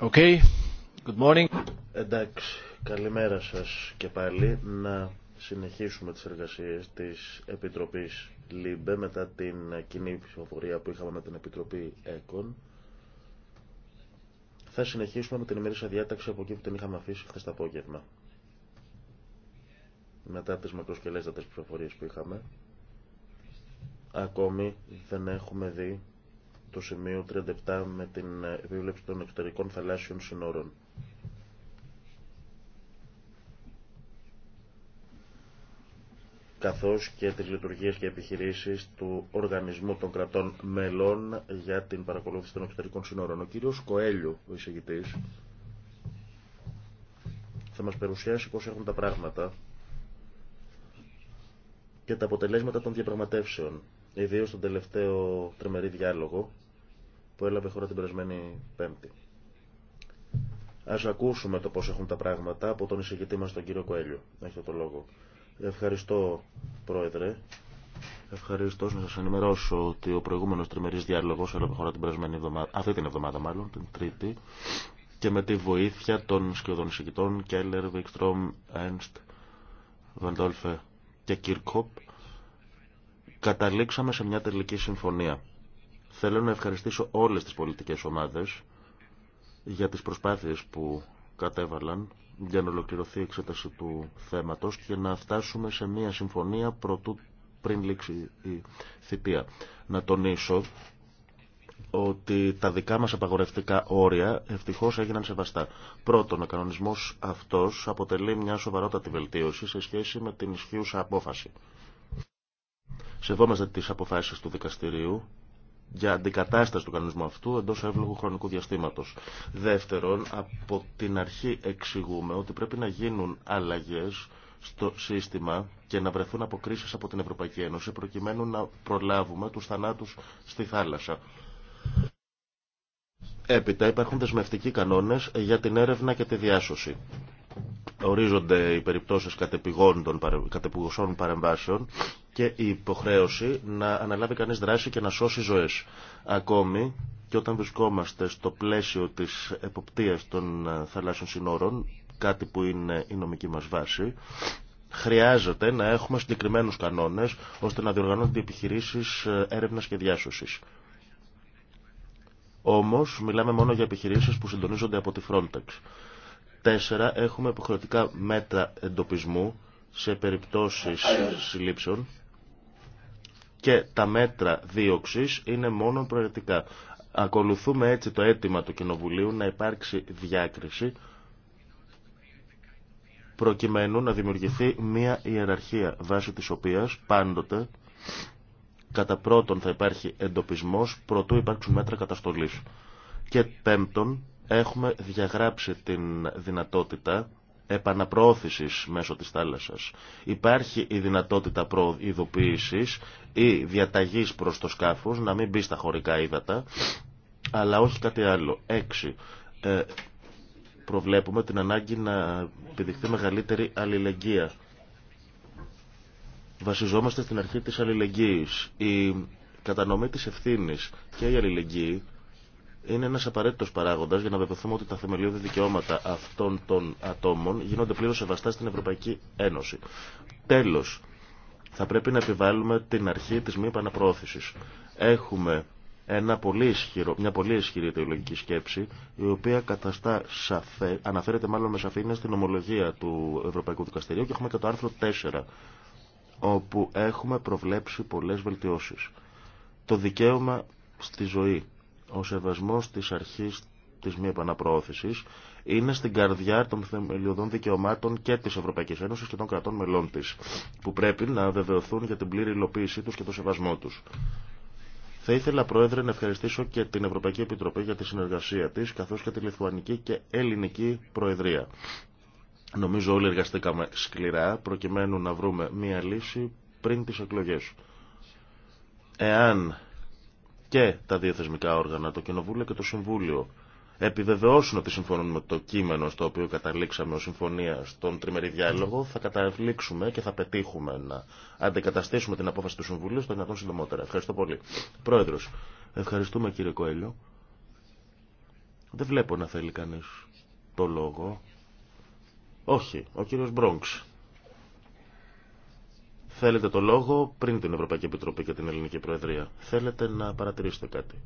Okay. Good morning. Εντάξει, καλημέρα σας και πάλι. Να συνεχίσουμε τις εργασίες της Επιτροπής ΛΥΜΠΕ μετά την κοινή ψηφοφορία που είχαμε με την Επιτροπή ΕΚΟΝ. Θα συνεχίσουμε με την ημερήσια διάταξη από εκεί που την είχαμε αφήσει χθες το απόγευμα. Μετά τις μακροσκελέστατες πληροφορίε που είχαμε. Ακόμη δεν έχουμε δει το σημείο 37 με την επίβλεψη των εξωτερικών θαλάσσιων συνόρων. καθώς και τις λειτουργίες και επιχειρήσεις του Οργανισμού των Κρατών Μελών για την παρακολούθηση των εξωτερικών συνόρων. Ο κύριος Κοέλιου, ο εισηγητής, θα μας περιουσιάσει πώς έχουν τα πράγματα και τα αποτελέσματα των διαπραγματεύσεων, ιδίως στον τελευταίο τριμερή διάλογο, που έλαβε χώρα την περασμένη Πέμπτη. Α ακούσουμε το πώ έχουν τα πράγματα από τον εισηγητή μα τον κύριο Κοέλιο. Έχετε το λόγο. Ευχαριστώ, Πρόεδρε. Ευχαριστώ να σα ενημερώσω ότι ο προηγούμενο τριμερή διάλογο έλαβε χώρα την περασμένη εβδομάδα, αυτή την εβδομάδα μάλλον, την Τρίτη, και με τη βοήθεια των σκιωδών εισηγητών Κέλλερ, Βίξτρομ, Ένστ, Βαντόλφε και Κίρκοπ, καταλήξαμε σε μια τελική συμφωνία Θέλω να ευχαριστήσω όλες τις πολιτικές ομάδες για τις προσπάθειες που κατέβαλαν για να ολοκληρωθεί η εξέταση του θέματος και να φτάσουμε σε μια συμφωνία προτού πριν λήξει η θητεία. Να τονίσω ότι τα δικά μας απαγορευτικά όρια ευτυχώς έγιναν σεβαστά. Πρώτον, ο κανονισμός αυτός αποτελεί μια σοβαρότατη βελτίωση σε σχέση με την ισχύουσα απόφαση. Σεβόμαστε τις αποφάσεις του δικαστηρίου για αντικατάσταση του κανονισμού αυτού εντό εύλογου χρονικού διαστήματο. Δεύτερον, από την αρχή εξηγούμε ότι πρέπει να γίνουν αλλαγέ στο σύστημα και να βρεθούν αποκρίσεις από την Ευρωπαϊκή Ένωση προκειμένου να προλάβουμε του θανάτους στη θάλασσα. Έπειτα υπάρχουν δεσμευτικοί κανόνες για την έρευνα και τη διάσωση ορίζονται οι περιπτώσεις κατεπηγωσών παρεμβάσεων και η υποχρέωση να αναλάβει κανείς δράση και να σώσει ζωές. Ακόμη και όταν βρισκόμαστε στο πλαίσιο της εποπτείας των ε, θαλάσσιων συνόρων, κάτι που είναι η νομική μας βάση, χρειάζεται να έχουμε συγκεκριμένους κανόνες ώστε να διοργανώνονται επιχειρήσεις ε, έρευνας και διάσωσης. Όμως μιλάμε μόνο για επιχειρήσεις που συντονίζονται από τη Frontex. Τέσσερα, έχουμε υποχρεωτικά μέτρα εντοπισμού σε περιπτώσεις συλλήψεων και τα μέτρα δίωξης είναι μόνο προαιρετικά. Ακολουθούμε έτσι το αίτημα του Κοινοβουλίου να υπάρξει διάκριση προκειμένου να δημιουργηθεί μία ιεραρχία βάσει της οποίας πάντοτε κατά πρώτον θα υπάρχει εντοπισμός προτού υπάρξουν μέτρα καταστολής. Και πέμπτον, έχουμε διαγράψει την δυνατότητα επαναπροώθησης μέσω της θάλασσας. Υπάρχει η δυνατότητα προειδοποίησης ή διαταγής προς το σκάφος, να μην μπει στα χωρικά ύδατα, αλλά όχι κάτι άλλο. Έξι. Ε, προβλέπουμε την ανάγκη να επιδειχθεί μεγαλύτερη αλληλεγγύα. Βασιζόμαστε στην αρχή της αλληλεγγύης. Η κατανομή της ευθύνης και η αλληλεγγύη είναι ένα απαραίτητο παράγοντα για να βεβαιωθούμε ότι τα θεμελιώδη δικαιώματα αυτών των ατόμων γίνονται πλήρως σεβαστά στην Ευρωπαϊκή Ένωση. Τέλο, θα πρέπει να επιβάλλουμε την αρχή τη μία επαναπρόθεση. Έχουμε μη επαναπροθεση Έχουμε ένα πολύ ισχυρο, μια πολύ ισχυρή ιδεολογική σκέψη, η οποία καταστά σαφέ, αναφέρεται μάλλον με σαφήνεια στην ομολογία του Ευρωπαϊκού Δικαστηρίου και έχουμε και το άρθρο 4, όπου έχουμε προβλέψει πολλές βελτιώσεις. Το δικαίωμα στη ζωή, ο σεβασμός της αρχής της μη επαναπροώθησης είναι στην καρδιά των θεμελιωδών δικαιωμάτων και της Ευρωπαϊκής Ένωσης και των κρατών μελών της, που πρέπει να βεβαιωθούν για την πλήρη υλοποίησή τους και το σεβασμό τους. Θα ήθελα, Πρόεδρε, να ευχαριστήσω και την Ευρωπαϊκή Επιτροπή για τη συνεργασία της, καθώς και τη Λιθουανική και Ελληνική Προεδρία. Νομίζω όλοι εργαστήκαμε σκληρά, προκειμένου να βρούμε μία λύση πριν τις εκλογές. Εάν και τα δύο θεσμικά όργανα, το Κοινοβούλιο και το Συμβούλιο, επιβεβαιώσουν ότι συμφωνούν με το κείμενο στο οποίο καταλήξαμε ως συμφωνία στον τριμερή διάλογο, θα καταλήξουμε και θα πετύχουμε να αντικαταστήσουμε την απόφαση του Συμβουλίου στο δυνατόν συντομότερα. Ευχαριστώ πολύ. Πρόεδρος, ευχαριστούμε κύριε Κοέλιο. Δεν βλέπω να θέλει κανείς το λόγο. Όχι, ο κύριος Μπρόγκς. Θέλετε το λόγο πριν την Ευρωπαϊκή Επιτροπή και την Ελληνική Προεδρία. Θέλετε να παρατηρήσετε κάτι.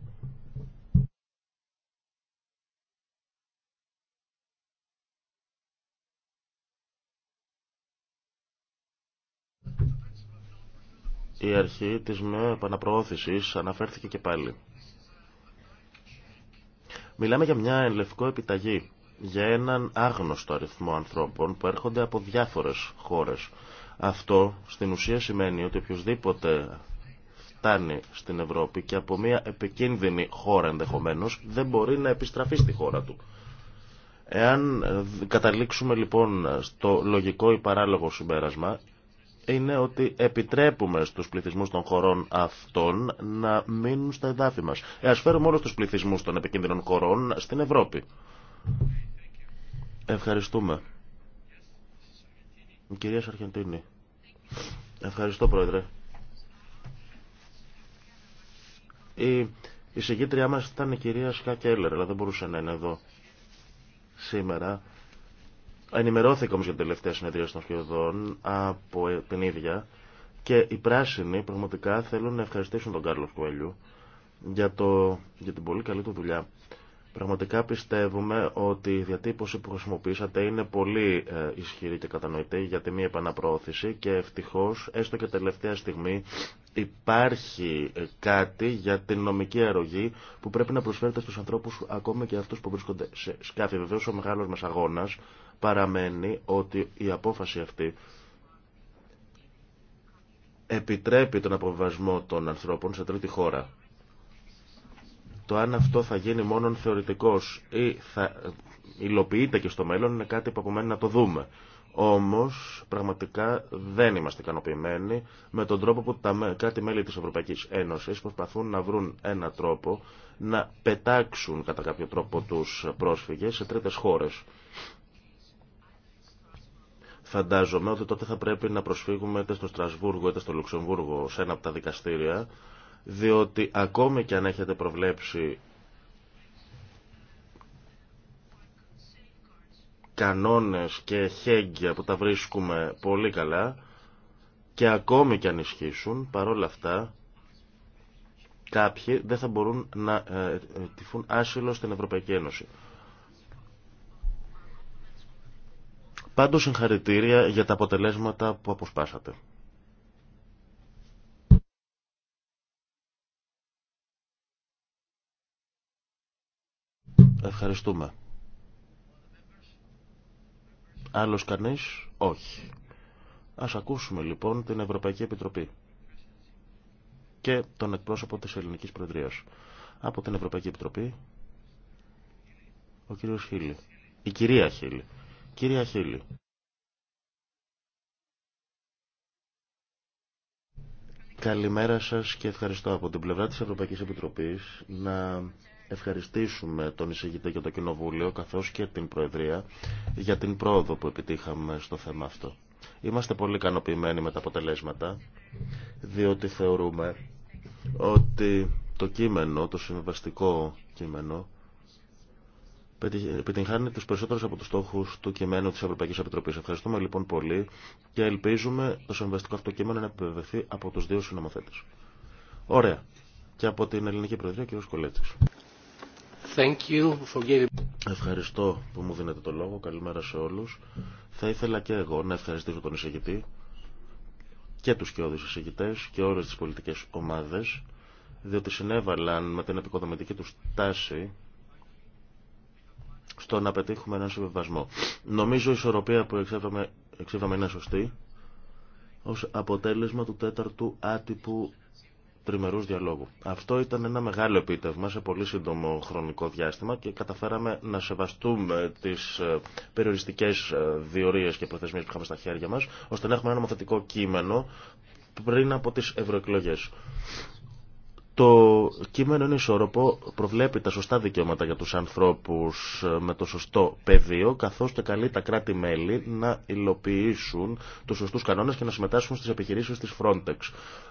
Η αρχή της με επαναπροώθησης αναφέρθηκε και πάλι. Μιλάμε για μια ελευκό επιταγή, για έναν άγνωστο αριθμό ανθρώπων που έρχονται από διάφορες χώρες αυτό στην ουσία σημαίνει ότι οποιοδήποτε φτάνει στην Ευρώπη και από μια επικίνδυνη χώρα ενδεχομένω δεν μπορεί να επιστραφεί στη χώρα του. Εάν καταλήξουμε λοιπόν στο λογικό ή παράλογο συμπέρασμα, είναι ότι επιτρέπουμε στους πληθυσμούς των χωρών αυτών να μείνουν στα εδάφη μας. Εάς φέρουμε όλους τους πληθυσμούς των επικίνδυνων χωρών στην Ευρώπη. Ευχαριστούμε. Η κυρία Ας φερουμε ολους τους πληθυσμους των επικινδυνων χωρων στην ευρωπη ευχαριστουμε κυρια σαρχεντινη Ευχαριστώ, Πρόεδρε. Η εισηγήτριά μας ήταν η κυρία Σκά Κέλλερ, αλλά δεν μπορούσε να είναι εδώ σήμερα. Ενημερώθηκα όμως για την τελευταία συνεδρία των σχεδόν από την ίδια και οι πράσινοι πραγματικά θέλουν να ευχαριστήσουν τον Κάρλο Κουέλιου για, το, για την πολύ καλή του δουλειά Πραγματικά πιστεύουμε ότι η διατύπωση που χρησιμοποίησατε είναι πολύ ε, ισχυρή και κατανοητή για τη μία επαναπρόθεση και ευτυχώς, έστω και τελευταία στιγμή, υπάρχει ε, κάτι για την νομική αρρωγή που πρέπει να προσφέρεται στους ανθρώπους ακόμα και αυτούς που βρίσκονται σε σκάφη. Βεβαίως ο μεγάλος μας αγώνας παραμένει ότι η απόφαση αυτή επιτρέπει τον αποβασμό των ανθρώπων σε τρίτη χώρα. Το αν αυτό θα γίνει μόνο θεωρητικός ή θα υλοποιείται και στο μέλλον είναι κάτι που απομένει να το δούμε. Όμως πραγματικά δεν είμαστε ικανοποιημένοι με τον τρόπο που τα κάτι μέλη της Ευρωπαϊκής Ένωσης προσπαθούν να βρουν ένα τρόπο να πετάξουν κατά κάποιο τρόπο τους πρόσφυγες σε τρίτες χώρες. Φαντάζομαι ότι τότε θα πρέπει να προσφύγουμε είτε στο Στρασβούργο είτε στο Λουξεμβούργο σε ένα από τα δικαστήρια διότι ακόμη και αν έχετε προβλέψει κανόνες και χέγγια που τα βρίσκουμε πολύ καλά και ακόμη και αν ισχύσουν, παρόλα αυτά κάποιοι δεν θα μπορούν να ε, ε, τυφούν άσυλο στην Ευρωπαϊκή Ένωση. Πάντως συγχαρητήρια για τα αποτελέσματα που αποσπάσατε. Ευχαριστούμε. Άλλος κανείς? Όχι. Ας ακούσουμε λοιπόν την Ευρωπαϊκή Επιτροπή και τον εκπρόσωπο της Ελληνικής Προεδρίας. Από την Ευρωπαϊκή Επιτροπή, ο κύριος Χίλη. Η κυρία Χίλη. Κυρία Χίλη. Καλημέρα σας και ευχαριστώ από την πλευρά της Ευρωπαϊκής Επιτροπής να ευχαριστήσουμε τον εισηγητή και το Κοινοβούλιο καθώς και την Προεδρία για την πρόοδο που επιτύχαμε στο θέμα αυτό. Είμαστε πολύ ικανοποιημένοι με τα αποτελέσματα διότι θεωρούμε ότι το κείμενο, το συμβαστικό κείμενο επιτυγχάνει τους περισσότερους από τους στόχους του κειμένου της Ευρωπαϊκής Επιτροπής. Ευχαριστούμε λοιπόν πολύ και ελπίζουμε το συμβαστικό αυτό κείμενο να επιβεβαιωθεί από τους δύο συνομοθέτες. Ωραία. Και από την Ελληνική Προεδρία, κύριο κ. Ευχαριστώ που μου δίνετε το λόγο. Καλημέρα σε όλους. Θα ήθελα και εγώ να ευχαριστήσω τον εισηγητή και τους τους εισηγητέ και όλε τις πολιτικές ομάδες διότι συνέβαλαν με την επικοδομητική του τάση στο να πετύχουμε έναν συμβιβασμό. Νομίζω η ισορροπία που εξέφαμε είναι σωστή ως αποτέλεσμα του τέταρτου άτυπου τριμερούς διαλόγου. Αυτό ήταν ένα μεγάλο επίτευγμα σε πολύ σύντομο χρονικό διάστημα και καταφέραμε να σεβαστούμε τις ε, περιοριστικές ε, διορίες και προθεσμίες που είχαμε στα χέρια μας, ώστε να έχουμε ένα νομοθετικό κείμενο πριν από τις ευρωεκλογέ. Το κείμενο είναι ισορροπό, προβλέπει τα σωστά δικαιώματα για τους ανθρώπους ε, με το σωστό πεδίο, καθώς και καλεί τα κράτη-μέλη να υλοποιήσουν τους σωστούς κανόνες και να συμμετάσχουν στις επιχειρήσεις της Frontex.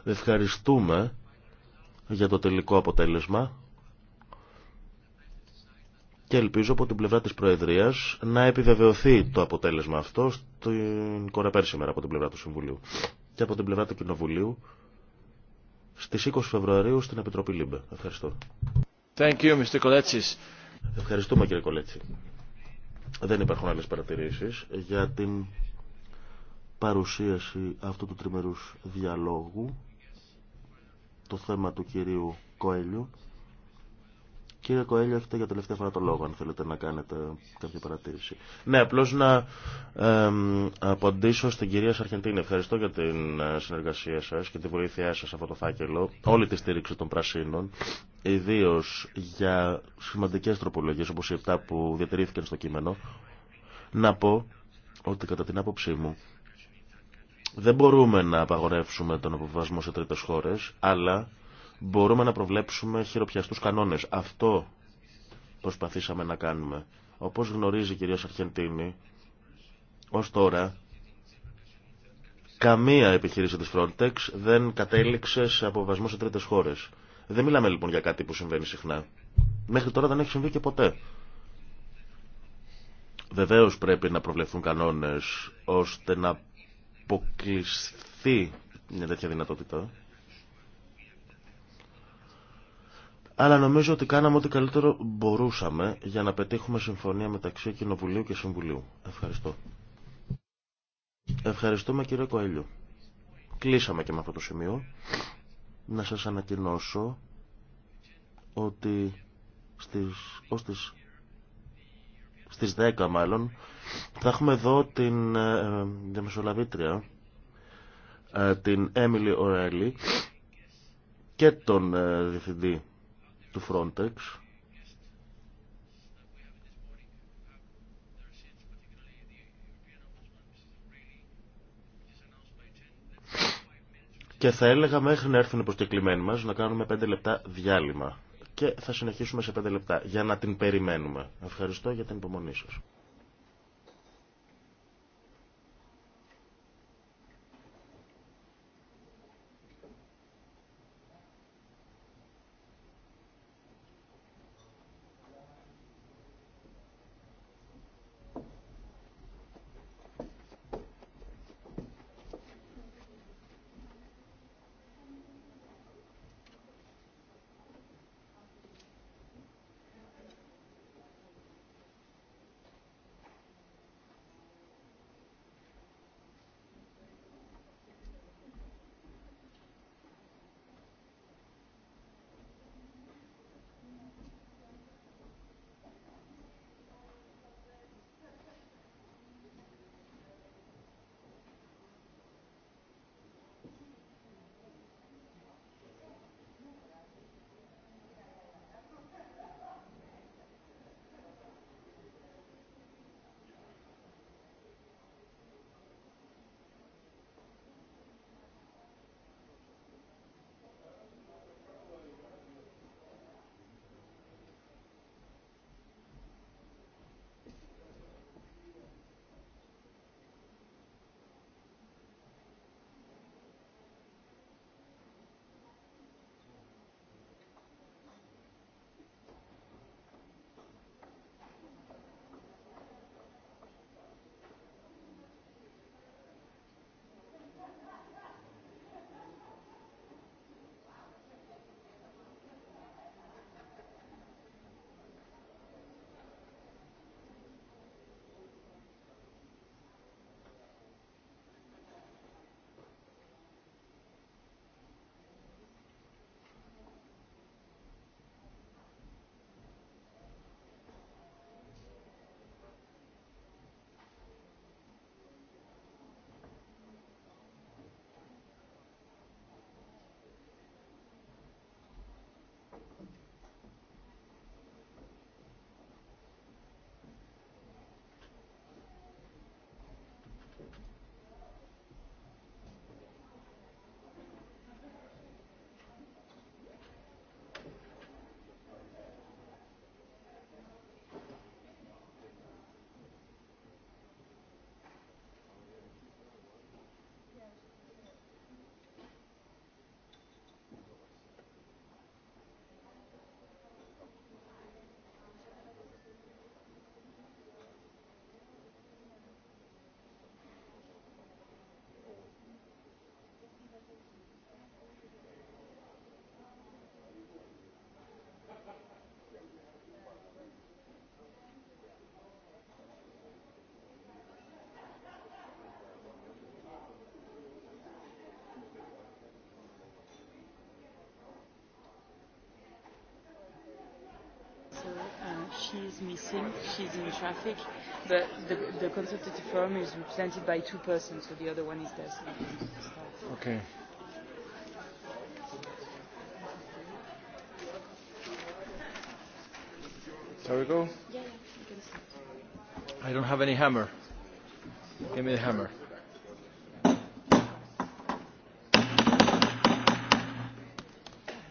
Ευχαριστούμε για το τελικό αποτέλεσμα και ελπίζω από την πλευρά της Προεδρίας να επιβεβαιωθεί το αποτέλεσμα αυτό στην Κορεπέρ σήμερα από την πλευρά του Συμβουλίου και από την πλευρά του Κοινοβουλίου στις 20 Φεβρουαρίου στην Επιτροπή Λίμπε. Ευχαριστώ. Thank you, Mr. Ευχαριστούμε κύριε Κολέτσι. Δεν υπάρχουν άλλες παρατηρήσεις για την παρουσίαση αυτού του τριμερούς διαλόγου το θέμα του κυρίου Κοέλιου. Κύριε Κοέλιο, έχετε για τελευταία φορά το λόγο, αν θέλετε να κάνετε κάποια παρατήρηση. Ναι, απλώ να ε, απαντήσω στην κυρία Σαρχεντίνη. Ευχαριστώ για την ε, συνεργασία σα και τη βοήθειά σα σε αυτό το φάκελο. Όλη τη στήριξη των πρασίνων, ιδίω για σημαντικέ τροπολογίε όπω οι 7 που διατηρήθηκαν στο κείμενο. Να πω ότι κατά την άποψή μου δεν μπορούμε να απαγορεύσουμε τον αποβασμό σε τρίτε χώρε, αλλά μπορούμε να προβλέψουμε χειροπιαστούς κανόνες. Αυτό προσπαθήσαμε να κάνουμε. Όπως γνωρίζει η κυρία Σαρχεντίνη, ως τώρα καμία επιχείρηση της Frontex δεν κατέληξε σε αποβασμό σε τρίτες χώρες. Δεν μιλάμε λοιπόν για κάτι που συμβαίνει συχνά. Μέχρι τώρα δεν έχει συμβεί και ποτέ. Βεβαίως πρέπει να προβλεφθούν κανόνες ώστε να αποκλειστεί μια τέτοια δυνατότητα. αλλά νομίζω ότι κάναμε ό,τι καλύτερο μπορούσαμε για να πετύχουμε συμφωνία μεταξύ Κοινοβουλίου και Συμβουλίου. Ευχαριστώ. Ευχαριστούμε κύριε Κοέλιο. Κλείσαμε και με αυτό το σημείο. Να σας ανακοινώσω ότι στις, ως τις, στις 10 μάλλον θα έχουμε εδώ την ε, διαμεσολαβήτρια ε, την Έμιλι Ορέλη και τον ε, διευθυντή του Frontex και θα έλεγα μέχρι να έρθουν οι προσκεκλημένοι μας να κάνουμε 5 λεπτά διάλειμμα και θα συνεχίσουμε σε 5 λεπτά για να την περιμένουμε. Ευχαριστώ για την υπομονή σας. she is missing. She's in traffic. But the, the consultative firm is represented by two persons, so the other one is there. Okay. Shall we go? Yeah, yeah, I don't have any hammer. Give me the hammer.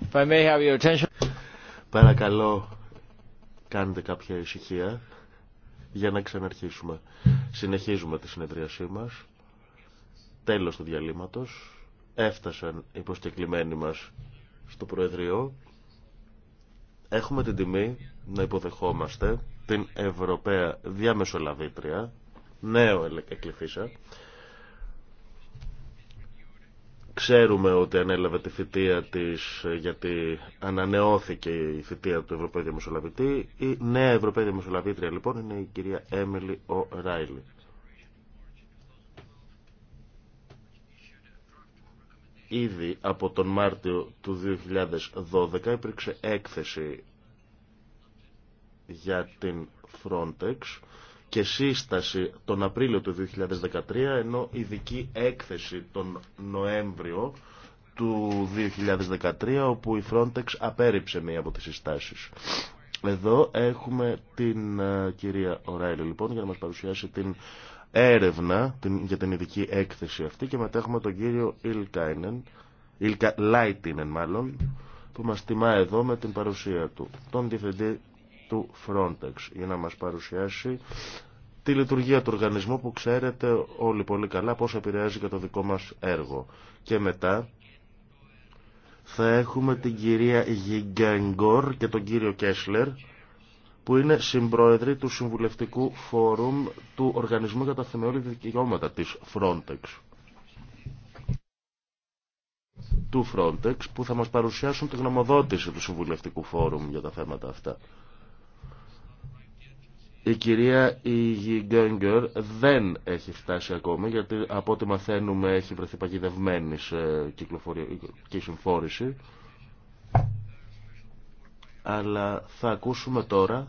If I may have your attention. Παρακαλώ κάνετε κάποια ησυχία για να ξαναρχίσουμε. Συνεχίζουμε τη συνεδρίασή μας. Τέλος του διαλύματος. Έφτασαν οι προσκεκλημένοι μας στο Προεδρείο. Έχουμε την τιμή να υποδεχόμαστε την Ευρωπαία Διαμεσολαβήτρια, νέο εκλεφίσα, Ξέρουμε ότι ανέλαβε τη θητεία της γιατί ανανεώθηκε η θητεία του Ευρωπαίου Δημοσιολάβητη Η νέα Ευρωπαϊκή Δημοσιολάβητρια λοιπόν είναι η κυρία Έμιλι Ο Ράιλι. Ήδη από τον Μάρτιο του 2012 υπήρξε έκθεση για την Frontex και σύσταση τον Απρίλιο του 2013 ενώ ειδική έκθεση τον Νοέμβριο του 2013 όπου η Frontex απέρριψε μία από τις συστάσεις. Εδώ έχουμε την ε, κυρία Οράιλη λοιπόν για να μας παρουσιάσει την έρευνα για την ειδική έκθεση αυτή και μετά έχουμε τον κύριο Ιλκάινεν, Ιλκα Λάιτινεν μάλλον, που μας τιμά εδώ με την παρουσία του, τον διευθυντή του Frontex για να μας παρουσιάσει τη λειτουργία του οργανισμού που ξέρετε όλοι πολύ καλά πώς επηρεάζει και το δικό μας έργο. Και μετά θα έχουμε την κυρία Γιγκέγκορ και τον κύριο Κέσλερ που είναι συμπρόεδροι του Συμβουλευτικού Φόρουμ του Οργανισμού για τα Θεμελιώδη Δικαιώματα της Frontex του Frontex που θα μας παρουσιάσουν τη γνωμοδότηση του Συμβουλευτικού Φόρουμ για τα θέματα αυτά. Η κυρία Ιγι δεν έχει φτάσει ακόμη, γιατί από ό,τι μαθαίνουμε έχει βρεθεί παγιδευμένη σε κυκλοφορική συμφόρηση. Αλλά θα ακούσουμε τώρα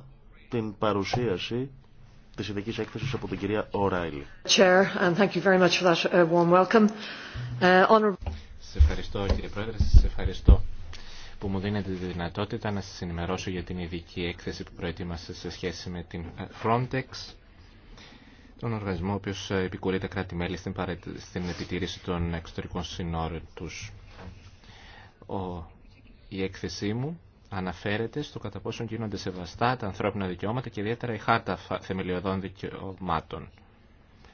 την παρουσίαση της ειδικής έκθεσης από την κυρία Ωράιλη. Uh, uh, σε ευχαριστώ κύριε Πρόεδρε, σε ευχαριστώ που μου δίνετε τη δυνατότητα να σας ενημερώσω για την ειδική έκθεση που προετοίμασα σε σχέση με την ε, Frontex, τον οργανισμό ο οποίος ε, επικουρεί τα κράτη-μέλη στην επιτήρηση των εξωτερικών συνόρων τους. Ο... Η έκθεσή μου αναφέρεται στο κατά πόσον γίνονται σεβαστά τα ανθρώπινα δικαιώματα και ιδιαίτερα η χάρτα θεμελιωδών δικαιωμάτων.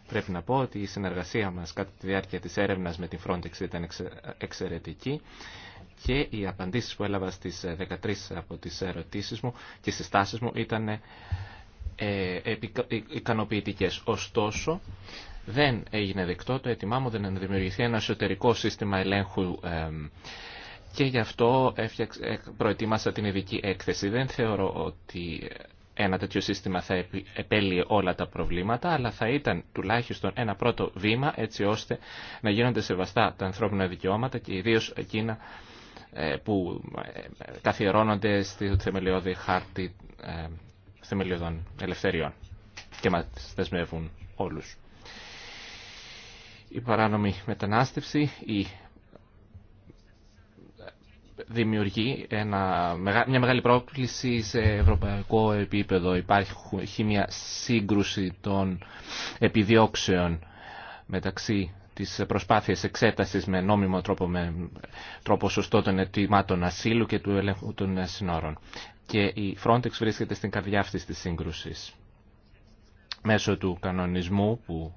Πρέπει να πω ότι η συνεργασία μας κατά τη διάρκεια της έρευνας με την Frontex ήταν εξαιρετική και οι απαντήσεις που έλαβα στις 13 ε, από τις ερωτήσεις μου και στις στάσεις μου ήταν ε, ε, ικανοποιητικές. Ωστόσο, δεν έγινε δεκτό το έτοιμά μου να δημιουργηθεί ένα εσωτερικό σύστημα ελέγχου και γι' αυτό προετοίμασα την ειδική έκθεση. Δεν θεωρώ ότι ένα τέτοιο σύστημα θα επέλυε όλα τα προβλήματα, αλλά θα ήταν τουλάχιστον ένα πρώτο βήμα έτσι ώστε να γίνονται σεβαστά τα ανθρώπινα δικαιώματα και ιδίως εκείνα ε, που ε, καθιερώνονται στη θεμελιώδη χάρτη ε, θεμελιωδών ελευθεριών και μας δεσμεύουν όλους. Η παράνομη μετανάστευση, η δημιουργεί μια μεγάλη πρόκληση σε ευρωπαϊκό επίπεδο. Υπάρχει μια σύγκρουση των επιδιώξεων μεταξύ της προσπάθειας εξέτασης με νόμιμο τρόπο, με τρόπο σωστό των αιτήματων ασύλου και του ελέγχου των συνόρων. Και η Frontex βρίσκεται στην καρδιά αυτής της σύγκρουσης. Μέσω του κανονισμού που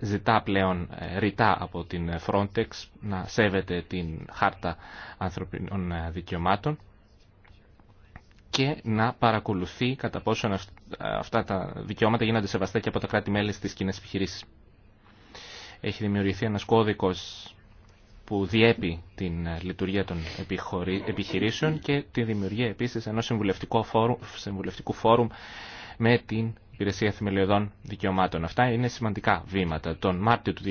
ζητά πλέον ε, ρητά από την Frontex να σέβεται την χάρτα ανθρωπινών ε, δικαιωμάτων και να παρακολουθεί κατά πόσο αυτά τα δικαιώματα γίνονται σεβαστά και από τα κράτη-μέλη στις κοινέ επιχειρήσεις. Έχει δημιουργηθεί ένας κώδικος που διέπει την ε, λειτουργία των επιχειρήσεων και τη δημιουργία επίσης ενός συμβουλευτικού συμβουλευτικού φόρουμ με την Υπηρεσία Θεμελιωδών Δικαιωμάτων. Αυτά είναι σημαντικά βήματα. Τον Μάρτιο του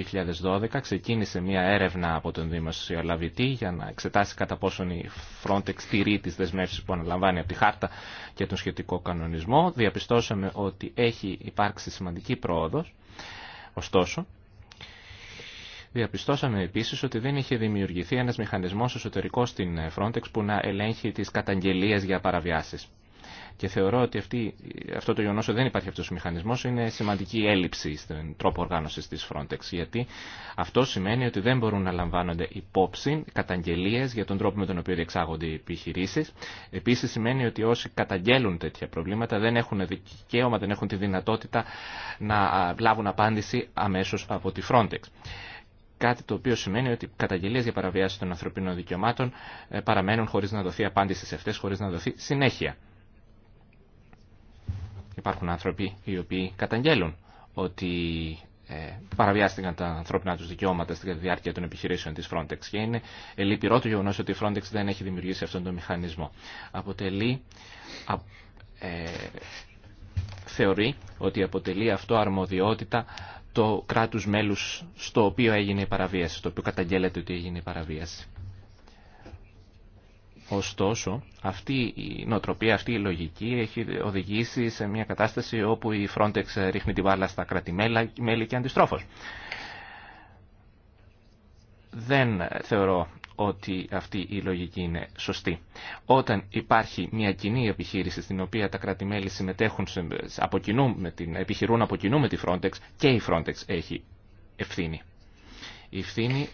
2012 ξεκίνησε μια έρευνα από τον Σιολαβητή για να εξετάσει κατά πόσον η Frontex τηρεί τι δεσμεύσει που αναλαμβάνει από τη Χάρτα και τον σχετικό κανονισμό. Διαπιστώσαμε ότι έχει υπάρξει σημαντική πρόοδο. Ωστόσο, Διαπιστώσαμε επίση ότι δεν είχε δημιουργηθεί ένα μηχανισμό εσωτερικό στην Frontex που να ελέγχει τι καταγγελίε για παραβιάσει. Και θεωρώ ότι αυτή, αυτό το γεγονό ότι δεν υπάρχει αυτό ο μηχανισμό είναι σημαντική έλλειψη στον τρόπο οργάνωση τη Frontex. Γιατί αυτό σημαίνει ότι δεν μπορούν να λαμβάνονται υπόψη καταγγελίε για τον τρόπο με τον οποίο διεξάγονται οι επιχειρήσει. Επίση σημαίνει ότι όσοι καταγγέλουν τέτοια προβλήματα δεν έχουν δικαίωμα, δεν έχουν τη δυνατότητα να λάβουν απάντηση αμέσω από τη Frontex κάτι το οποίο σημαίνει ότι καταγγελίε για παραβιάσει των ανθρωπίνων δικαιωμάτων ε, παραμένουν χωρί να δοθεί απάντηση σε αυτέ, χωρί να δοθεί συνέχεια. Υπάρχουν άνθρωποι οι οποίοι καταγγέλουν ότι ε, παραβιάστηκαν τα ανθρώπινα του δικαιώματα στη διάρκεια των επιχειρήσεων τη Frontex. Και είναι λυπηρό το γεγονό ότι η Frontex δεν έχει δημιουργήσει αυτόν τον μηχανισμό. Αποτελεί. Ε, θεωρεί ότι αποτελεί αυτό αρμοδιότητα το κράτους μέλους στο οποίο έγινε η παραβίαση, στο οποίο καταγγέλλεται ότι έγινε η παραβίαση. Ωστόσο, αυτή η νοοτροπία, αυτή η λογική έχει οδηγήσει σε μια κατάσταση όπου η Frontex ρίχνει τη βάλα στα κρατημέλη και αντιστρόφως. Δεν θεωρώ ότι αυτή η λογική είναι σωστή. Όταν υπάρχει μια κοινή επιχείρηση στην οποία τα κρατημέλη συμμετέχουν με την, επιχειρούν από κοινού με τη Frontex και η Frontex έχει ευθύνη. Η ευθύνη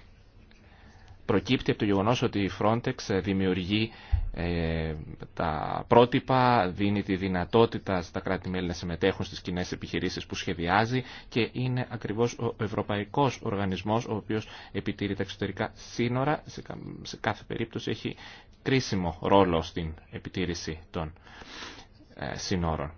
προκύπτει από το γεγονός ότι η Frontex ε, δημιουργεί ε, τα πρότυπα, δίνει τη δυνατότητα στα κράτη-μέλη να συμμετέχουν στις κοινέ επιχειρήσεις που σχεδιάζει και είναι ακριβώς ο ευρωπαϊκός οργανισμός ο οποίος επιτήρει τα εξωτερικά σύνορα. Σε, κάθε περίπτωση έχει κρίσιμο ρόλο στην επιτήρηση των ε, σύνορων.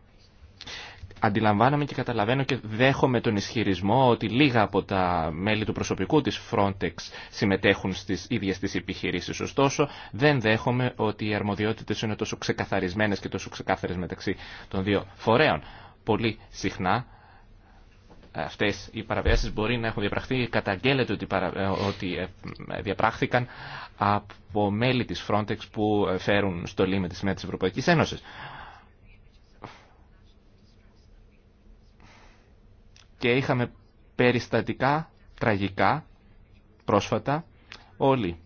Αντιλαμβάνομαι και καταλαβαίνω και δέχομαι τον ισχυρισμό ότι λίγα από τα μέλη του προσωπικού της Frontex συμμετέχουν στις ίδιες τις επιχειρήσεις. Ωστόσο, δεν δέχομαι ότι οι αρμοδιότητες είναι τόσο ξεκαθαρισμένες και τόσο ξεκάθαρες μεταξύ των δύο φορέων. Πολύ συχνά ε, αυτές οι παραβιάσεις μπορεί να έχουν διαπραχθεί, καταγγέλλεται ότι, ε, ότι ε, διαπράχθηκαν από μέλη της Frontex που φέρουν στολή με τη σημαία της Ευρωπαϊκής Ένωσης. και είχαμε περιστατικά τραγικά πρόσφατα όλοι.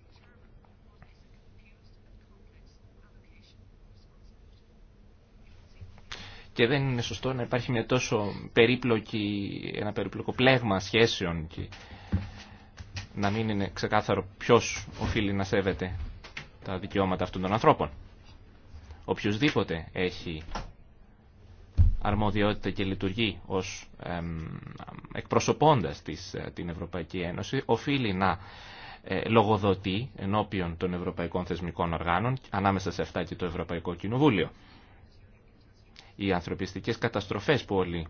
Και δεν είναι σωστό να υπάρχει μια τόσο περίπλοκη, ένα περίπλοκο πλέγμα σχέσεων και να μην είναι ξεκάθαρο ποιος οφείλει να σέβεται τα δικαιώματα αυτών των ανθρώπων. Οποιουσδήποτε έχει αρμοδιότητα και λειτουργεί ως εκπροσωπώντας ε, την Ευρωπαϊκή Ένωση, οφείλει να ε, λογοδοτεί ενώπιον των ευρωπαϊκών θεσμικών οργάνων, ανάμεσα σε αυτά και το Ευρωπαϊκό Κοινοβούλιο. Οι ανθρωπιστικές καταστροφές που όλοι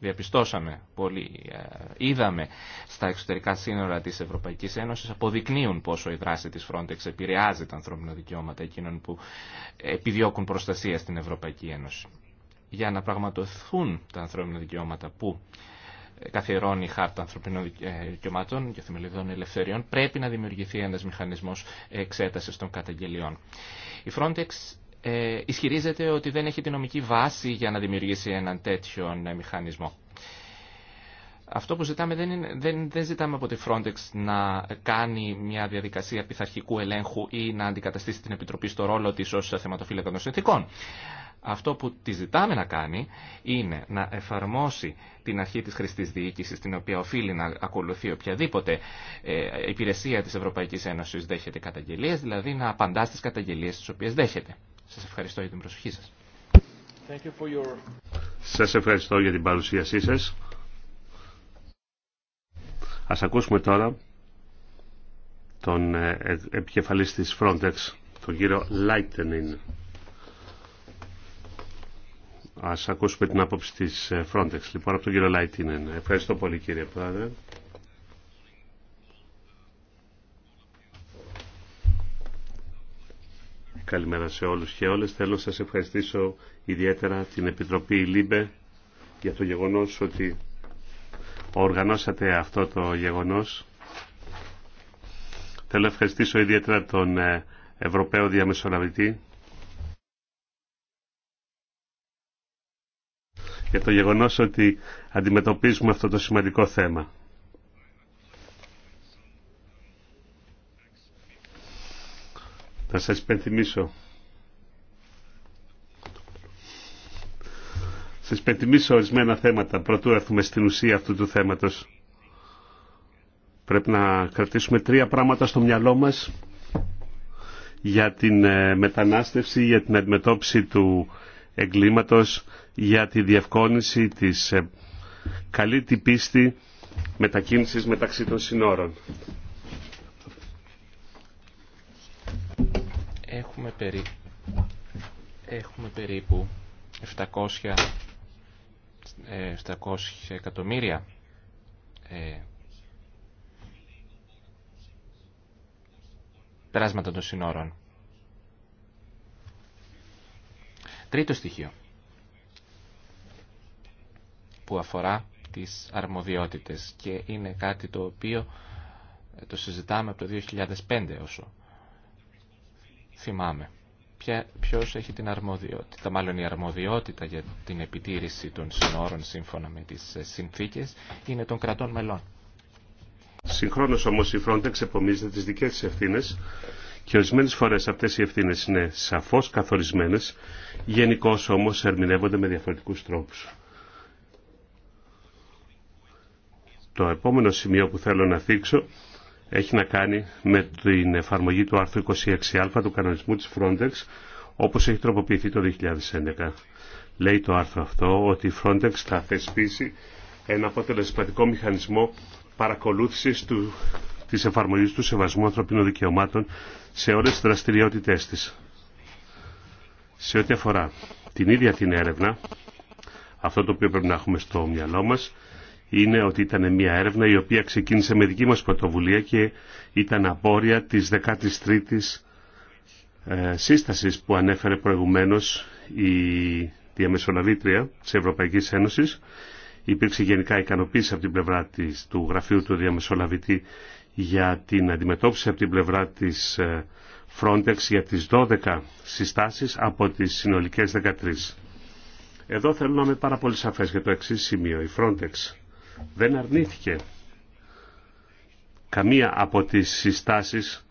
διαπιστώσαμε, που όλοι ε, είδαμε στα εξωτερικά σύνορα της Ευρωπαϊκής Ένωσης, αποδεικνύουν πόσο η δράση της Frontex επηρεάζει τα ανθρώπινα δικαιώματα εκείνων που επιδιώκουν προστασία στην Ευρωπαϊκή Ένωση για να πραγματοθούν τα ανθρώπινα δικαιώματα που ε, καθιερώνει η Χάρτα Ανθρωπινών ε, Δικαιωμάτων και Θεμελιδών Ελευθεριών, πρέπει να δημιουργηθεί ένας μηχανισμός εξέτασης των καταγγελιών. Η Frontex ε, ισχυρίζεται ότι δεν έχει τη νομική βάση για να δημιουργήσει έναν τέτοιον μηχανισμό. Αυτό που ζητάμε δεν, είναι, δεν, ζητάμε από τη Frontex να κάνει μια διαδικασία πειθαρχικού ελέγχου ή να αντικαταστήσει την Επιτροπή στο ρόλο της ως θεματοφύλακα των συνθήκων. Αυτό που τη ζητάμε να κάνει είναι να εφαρμόσει την αρχή της χρηστής διοίκησης, την οποία οφείλει να ακολουθεί οποιαδήποτε ε, υπηρεσία της Ευρωπαϊκής Ένωσης δέχεται καταγγελίες, δηλαδή να απαντά στις καταγγελίες τις οποίες δέχεται. Σας ευχαριστώ για την προσοχή σας. Thank your... Σας ευχαριστώ για την παρουσίασή σας. Ας ακούσουμε τώρα τον ε, ε, επικεφαλής της Frontex, τον κύριο Lightning. Ας ακούσουμε την άποψη της ε, Frontex. Λοιπόν, από τον κύριο Λάιτινεν. Ευχαριστώ πολύ κύριε Πρόεδρε. Καλημέρα σε όλους και όλες. Θέλω να σας ευχαριστήσω ιδιαίτερα την Επιτροπή ΛΥΜΠΕ για το γεγονός ότι οργανώσατε αυτό το γεγονός. Θέλω να ευχαριστήσω ιδιαίτερα τον ε, Ευρωπαίο Διαμεσολαβητή για το γεγονός ότι αντιμετωπίζουμε αυτό το σημαντικό θέμα. Θα σας υπενθυμίσω. Σας υπενθυμίσω ορισμένα θέματα. Πρωτού έρθουμε στην ουσία αυτού του θέματος. Πρέπει να κρατήσουμε τρία πράγματα στο μυαλό μας για την ε, μετανάστευση, για την αντιμετώπιση του εγκλήματος, για τη διευκόνηση της ε, καλή πίστη μετακίνησης μεταξύ των συνόρων. Έχουμε, περί... Έχουμε περίπου 700, 700 ε, εκατομμύρια ε... περάσματα των συνόρων. Τρίτο στοιχείο που αφορά τις αρμοδιότητες και είναι κάτι το οποίο ε, το συζητάμε από το 2005 όσο θυμάμαι. Ποιος έχει την αρμοδιότητα, μάλλον η αρμοδιότητα για την επιτήρηση των συνόρων σύμφωνα με τις ε, συνθήκες είναι των κρατών μελών. Συγχρόνως όμως η Frontex επομίζεται τις δικές της ευθύνες και ορισμένε φορέ αυτέ οι ευθύνε είναι σαφώς καθορισμένες, γενικώ όμως ερμηνεύονται με διαφορετικούς τρόπους. Το επόμενο σημείο που θέλω να θίξω έχει να κάνει με την εφαρμογή του άρθρου 26α του κανονισμού της Frontex, όπως έχει τροποποιηθεί το 2011. Λέει το άρθρο αυτό ότι η Frontex θα θεσπίσει ένα αποτελεσματικό μηχανισμό παρακολούθησης του Τη εφαρμογή του σεβασμού ανθρωπίνων δικαιωμάτων σε όλε τι δραστηριότητε τη. Σε ό,τι αφορά την ίδια την έρευνα, αυτό το οποίο πρέπει να έχουμε στο μυαλό μα, είναι ότι ήταν μια έρευνα η οποία ξεκίνησε με δική μας πρωτοβουλία και ήταν απόρρια της 13ης ε, σύστασης που ανέφερε προηγουμένως η διαμεσολαβήτρια της Ευρωπαϊκής Ένωσης. Υπήρξε γενικά ικανοποίηση από την πλευρά της, του γραφείου του διαμεσολαβητή για την αντιμετώπιση από την πλευρά της ε, Frontex για τις 12 συστάσεις από τις συνολικές 13. Εδώ θέλω να είμαι πάρα πολύ σαφές για το εξή σημείο. Η Frontex δεν αρνήθηκε καμία από τις συστάσεις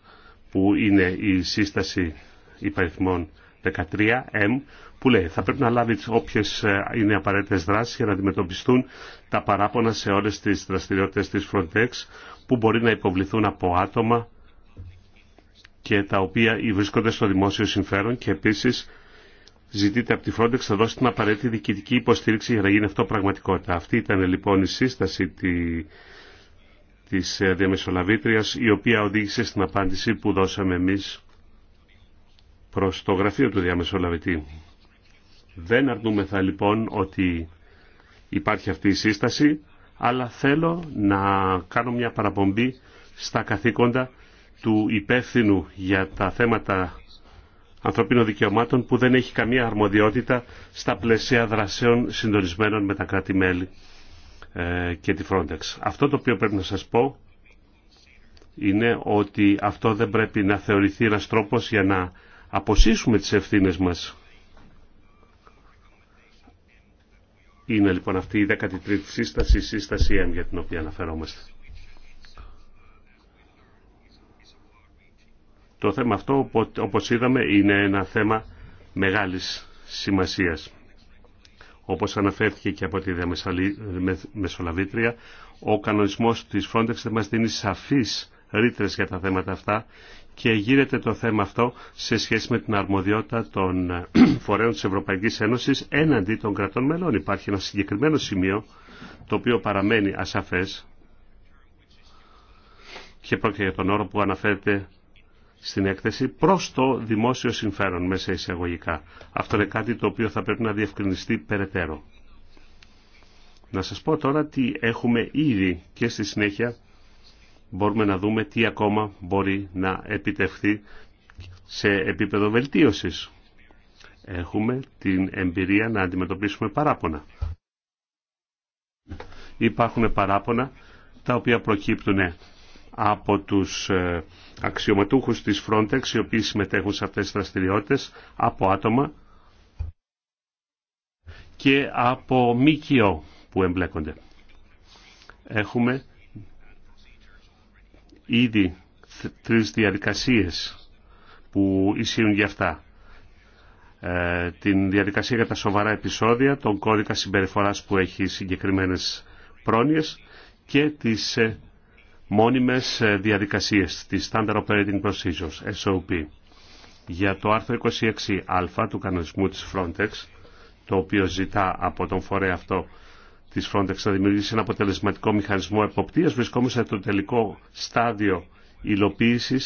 που είναι η σύσταση υπαριθμών 13M που λέει θα πρέπει να λάβει όποιες ε, είναι απαραίτητες δράσεις για να αντιμετωπιστούν τα παράπονα σε όλες τις δραστηριότητες της Frontex που μπορεί να υποβληθούν από άτομα και τα οποία βρίσκονται στο δημόσιο συμφέρον και επίσης ζητείται από τη Frontex να δώσει την απαραίτητη διοικητική υποστήριξη για να γίνει αυτό πραγματικότητα. Αυτή ήταν λοιπόν η σύσταση τη, της ε, διαμεσολαβήτριας η οποία οδήγησε στην απάντηση που δώσαμε εμείς προς το γραφείο του διαμεσολαβητή. Δεν αρνούμεθα λοιπόν ότι υπάρχει αυτή η σύσταση αλλά θέλω να κάνω μια παραπομπή στα καθήκοντα του υπεύθυνου για τα θέματα ανθρωπίνων δικαιωμάτων που δεν έχει καμία αρμοδιότητα στα πλαίσια δρασεών συντονισμένων με τα κράτη-μέλη ε, και τη Frontex. Αυτό το οποίο πρέπει να σας πω είναι ότι αυτό δεν πρέπει να θεωρηθεί ένας τρόπος για να αποσύσουμε τις ευθύνες μας. Είναι λοιπόν αυτή η 13η σύσταση, η σύσταση M για την οποία αναφερόμαστε. Το θέμα αυτό, όπως είδαμε, είναι ένα θέμα μεγάλης σημασίας. Όπως αναφέρθηκε και από τη Μεσολαβήτρια, ο κανονισμός της Frontex δεν μας δίνει σαφείς ρήτρες για τα θέματα αυτά και γίνεται το θέμα αυτό σε σχέση με την αρμοδιότητα των φορέων της Ευρωπαϊκής Ένωσης έναντι των κρατών μελών. Υπάρχει ένα συγκεκριμένο σημείο το οποίο παραμένει ασαφές και πρόκειται για τον όρο που αναφέρεται στην έκθεση προς το δημόσιο συμφέρον μέσα εισαγωγικά. Αυτό είναι κάτι το οποίο θα πρέπει να διευκρινιστεί περαιτέρω. Να σας πω τώρα τι έχουμε ήδη και στη συνέχεια μπορούμε να δούμε τι ακόμα μπορεί να επιτευχθεί σε επίπεδο βελτίωσης. Έχουμε την εμπειρία να αντιμετωπίσουμε παράπονα. Υπάρχουν παράπονα τα οποία προκύπτουν από τους ε, αξιωματούχους της Frontex οι οποίοι συμμετέχουν σε αυτές τις δραστηριότητες από άτομα και από Μίκιο που εμπλέκονται. Έχουμε ήδη τρεις διαδικασίες που ισχύουν για αυτά. Ε, την διαδικασία για τα σοβαρά επεισόδια, τον κώδικα συμπεριφοράς που έχει συγκεκριμένες πρόνοιες και τις ε, μόνιμες ε, διαδικασίες, τις Standard Operating Procedures, SOP. Για το άρθρο 26α του κανονισμού της Frontex, το οποίο ζητά από τον φορέα αυτό της Frontex να δημιουργήσει ένα αποτελεσματικό μηχανισμό εποπτείας. Βρισκόμαστε στο τελικό στάδιο υλοποίηση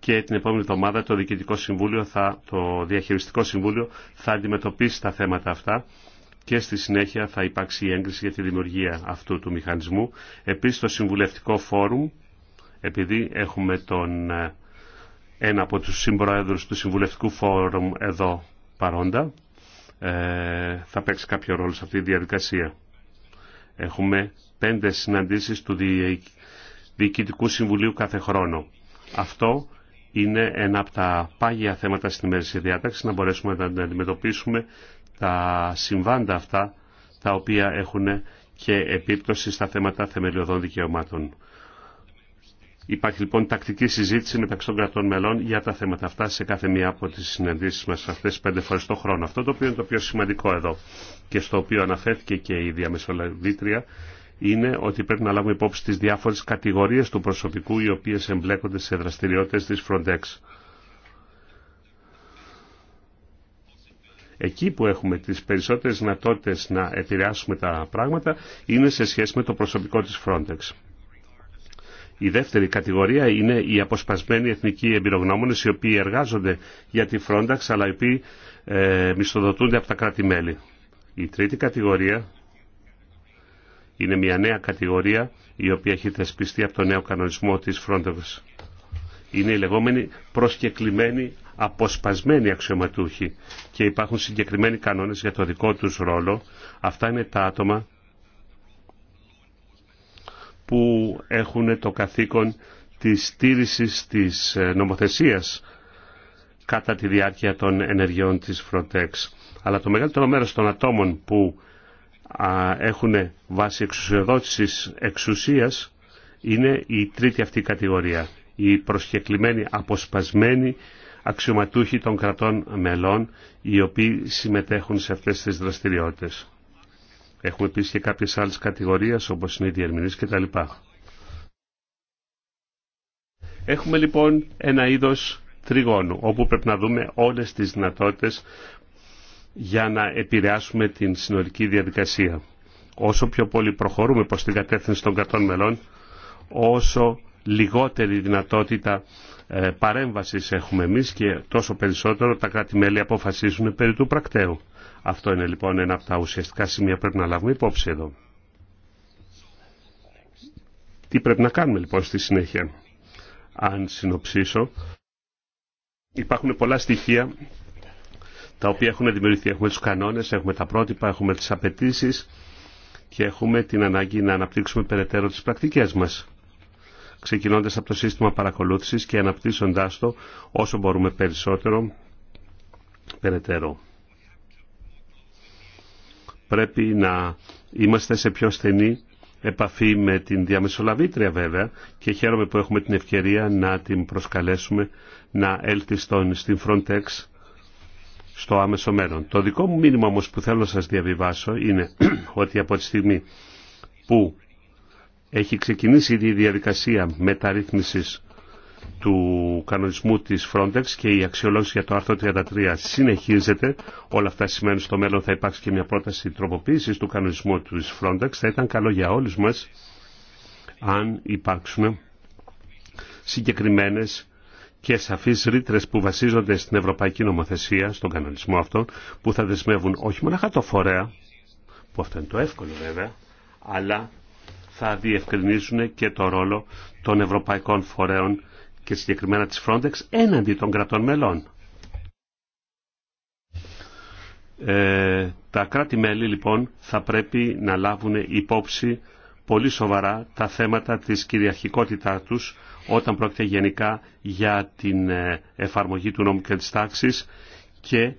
και την επόμενη εβδομάδα το Διοικητικό Συμβούλιο, θα, το Διαχειριστικό Συμβούλιο θα αντιμετωπίσει τα θέματα αυτά και στη συνέχεια θα υπάρξει η έγκριση για τη δημιουργία αυτού του μηχανισμού. Επίσης το Συμβουλευτικό Φόρουμ, επειδή έχουμε τον, ε, ένα από τους συμπροέδρους του Συμβουλευτικού Φόρουμ εδώ παρόντα, ε, θα παίξει κάποιο ρόλο σε αυτή τη διαδικασία. Έχουμε πέντε συναντήσεις του Διοικητικού Συμβουλίου κάθε χρόνο. Αυτό είναι ένα από τα πάγια θέματα στην ημέρηση διάταξη, να μπορέσουμε να αντιμετωπίσουμε τα συμβάντα αυτά, τα οποία έχουν και επίπτωση στα θέματα θεμελιωδών δικαιωμάτων. Υπάρχει λοιπόν τακτική συζήτηση μεταξύ των κρατών μελών για τα θέματα αυτά σε κάθε μία από τι συναντήσει μα αυτέ πέντε φορέ το χρόνο. Αυτό το οποίο είναι το πιο σημαντικό εδώ και στο οποίο αναφέρθηκε και η διαμεσολαβήτρια είναι ότι πρέπει να λάβουμε υπόψη τι διάφορε κατηγορίε του προσωπικού οι οποίε εμπλέκονται σε δραστηριότητε τη Frontex. Εκεί που έχουμε τις περισσότερες δυνατότητε να επηρεάσουμε τα πράγματα είναι σε σχέση με το προσωπικό της Frontex. Η δεύτερη κατηγορία είναι οι αποσπασμένοι εθνικοί εμπειρογνώμονες οι οποίοι εργάζονται για τη Frontex αλλά οι οποίοι ε, μισθοδοτούνται από τα κράτη-μέλη. Η τρίτη κατηγορία είναι μια νέα κατηγορία η οποία έχει θεσπιστεί από το νέο κανονισμό της Frontex. Είναι οι λεγόμενοι προσκεκλημένοι αποσπασμένοι αξιωματούχοι και υπάρχουν συγκεκριμένοι κανόνες για το δικό τους ρόλο. Αυτά είναι τα άτομα που έχουν το καθήκον της στήρισης της ε, νομοθεσίας κατά τη διάρκεια των ενεργειών της Frontex. Αλλά το μεγαλύτερο μέρος των ατόμων που έχουν βάση εξουσιοδότησης εξουσίας είναι η τρίτη αυτή κατηγορία. Οι προσκεκλημένοι αποσπασμένοι αξιωματούχοι των κρατών μελών οι οποίοι συμμετέχουν σε αυτές τις δραστηριότητες. Έχουμε επίσης και κάποιες άλλες κατηγορίες όπως είναι οι διερμηνείς κτλ. Έχουμε λοιπόν ένα είδος τριγώνου όπου πρέπει να δούμε όλες τις δυνατότητες για να επηρεάσουμε την συνολική διαδικασία. Όσο πιο πολύ προχωρούμε προς την κατεύθυνση των κρατών μελών, όσο λιγότερη δυνατότητα ε, παρέμβασης έχουμε εμείς και τόσο περισσότερο τα κράτη-μέλη αποφασίζουν περί του πρακτέου. Αυτό είναι λοιπόν ένα από τα ουσιαστικά σημεία που πρέπει να λάβουμε υπόψη εδώ. Τι πρέπει να κάνουμε λοιπόν στη συνέχεια. Αν συνοψίσω, υπάρχουν πολλά στοιχεία τα οποία έχουν δημιουργηθεί. Έχουμε τους κανόνες, έχουμε τα πρότυπα, έχουμε τις απαιτήσει και έχουμε την ανάγκη να αναπτύξουμε περαιτέρω τις πρακτικές μας. Ξεκινώντας από το σύστημα παρακολούθησης και αναπτύσσοντάς το όσο μπορούμε περισσότερο περαιτέρω πρέπει να είμαστε σε πιο στενή επαφή με την διαμεσολαβήτρια βέβαια και χαίρομαι που έχουμε την ευκαιρία να την προσκαλέσουμε να έλθει στον, στην Frontex στο άμεσο μέλλον. Το δικό μου μήνυμα όμως που θέλω να σας διαβιβάσω είναι ότι από τη στιγμή που έχει ξεκινήσει η διαδικασία μεταρρύθμισης του κανονισμού της Frontex και η αξιολόγηση για το άρθρο 33 συνεχίζεται. Όλα αυτά σημαίνουν στο μέλλον θα υπάρξει και μια πρόταση τροποποίησης του κανονισμού της Frontex. Θα ήταν καλό για όλους μας αν υπάρξουν συγκεκριμένες και σαφείς ρήτρες που βασίζονται στην Ευρωπαϊκή Νομοθεσία, στον κανονισμό αυτό, που θα δεσμεύουν όχι μόνο το φορέα, που αυτό είναι το εύκολο βέβαια, αλλά θα διευκρινίσουν και το ρόλο των ευρωπαϊκών φορέων και συγκεκριμένα της Frontex έναντι των κρατών μελών. Ε, τα κράτη-μέλη λοιπόν θα πρέπει να λάβουν υπόψη πολύ σοβαρά τα θέματα της κυριαρχικότητά τους όταν πρόκειται γενικά για την ε, εφαρμογή του νόμου και της τάξης και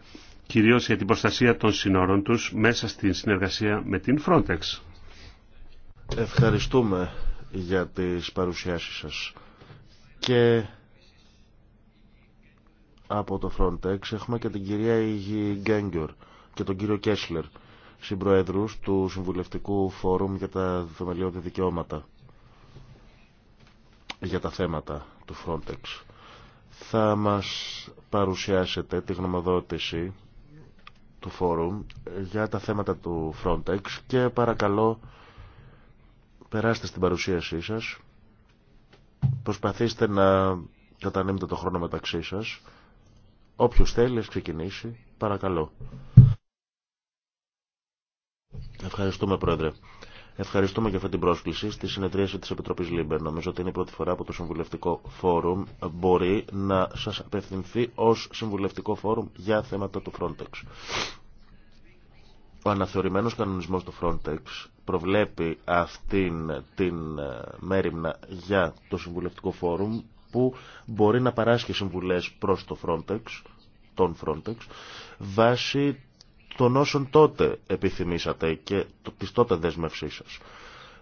κυρίως για την προστασία των συνόρων τους μέσα στην συνεργασία με την Frontex. Ευχαριστούμε για τις παρουσιάσεις σας. Και από το Frontex έχουμε και την κυρία Ιγη και τον κύριο Κέσλερ, συμπροέδρους του Συμβουλευτικού Φόρουμ για τα Θεμελιώδη Δικαιώματα για τα θέματα του Frontex. Θα μας παρουσιάσετε τη γνωμοδότηση του Φόρουμ για τα θέματα του Frontex και παρακαλώ περάστε στην παρουσίασή σας Προσπαθήστε να κατανέμετε το χρόνο μεταξύ σας. Όποιος θέλει, ξεκινήσει. Παρακαλώ. Ευχαριστούμε, Πρόεδρε. Ευχαριστούμε για αυτή την πρόσκληση στη συνεδρίαση της Επιτροπής Λίμπερ. Νομίζω ότι είναι η πρώτη φορά που το Συμβουλευτικό Φόρουμ μπορεί να σας απευθυνθεί ως Συμβουλευτικό Φόρουμ για θέματα του Frontex. Ο αναθεωρημένος κανονισμός του Frontex προβλέπει αυτήν την ε, μέρημνα για το Συμβουλευτικό Φόρουμ που μπορεί να παράσχει συμβουλές προς το Frontex, τον Frontex, βάσει των όσων τότε επιθυμήσατε και της τότε δέσμευσής σας.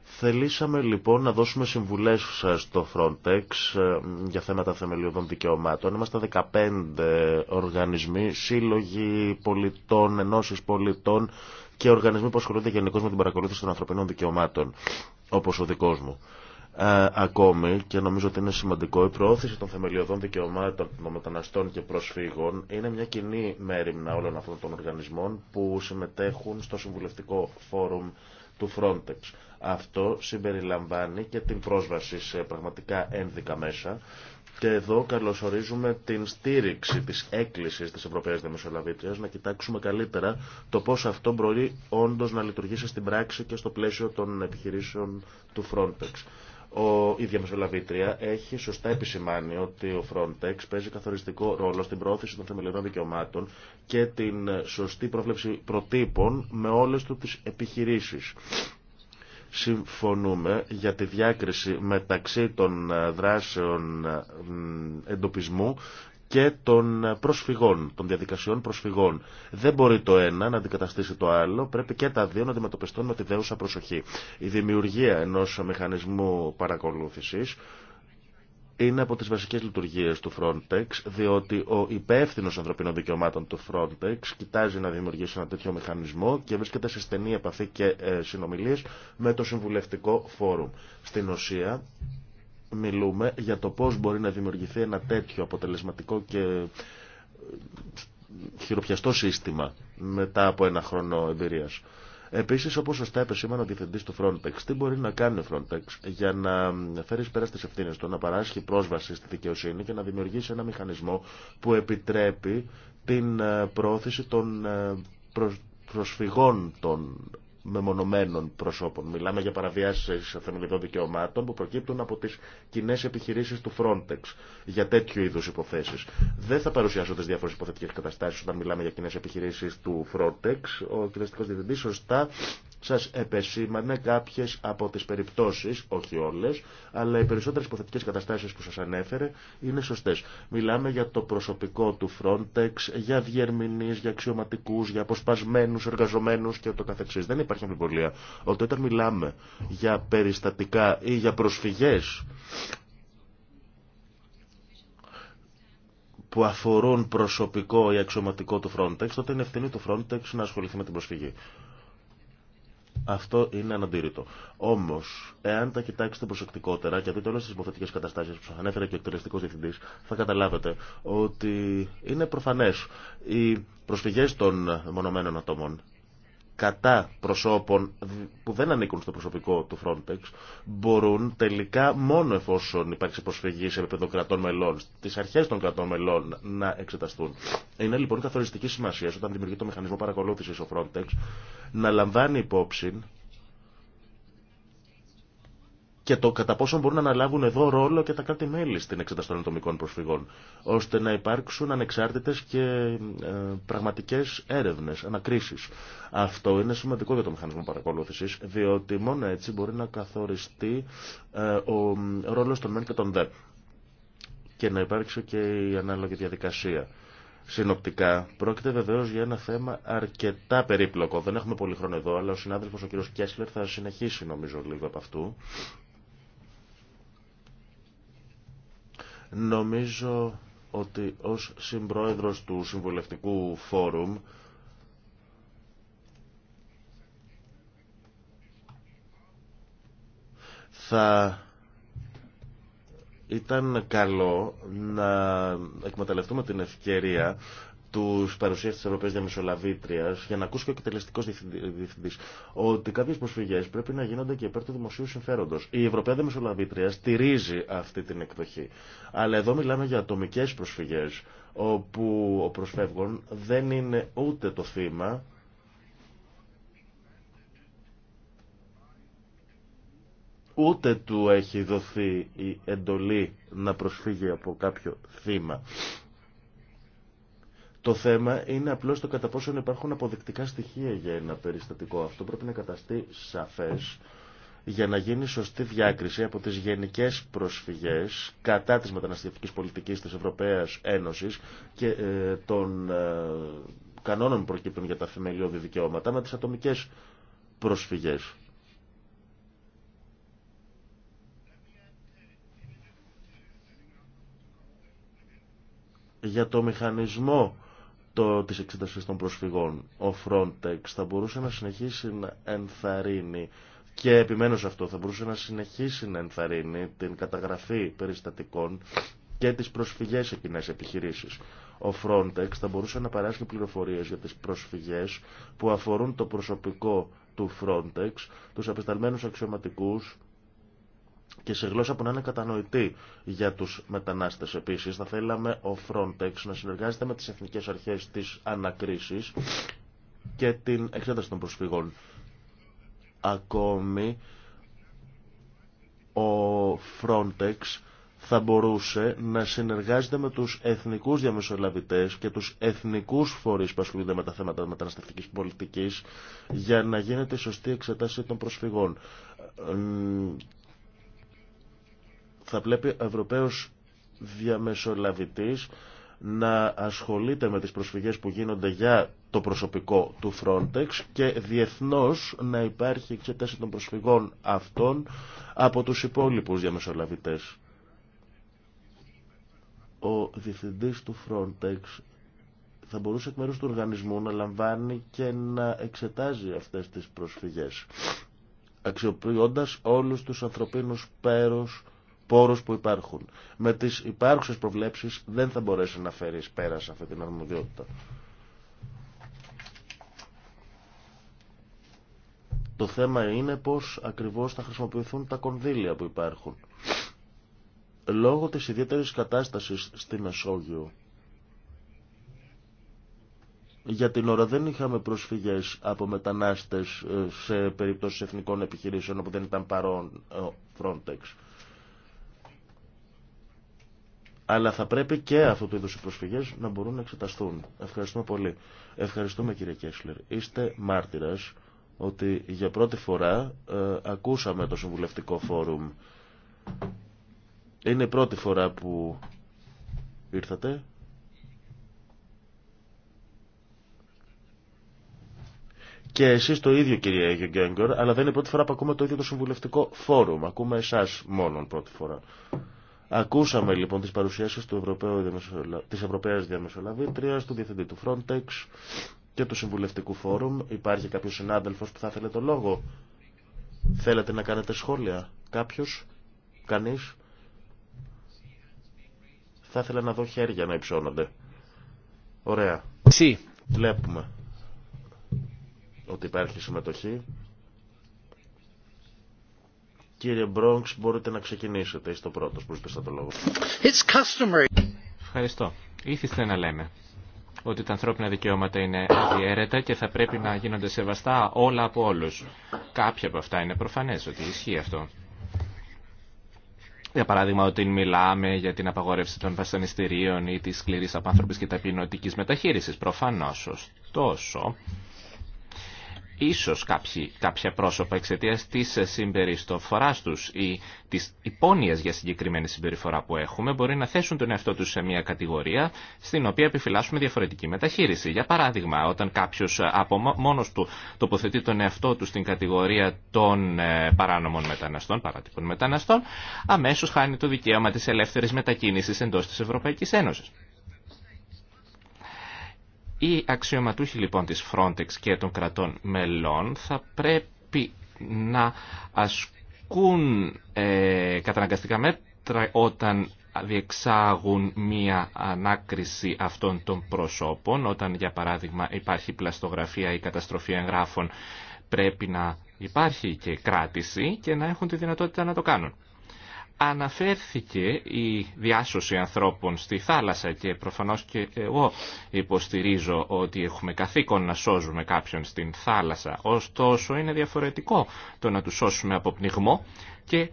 Θελήσαμε λοιπόν να δώσουμε συμβουλές στο Frontex ε, για θέματα θεμελιωδών δικαιωμάτων. Είμαστε 15 οργανισμοί, σύλλογοι πολιτών, ενώσεις πολιτών και οργανισμοί που ασχολούνται γενικώ με την παρακολούθηση των ανθρωπινών δικαιωμάτων, όπως ο δικός μου. Ε, ακόμη και νομίζω ότι είναι σημαντικό η προώθηση των θεμελιωδών δικαιωμάτων των μεταναστών και προσφύγων είναι μια κοινή μέρημνα όλων αυτών των οργανισμών που συμμετέχουν στο Συμβουλευτικό Φόρουμ του Frontex. Αυτό συμπεριλαμβάνει και την πρόσβαση σε πραγματικά ένδικα μέσα και εδώ καλωσορίζουμε την στήριξη της έκκλησης της ευρωπαϊκής Δημοσιολαβήτριας να κοιτάξουμε καλύτερα το πώς αυτό μπορεί όντως να λειτουργήσει στην πράξη και στο πλαίσιο των επιχειρήσεων του Frontex. Ο, η διαμεσολαβήτρια έχει σωστά επισημάνει ότι ο Frontex παίζει καθοριστικό ρόλο στην πρόθεση των θεμελιωδών δικαιωμάτων και την σωστή πρόβλεψη προτύπων με όλες του τις επιχειρήσεις. Συμφωνούμε για τη διάκριση μεταξύ των δράσεων εντοπισμού και των προσφυγών, των διαδικασιών προσφυγών. Δεν μπορεί το ένα να αντικαταστήσει το άλλο, πρέπει και τα δύο να αντιμετωπιστούν με τη δέουσα προσοχή. Η δημιουργία ενός μηχανισμού παρακολούθησης είναι από τις βασικές λειτουργίες του Frontex, διότι ο υπεύθυνο ανθρωπίνων δικαιωμάτων του Frontex κοιτάζει να δημιουργήσει ένα τέτοιο μηχανισμό και βρίσκεται σε στενή επαφή και ε, συνομιλίες με το Συμβουλευτικό Φόρουμ. Στην ουσία, μιλούμε για το πώς μπορεί να δημιουργηθεί ένα τέτοιο αποτελεσματικό και ε, χειροπιαστό σύστημα μετά από ένα χρόνο εμπειρίας. Επίσης, όπως σωστά σήμερα ο διευθυντής του Frontex, τι μπορεί να κάνει ο Frontex για να φέρει πέρα στις ευθύνες του, να παράσχει πρόσβαση στη δικαιοσύνη και να δημιουργήσει ένα μηχανισμό που επιτρέπει την ε, πρόθεση των ε, προσφυγών των μεμονωμένων προσώπων. Μιλάμε για παραβιάσεις θεμελιδών δικαιωμάτων που προκύπτουν από τις κοινέ επιχειρήσεις του Frontex για τέτοιου είδους υποθέσεις. Δεν θα παρουσιάσω τις διάφορες υποθετικές καταστάσεις όταν μιλάμε για κοινέ επιχειρήσεις του Frontex. Ο κοινωνιστικός διευθυντής σωστά σας επεσήμανε κάποιες από τις περιπτώσεις, όχι όλες, αλλά οι περισσότερες υποθετικές καταστάσεις που σας ανέφερε είναι σωστές. Μιλάμε για το προσωπικό του Frontex, για διερμηνείς, για αξιωματικούς, για αποσπασμένους, εργαζομένους και το καθεξής. Δεν υπάρχει αμφιβολία ότι όταν μιλάμε για περιστατικά ή για προσφυγές που αφορούν προσωπικό ή αξιωματικό του Frontex, τότε είναι ευθύνη του Frontex να ασχοληθεί με την προσφυγή. Αυτό είναι αναντήρητο. Όμω, εάν τα κοιτάξετε προσεκτικότερα και δείτε όλε τι υποθετικέ καταστάσει που σα ανέφερε και ο εκτελεστικό διευθυντή, θα καταλάβετε ότι είναι προφανέ οι προσφυγέ των μονομένων ατόμων κατά προσώπων που δεν ανήκουν στο προσωπικό του Frontex μπορούν τελικά μόνο εφόσον υπάρξει προσφυγή σε επίπεδο κρατών μελών, στις αρχές των κρατών μελών να εξεταστούν. Είναι λοιπόν καθοριστική σημασία όταν δημιουργεί το μηχανισμό παρακολούθησης ο Frontex να λαμβάνει υπόψη και το κατά πόσο μπορούν να αναλάβουν εδώ ρόλο και τα κράτη-μέλη στην εξέταση των ατομικών προσφυγών, ώστε να υπάρξουν ανεξάρτητες και ε, πραγματικές έρευνες, ανακρίσεις. Αυτό είναι σημαντικό για το μηχανισμό παρακολούθησης, διότι μόνο έτσι μπορεί να καθοριστεί ε, ο ρόλος των μεν και των δε και να υπάρξει και η ανάλογη διαδικασία. Συνοπτικά, πρόκειται βεβαίω για ένα θέμα αρκετά περίπλοκο. Δεν έχουμε πολύ χρόνο εδώ, αλλά ο συνάδελφο ο κ. Κέσλερ θα συνεχίσει νομίζω λίγο από αυτού. Νομίζω ότι ως συμπρόεδρος του Συμβουλευτικού Φόρουμ θα ήταν καλό να εκμεταλλευτούμε την ευκαιρία του παρουσία τη Ευρωπαϊκή Διαμεσολαβήτρια, για να ακούσει και ο εκτελεστικό διευθυντή. ότι κάποιε προσφυγέ πρέπει να γίνονται και υπέρ του δημοσίου συμφέροντος. Η Ευρωπαία Διαμεσολαβήτρια στηρίζει αυτή την εκδοχή. Αλλά εδώ μιλάμε για ατομικέ προσφυγέ όπου ο προσφεύγων δεν είναι ούτε το θύμα, ούτε του έχει δοθεί η εντολή να προσφύγει από κάποιο θύμα. Το θέμα είναι απλώ το κατά πόσο υπάρχουν αποδεικτικά στοιχεία για ένα περιστατικό. Αυτό πρέπει να καταστεί σαφέ για να γίνει σωστή διάκριση από τι γενικές προσφυγές κατά της μεταναστευτική πολιτικής της Ευρωπαίας Ένωσης και ε, των ε, κανόνων που προκύπτουν για τα θεμελιώδη δικαιώματα με τι ατομικέ προσφυγέ. Για το μηχανισμό το, της εξέτασης των προσφυγών. Ο Frontex θα μπορούσε να συνεχίσει να ενθαρρύνει και επιμένω αυτό, θα μπορούσε να συνεχίσει να ενθαρρύνει την καταγραφή περιστατικών και τις προσφυγές σε κοινέ επιχειρήσεις. Ο Frontex θα μπορούσε να παράσχει πληροφορίες για τις προσφυγές που αφορούν το προσωπικό του Frontex, τους απεσταλμένους αξιωματικούς, και σε γλώσσα που να είναι κατανοητή για τους μετανάστες επίσης. Θα θέλαμε ο Frontex να συνεργάζεται με τις εθνικές αρχές της ανακρίσης και την εξέταση των προσφυγών. Ακόμη, ο Frontex θα μπορούσε να συνεργάζεται με τους εθνικούς διαμεσολαβητές και τους εθνικούς φορείς που ασχολούνται με τα θέματα μεταναστευτικής πολιτικής για να γίνεται σωστή εξετάση των προσφυγών θα πρέπει ο Ευρωπαίος διαμεσολαβητής να ασχολείται με τις προσφυγές που γίνονται για το προσωπικό του Frontex και διεθνώς να υπάρχει εξετάση των προσφυγών αυτών από τους υπόλοιπους διαμεσολαβητές. Ο διευθυντής του Frontex θα μπορούσε εκ μέρους του οργανισμού να λαμβάνει και να εξετάζει αυτές τις προσφυγές αξιοποιώντας όλους τους ανθρωπίνους πέρος πόρους που υπάρχουν. Με τις υπάρχουσες προβλέψεις δεν θα μπορέσει να φέρει πέρα σε αυτή την αρμοδιότητα. Το θέμα είναι πώς ακριβώς θα χρησιμοποιηθούν τα κονδύλια που υπάρχουν. Λόγω της ιδιαίτερης κατάστασης στην Μεσόγειο, για την ώρα δεν είχαμε προσφυγές από μετανάστες ε, σε περίπτωση εθνικών επιχειρήσεων όπου δεν ήταν παρόν ε, ο Frontex αλλά θα πρέπει και αυτού του είδους οι προσφυγές να μπορούν να εξεταστούν. Ευχαριστούμε πολύ. Ευχαριστούμε κύριε Κέσλερ. Είστε μάρτυρας ότι για πρώτη φορά ε, ακούσαμε το Συμβουλευτικό Φόρουμ. Είναι η πρώτη φορά που ήρθατε. Και εσεί το ίδιο, κύριε Γιουγκέγκορ, αλλά δεν είναι η πρώτη φορά που ακούμε το ίδιο το συμβουλευτικό φόρουμ. Ακούμε εσά μόνον πρώτη φορά. Ακούσαμε λοιπόν τις παρουσιάσεις του της Ευρωπαίας Διαμεσολαβήτριας, του Διευθυντή του Frontex και του Συμβουλευτικού Φόρουμ. Υπάρχει κάποιος συνάδελφος που θα θέλετε το λόγο. Θέλετε να κάνετε σχόλια. Κάποιος, κανείς. Θα ήθελα να δω χέρια να υψώνονται. Ωραία. Βλέπουμε ότι υπάρχει συμμετοχή. Κύριε Μπρόγκς, μπορείτε να ξεκινήσετε. Είστε ο πρώτο που είπε το λόγο. It's customary. Ευχαριστώ. Ήθιστε να λέμε ότι τα ανθρώπινα δικαιώματα είναι αδιαίρετα και θα πρέπει να γίνονται σεβαστά όλα από όλους. Κάποια από αυτά είναι προφανές ότι ισχύει αυτό. Για παράδειγμα, ότι μιλάμε για την απαγόρευση των βασανιστήριων ή τη σκληρή απάνθρωπη και ταπεινωτική μεταχείριση. Προφανώ. Ωστόσο, ίσως κάποια πρόσωπα εξαιτία τη συμπεριστοφοράς του ή τη υπόνοια για συγκεκριμένη συμπεριφορά που έχουμε μπορεί να θέσουν τον εαυτό του σε μια κατηγορία στην οποία επιφυλάσσουμε διαφορετική μεταχείριση. Για παράδειγμα, όταν κάποιο από μόνο του τοποθετεί τον εαυτό του στην κατηγορία των ε, παράνομων μεταναστών, παράτυπων μεταναστών, αμέσω χάνει το δικαίωμα τη ελεύθερη μετακίνηση εντό τη Ευρωπαϊκή Ένωση. Οι αξιωματούχοι λοιπόν της Frontex και των κρατών μελών θα πρέπει να ασκούν ε, καταναγκαστικά μέτρα όταν διεξάγουν μία ανάκριση αυτών των προσώπων, όταν για παράδειγμα υπάρχει πλαστογραφία ή καταστροφή εγγράφων πρέπει να υπάρχει και κράτηση και να έχουν τη δυνατότητα να το κάνουν. Αναφέρθηκε η διάσωση ανθρώπων στη θάλασσα και προφανώς και εγώ υποστηρίζω ότι έχουμε καθήκον να σώζουμε κάποιον στην θάλασσα. Ωστόσο είναι διαφορετικό το να τους σώσουμε από πνιγμό και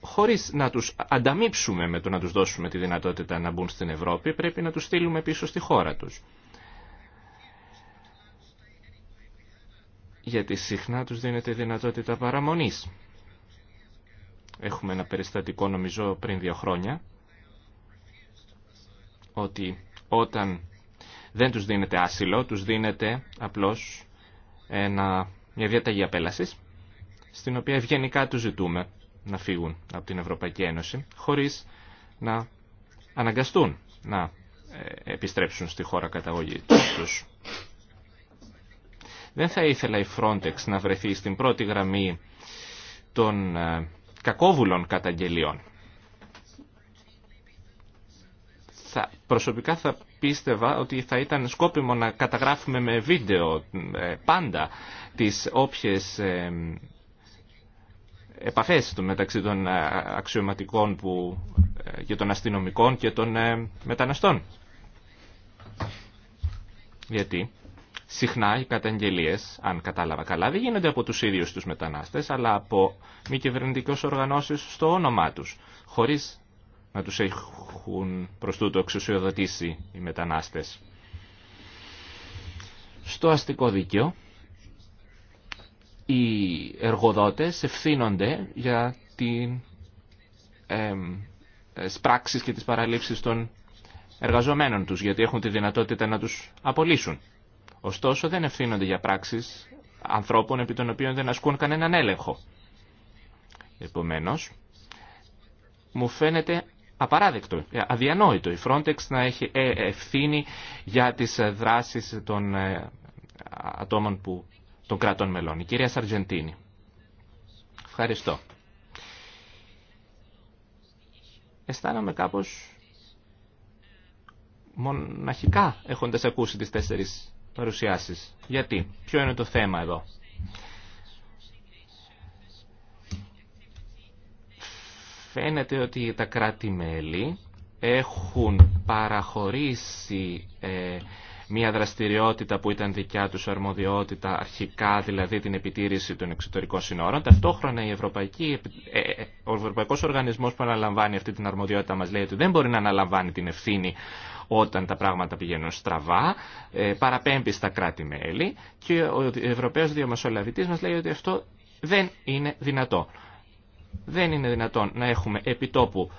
χωρίς να τους ανταμείψουμε με το να τους δώσουμε τη δυνατότητα να μπουν στην Ευρώπη πρέπει να τους στείλουμε πίσω στη χώρα τους. Γιατί συχνά τους δίνεται δυνατότητα παραμονής. Έχουμε ένα περιστατικό νομίζω πριν δύο χρόνια ότι όταν δεν τους δίνεται άσυλο, τους δίνεται απλώς ένα, μια διαταγή απέλασης στην οποία ευγενικά τους ζητούμε να φύγουν από την Ευρωπαϊκή Ένωση χωρίς να αναγκαστούν να ε, επιστρέψουν στη χώρα καταγωγή τους. Δεν θα ήθελα η Frontex να βρεθεί στην πρώτη γραμμή των ε, κακόβουλων καταγγελιών. Θα, προσωπικά θα πίστευα ότι θα ήταν σκόπιμο να καταγράφουμε με βίντεο ε, πάντα τις όποιες ε, επαφές του μεταξύ των ε, αξιωματικών που, και των αστυνομικών και των μεταναστών. Γιατί Συχνά οι καταγγελίε, αν κατάλαβα καλά, δεν γίνονται από τους ίδιους τους μετανάστες, αλλά από μη κυβερνητικέ οργανώσεις στο όνομά τους, χωρίς να τους έχουν προ τούτο εξουσιοδοτήσει οι μετανάστες. Στο αστικό δίκαιο, οι εργοδότες ευθύνονται για την ε, πράξεις και τις παραλήψεις των εργαζομένων τους, γιατί έχουν τη δυνατότητα να τους απολύσουν. Ωστόσο δεν ευθύνονται για πράξεις ανθρώπων επί των οποίων δεν ασκούν κανέναν έλεγχο. Επομένως, μου φαίνεται απαράδεκτο, ε, αδιανόητο η Frontex να έχει ε, ευθύνη για τις ε, δράσεις των ατόμων που, των κρατών μελών. Η κυρία Σαρτζεντίνη. Ευχαριστώ. Αισθάνομαι κάπως μοναχικά έχοντας ακούσει τις τέσσερις παρουσιάσεις. Γιατί, ποιο είναι το θέμα εδώ. Φαίνεται ότι τα κράτη-μέλη έχουν παραχωρήσει ε, μια δραστηριότητα που ήταν δικιά τους αρμοδιότητα αρχικά, δηλαδή την επιτήρηση των εξωτερικών συνόρων. Ταυτόχρονα η Ευρωπαϊκή, ε, ε, ο Ευρωπαϊκός Οργανισμός που αναλαμβάνει αυτή την αρμοδιότητα μας λέει ότι δεν μπορεί να αναλαμβάνει την ευθύνη όταν τα πράγματα πηγαίνουν στραβά, ε, παραπέμπει στα κράτη-μέλη και ο Ευρωπαίος Διαμεσολαβητής μας λέει ότι αυτό δεν είναι δυνατό. Δεν είναι δυνατόν να έχουμε επιτόπου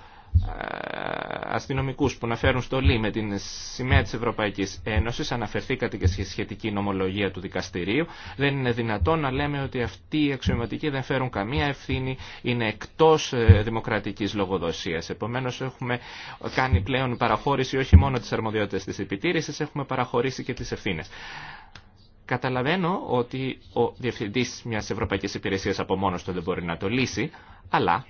ε, αστυνομικούς που να φέρουν στολή με την σημαία της Ευρωπαϊκής Ένωσης, αναφερθήκατε και στη σχετική νομολογία του δικαστηρίου, δεν είναι δυνατόν να λέμε ότι αυτοί οι αξιωματικοί δεν φέρουν καμία ευθύνη, είναι εκτός ε, δημοκρατικής λογοδοσίας. Επομένως έχουμε κάνει πλέον παραχώρηση όχι μόνο της αρμοδιότητας της επιτήρησης, έχουμε παραχωρήσει και τις ευθύνε. Καταλαβαίνω ότι ο διευθυντής μιας Ευρωπαϊκής Υπηρεσίας από μόνος του δεν μπορεί να το λύσει, αλλά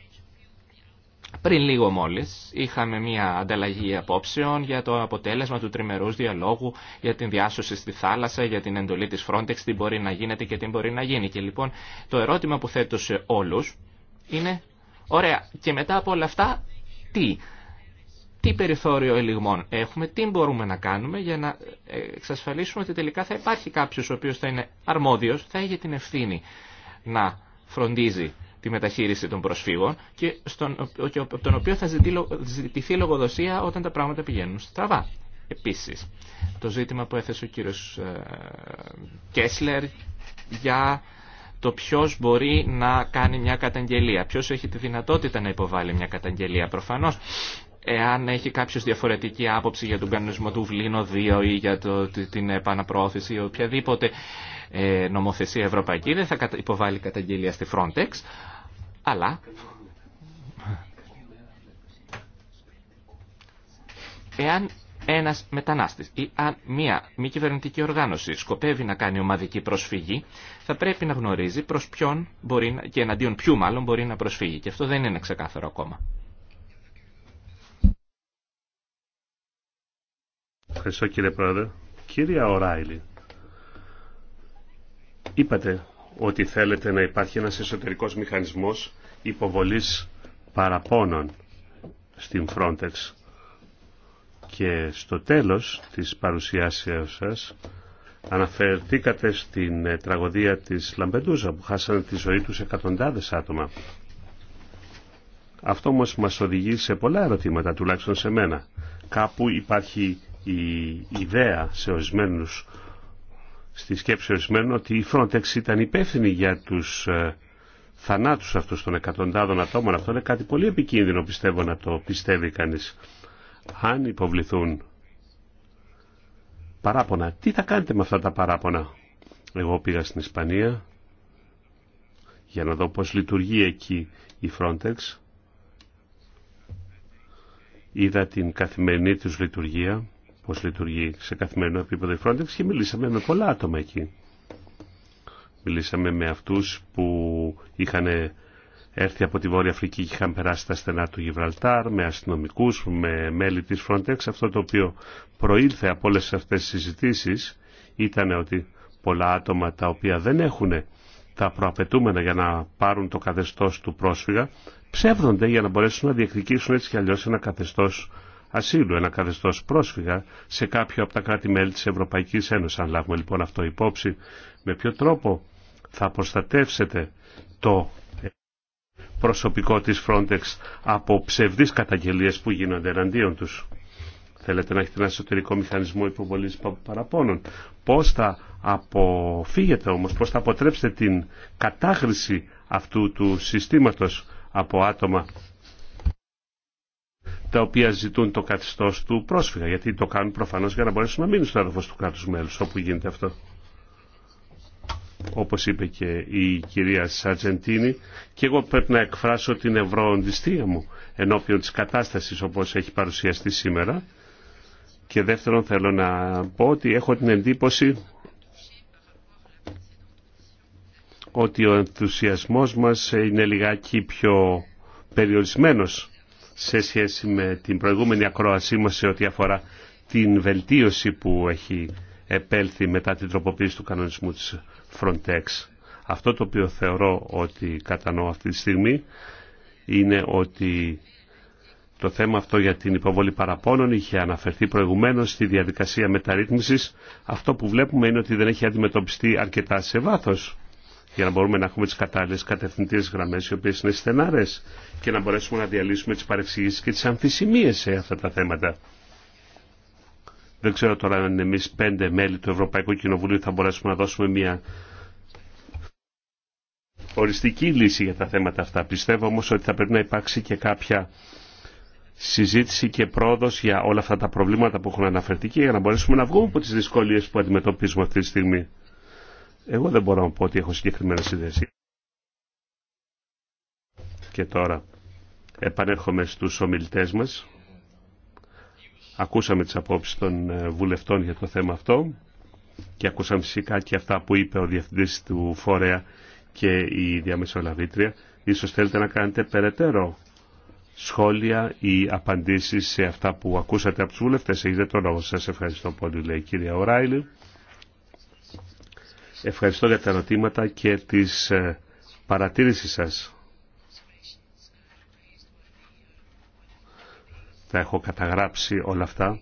πριν λίγο μόλις είχαμε μια ανταλλαγή απόψεων για το αποτέλεσμα του τριμερούς διαλόγου για την διάσωση στη θάλασσα, για την εντολή της Frontex, τι μπορεί να γίνεται και τι μπορεί να γίνει. Και λοιπόν το ερώτημα που θέτω σε όλους είναι, ωραία, και μετά από όλα αυτά τι, τι περιθώριο ελιγμών έχουμε, τι μπορούμε να κάνουμε για να εξασφαλίσουμε ότι τελικά θα υπάρχει κάποιος ο οποίος θα είναι αρμόδιος, θα έχει την ευθύνη να φροντίζει τη μεταχείριση των προσφύγων και, στον, και από τον οποίο θα ζητηθεί λογοδοσία όταν τα πράγματα πηγαίνουν στραβά. Επίσης, το ζήτημα που έθεσε ο κύριος ε, Κέσλερ για το ποιος μπορεί να κάνει μια καταγγελία, ποιος έχει τη δυνατότητα να υποβάλει μια καταγγελία. προφανώς, εάν έχει κάποιο διαφορετική άποψη για τον κανονισμό του Βλήνο 2 ή για το, την επαναπρόθεση ή οποιαδήποτε ε, νομοθεσία ευρωπαϊκή, δεν θα υποβάλει καταγγελία στη Frontex, αλλά εάν ένας μετανάστης ή αν μία μη κυβερνητική οργάνωση σκοπεύει να κάνει ομαδική προσφυγή, θα πρέπει να γνωρίζει προς ποιον μπορεί, και εναντίον ποιου μάλλον μπορεί να προσφύγει. Και αυτό δεν είναι ξεκάθαρο ακόμα. Ευχαριστώ κύριε Πρόεδρε. Κύρια Οράιλη, είπατε ότι θέλετε να υπάρχει ένας εσωτερικός μηχανισμός υποβολής παραπώνων στην Frontex. Και στο τέλος της παρουσιάσεως σας αναφερθήκατε στην ε, τραγωδία της Λαμπεντούζα που χάσανε τη ζωή τους εκατοντάδες άτομα. Αυτό όμως μας οδηγεί σε πολλά ερωτήματα, τουλάχιστον σε μένα. Κάπου υπάρχει η ιδέα σε ορισμένους, στη σκέψη ορισμένων ότι η Frontex ήταν υπεύθυνη για τους ε, θανάτους αυτούς των εκατοντάδων ατόμων. Αυτό είναι κάτι πολύ επικίνδυνο πιστεύω να το πιστεύει κανείς. Αν υποβληθούν παράπονα, τι θα κάνετε με αυτά τα παράπονα. Εγώ πήγα στην Ισπανία για να δω πώς λειτουργεί εκεί η Frontex. Είδα την καθημερινή τους λειτουργία πώς λειτουργεί σε καθημερινό επίπεδο η Frontex και μιλήσαμε με πολλά άτομα εκεί. Μιλήσαμε με αυτούς που είχαν έρθει από τη Βόρεια Αφρική και είχαν περάσει τα στενά του Γιβραλτάρ, με αστυνομικούς, με μέλη της Frontex. Αυτό το οποίο προήλθε από όλες αυτές τις συζητήσεις ήταν ότι πολλά άτομα τα οποία δεν έχουν τα προαπαιτούμενα για να πάρουν το καθεστώς του πρόσφυγα, ψεύδονται για να μπορέσουν να διεκδικήσουν έτσι κι αλλιώς ένα καθεστώς ασύλου, ένα καθεστώ πρόσφυγα σε κάποιο από τα κράτη-μέλη της Ευρωπαϊκής Ένωσης. Αν λάβουμε λοιπόν αυτό υπόψη, με ποιο τρόπο θα προστατεύσετε το προσωπικό της Frontex από ψευδείς καταγγελίες που γίνονται εναντίον τους. Θέλετε να έχετε ένα εσωτερικό μηχανισμό υποβολής παραπώνων. Πώς θα αποφύγετε όμως, πώς θα αποτρέψετε την κατάχρηση αυτού του συστήματος από άτομα τα οποία ζητούν το καθεστώ του πρόσφυγα, γιατί το κάνουν προφανώς για να μπορέσουν να μείνουν στο έδαφο του κράτου μέλου, όπου γίνεται αυτό. Όπως είπε και η κυρία Σατζεντίνη, και εγώ πρέπει να εκφράσω την ευρωοντιστία μου ενώπιον τη κατάστασης όπως έχει παρουσιαστεί σήμερα. Και δεύτερον θέλω να πω ότι έχω την εντύπωση ότι ο ενθουσιασμός μας είναι λιγάκι πιο περιορισμένος σε σχέση με την προηγούμενη ακρόασή μας σε ό,τι αφορά την βελτίωση που έχει επέλθει μετά την τροποποίηση του κανονισμού της Frontex. Αυτό το οποίο θεωρώ ότι κατανοώ αυτή τη στιγμή είναι ότι το θέμα αυτό για την υποβολή παραπώνων είχε αναφερθεί προηγουμένως στη διαδικασία μεταρρύθμισης. Αυτό που βλέπουμε είναι ότι δεν έχει αντιμετωπιστεί αρκετά σε βάθος για να μπορούμε να έχουμε τι κατάλληλε κατευθυντήρες γραμμέ, οι οποίε είναι στενάρε και να μπορέσουμε να διαλύσουμε τι παρεξηγήσει και τι αμφισημίε σε αυτά τα θέματα. Δεν ξέρω τώρα αν εμεί πέντε μέλη του Ευρωπαϊκού Κοινοβουλίου θα μπορέσουμε να δώσουμε μια οριστική λύση για τα θέματα αυτά. Πιστεύω όμως ότι θα πρέπει να υπάρξει και κάποια συζήτηση και πρόοδος για όλα αυτά τα προβλήματα που έχουν αναφερθεί και για να μπορέσουμε να βγούμε από τις δυσκολίες που αντιμετωπίζουμε αυτή τη στιγμή. Εγώ δεν μπορώ να πω ότι έχω συγκεκριμένα ιδέες. Και τώρα επανέρχομαι στους ομιλητές μας. Ακούσαμε τις απόψεις των ε, βουλευτών για το θέμα αυτό και ακούσαμε φυσικά και αυτά που είπε ο Διευθυντής του Φόρεα και η διαμεσολαβήτρια. Ίσως θέλετε να κάνετε περαιτέρω σχόλια ή απαντήσεις σε αυτά που ακούσατε από τους βουλευτές. Έχετε το λόγο σας. Ευχαριστώ πολύ, λέει η κυρία τον λογο σας ευχαριστω πολυ λεει η κυρια οραιλη Ευχαριστώ για τα ερωτήματα και τις ε, παρατήρησεις σας. Τα έχω καταγράψει όλα αυτά,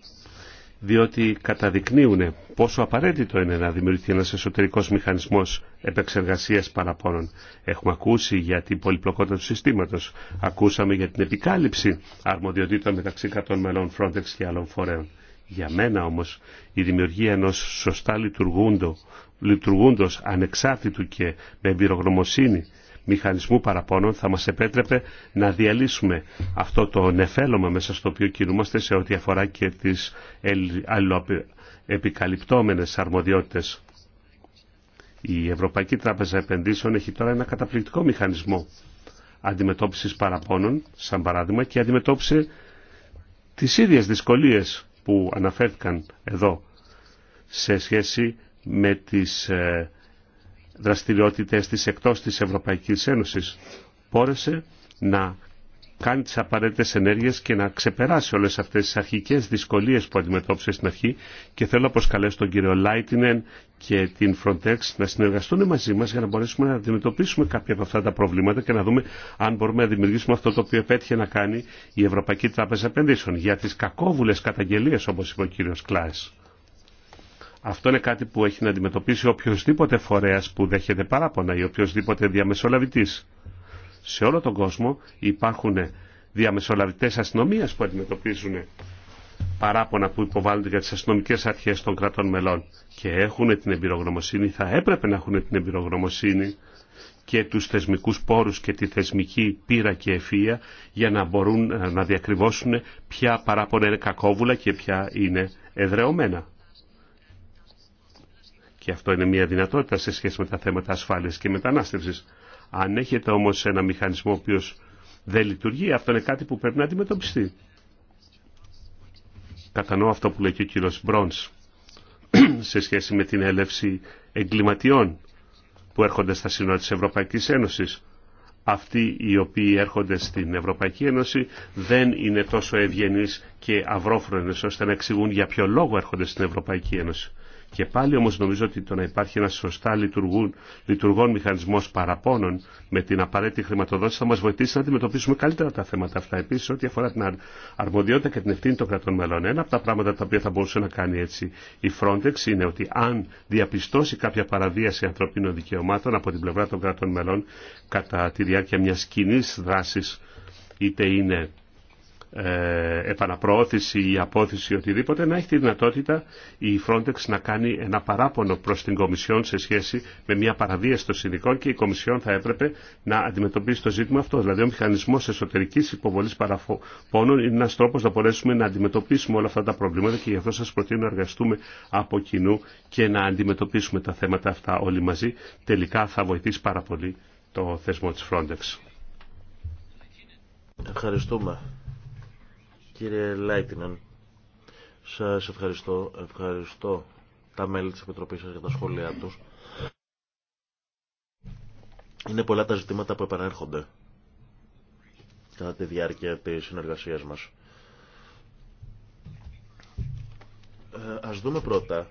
διότι καταδεικνύουν πόσο απαραίτητο είναι να δημιουργηθεί ένας εσωτερικός μηχανισμός επεξεργασίας παραπώνων. Έχουμε ακούσει για την πολυπλοκότητα του συστήματος, ακούσαμε για την επικάλυψη αρμοδιοτήτων μεταξύ κατών μελών Frontex και άλλων φορέων. Για μένα όμως η δημιουργία ενός σωστά λειτουργούντο λειτουργούντος ανεξάρτητου και με εμπειρογνωμοσύνη μηχανισμού παραπώνων θα μας επέτρεπε να διαλύσουμε αυτό το νεφέλωμα μέσα στο οποίο κινούμαστε σε ό,τι αφορά και τις επικαλυπτόμενες αρμοδιότητες. Η Ευρωπαϊκή Τράπεζα Επενδύσεων έχει τώρα ένα καταπληκτικό μηχανισμό αντιμετώπισης παραπώνων, σαν παράδειγμα, και αντιμετώπισε τις ίδιες δυσκολίες που αναφέρθηκαν εδώ σε σχέση με τις ε, δραστηριότητες της εκτός της Ευρωπαϊκής Ένωσης. Πόρεσε να κάνει τις απαραίτητες ενέργειες και να ξεπεράσει όλες αυτές τις αρχικές δυσκολίες που αντιμετώπισε στην αρχή και θέλω να προσκαλέσω τον κύριο Λάιτινεν και την Frontex να συνεργαστούν μαζί μας για να μπορέσουμε να αντιμετωπίσουμε κάποια από αυτά τα προβλήματα και να δούμε αν μπορούμε να δημιουργήσουμε αυτό το οποίο επέτυχε να κάνει η Ευρωπαϊκή Τράπεζα Επενδύσεων για τις κακόβουλες καταγγελίες όπως είπε ο κύριος Κλάις. Αυτό είναι κάτι που έχει να αντιμετωπίσει οποιοδήποτε φορέα που δέχεται παράπονα ή οποιοδήποτε διαμεσολαβητή. Σε όλο τον κόσμο υπάρχουν διαμεσολαβητέ αστυνομίας που αντιμετωπίζουν παράπονα που υποβάλλονται για τι αστυνομικέ αρχέ των κρατών μελών και έχουν την εμπειρογνωμοσύνη, θα έπρεπε να έχουν την εμπειρογνωμοσύνη και τους θεσμικούς πόρους και τη θεσμική πείρα και ευφύεια για να μπορούν να διακριβώσουν ποια παράπονα είναι κακόβουλα και ποια είναι εδρεωμένα. Και αυτό είναι μια δυνατότητα σε σχέση με τα θέματα ασφάλειας και μετανάστευσης. Αν έχετε όμως ένα μηχανισμό ο οποίος δεν λειτουργεί, αυτό είναι κάτι που πρέπει να αντιμετωπιστεί. Κατανοώ αυτό που λέει και ο κύριος Μπρόνς σε σχέση με την έλευση εγκληματιών που έρχονται στα σύνορα της Ευρωπαϊκής Ένωσης. Αυτοί οι οποίοι έρχονται στην Ευρωπαϊκή Ένωση δεν είναι τόσο ευγενείς και αυρόφρονες ώστε να εξηγούν για ποιο λόγο έρχονται στην Ευρωπαϊκή Ένωση. Και πάλι όμως νομίζω ότι το να υπάρχει ένα σωστά λειτουργούν, λειτουργών μηχανισμός παραπώνων με την απαραίτητη χρηματοδότηση θα μας βοηθήσει να αντιμετωπίσουμε καλύτερα τα θέματα αυτά. Επίσης ό,τι αφορά την αρμοδιότητα και την ευθύνη των κρατών μελών. Ένα από τα πράγματα τα οποία θα μπορούσε να κάνει έτσι η Frontex είναι ότι αν διαπιστώσει κάποια παραβίαση ανθρωπίνων δικαιωμάτων από την πλευρά των κρατών μελών κατά τη διάρκεια μιας κοινή δράσης είτε είναι ε, επαναπροώθηση ή απόθεση οτιδήποτε, να έχει τη δυνατότητα η Frontex να κάνει ένα παράπονο προς την Κομισιόν σε σχέση με μια παραβίαση των συνδικών και η Κομισιόν θα έπρεπε να αντιμετωπίσει το ζήτημα αυτό. Δηλαδή ο μηχανισμός εσωτερικής υποβολής παραπώνων είναι ένας τρόπος να μπορέσουμε να αντιμετωπίσουμε όλα αυτά τα προβλήματα και γι' αυτό σας προτείνω να εργαστούμε από κοινού και να αντιμετωπίσουμε τα θέματα αυτά όλοι μαζί. Τελικά θα βοηθήσει πάρα πολύ το θεσμό της Frontex. Ευχαριστούμε κύριε Λάιτινεν. Σας ευχαριστώ. Ευχαριστώ τα μέλη της Επιτροπής σας για τα σχόλιά τους. Είναι πολλά τα ζητήματα που επανέρχονται κατά τη διάρκεια της συνεργασίας μας. Ε, ας δούμε πρώτα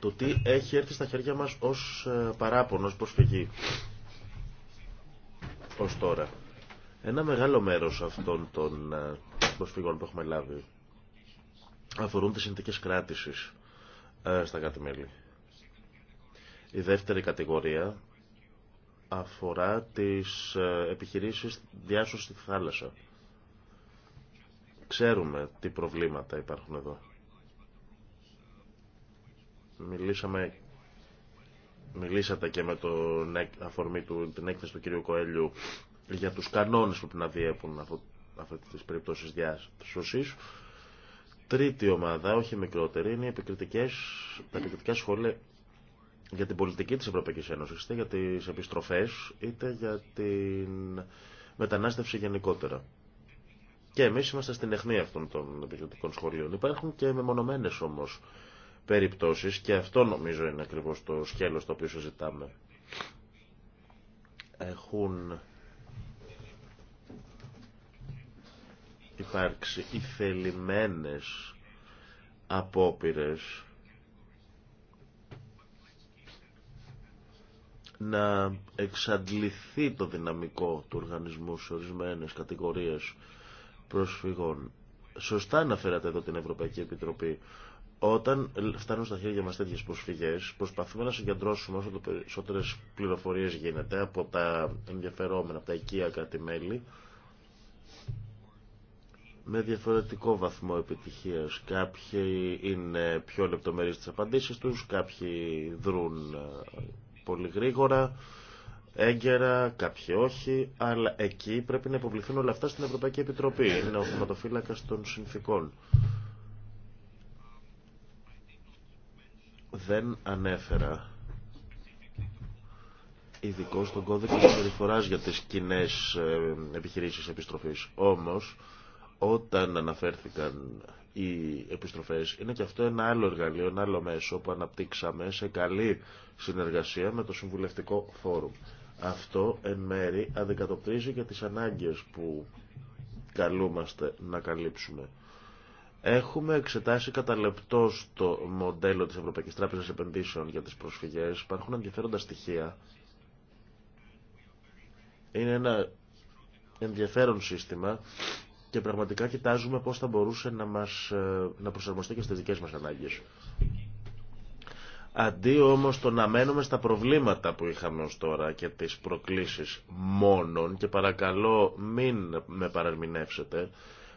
το τι έχει έρθει στα χέρια μας ως ε, παράπονο, ω προσφυγή ως τώρα. Ένα μεγάλο μέρος αυτών των ε, προσφύγων που έχουμε λάβει αφορούν τις συνθήκες κράτησης ε, στα κάτι μέλη. Η δεύτερη κατηγορία αφορά τις ε, επιχειρήσεις διάσωσης στη θάλασσα. Ξέρουμε τι προβλήματα υπάρχουν εδώ. Μιλήσαμε, μιλήσατε και με τον αφορμή του, την έκθεση του κυρίου Κοέλιου για τους κανόνες που πρέπει να διέπουν αυτές τις περιπτώσεις διάσωσης. Τρίτη ομάδα, όχι μικρότερη, είναι οι επικριτικές, τα επικριτικά σχόλια για την πολιτική της Ευρωπαϊκής Ένωσης, είτε για τις επιστροφές, είτε για την μετανάστευση γενικότερα. Και εμείς είμαστε στην εχνή αυτών των επικριτικών σχολείων. Υπάρχουν και μεμονωμένες όμως περιπτώσεις και αυτό νομίζω είναι ακριβώς το σκέλος το οποίο συζητάμε. Έχουν υπάρξει οι απόπειρες να εξαντληθεί το δυναμικό του οργανισμού σε ορισμένες κατηγορίες προσφυγών. Σωστά αναφέρατε εδώ την Ευρωπαϊκή Επιτροπή. Όταν φτάνουν στα χέρια μας τέτοιες προσφυγές, προσπαθούμε να συγκεντρώσουμε όσο το περισσότερες πληροφορίες γίνεται από τα ενδιαφερόμενα, από τα οικία κάτι μέλη, με διαφορετικό βαθμό επιτυχίας. Κάποιοι είναι πιο λεπτομερείς στις απαντήσεις τους, κάποιοι δρούν ε, πολύ γρήγορα, έγκαιρα, κάποιοι όχι, αλλά εκεί πρέπει να υποβληθούν όλα αυτά στην Ευρωπαϊκή Επιτροπή. Είναι ο θεματοφύλακας των συνθήκων. Δεν ανέφερα ειδικό στον κώδικα συμπεριφορά για τις κοινέ ε, επιχειρήσεις επιστροφής. Όμως, όταν αναφέρθηκαν οι επιστροφές, είναι και αυτό ένα άλλο εργαλείο, ένα άλλο μέσο που αναπτύξαμε σε καλή συνεργασία με το Συμβουλευτικό Φόρουμ. Αυτό εν μέρη αντικατοπτρίζει και τις ανάγκες που καλούμαστε να καλύψουμε. Έχουμε εξετάσει κατά το μοντέλο της Ευρωπαϊκής Τράπεζας Επενδύσεων για τις προσφυγές. Υπάρχουν ενδιαφέροντα στοιχεία. Είναι ένα ενδιαφέρον σύστημα και πραγματικά κοιτάζουμε πώς θα μπορούσε να, μας, ε, να προσαρμοστεί και στις δικές μας ανάγκες. Αντί όμως το να μένουμε στα προβλήματα που είχαμε ως τώρα και τις προκλήσεις μόνον και παρακαλώ μην με παραρμηνεύσετε,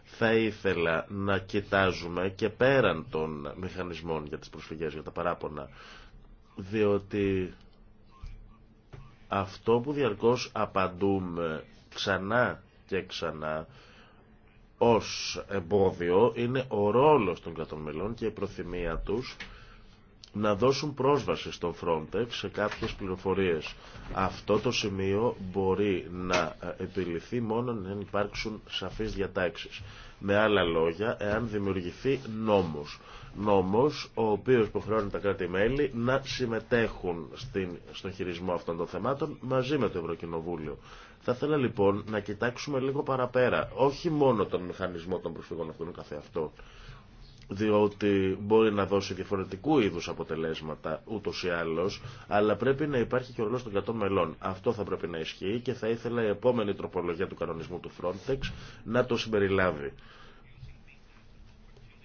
θα ήθελα να κοιτάζουμε και πέραν των μηχανισμών για τις προσφυγές, για τα παράπονα, διότι αυτό που διαρκώς απαντούμε ξανά και ξανά ως εμπόδιο είναι ο ρόλος των κρατών και η προθυμία τους να δώσουν πρόσβαση στον Frontex σε κάποιες πληροφορίες. Αυτό το σημείο μπορεί να επιληθεί μόνο αν υπάρξουν σαφείς διατάξεις. Με άλλα λόγια, εάν δημιουργηθεί νόμος. Νόμος ο οποίος υποχρεώνει τα κράτη-μέλη να συμμετέχουν στον χειρισμό αυτών των θεμάτων μαζί με το Ευρωκοινοβούλιο. Θα ήθελα λοιπόν να κοιτάξουμε λίγο παραπέρα, όχι μόνο τον μηχανισμό των προσφύγων αυτών καθεαυτών, διότι μπορεί να δώσει διαφορετικού είδους αποτελέσματα ούτως ή άλλως, αλλά πρέπει να υπάρχει και ο ρόλος των κρατών μελών. Αυτό θα πρέπει να ισχύει και θα ήθελα η επόμενη τροπολογία του κανονισμού του Frontex να το συμπεριλάβει.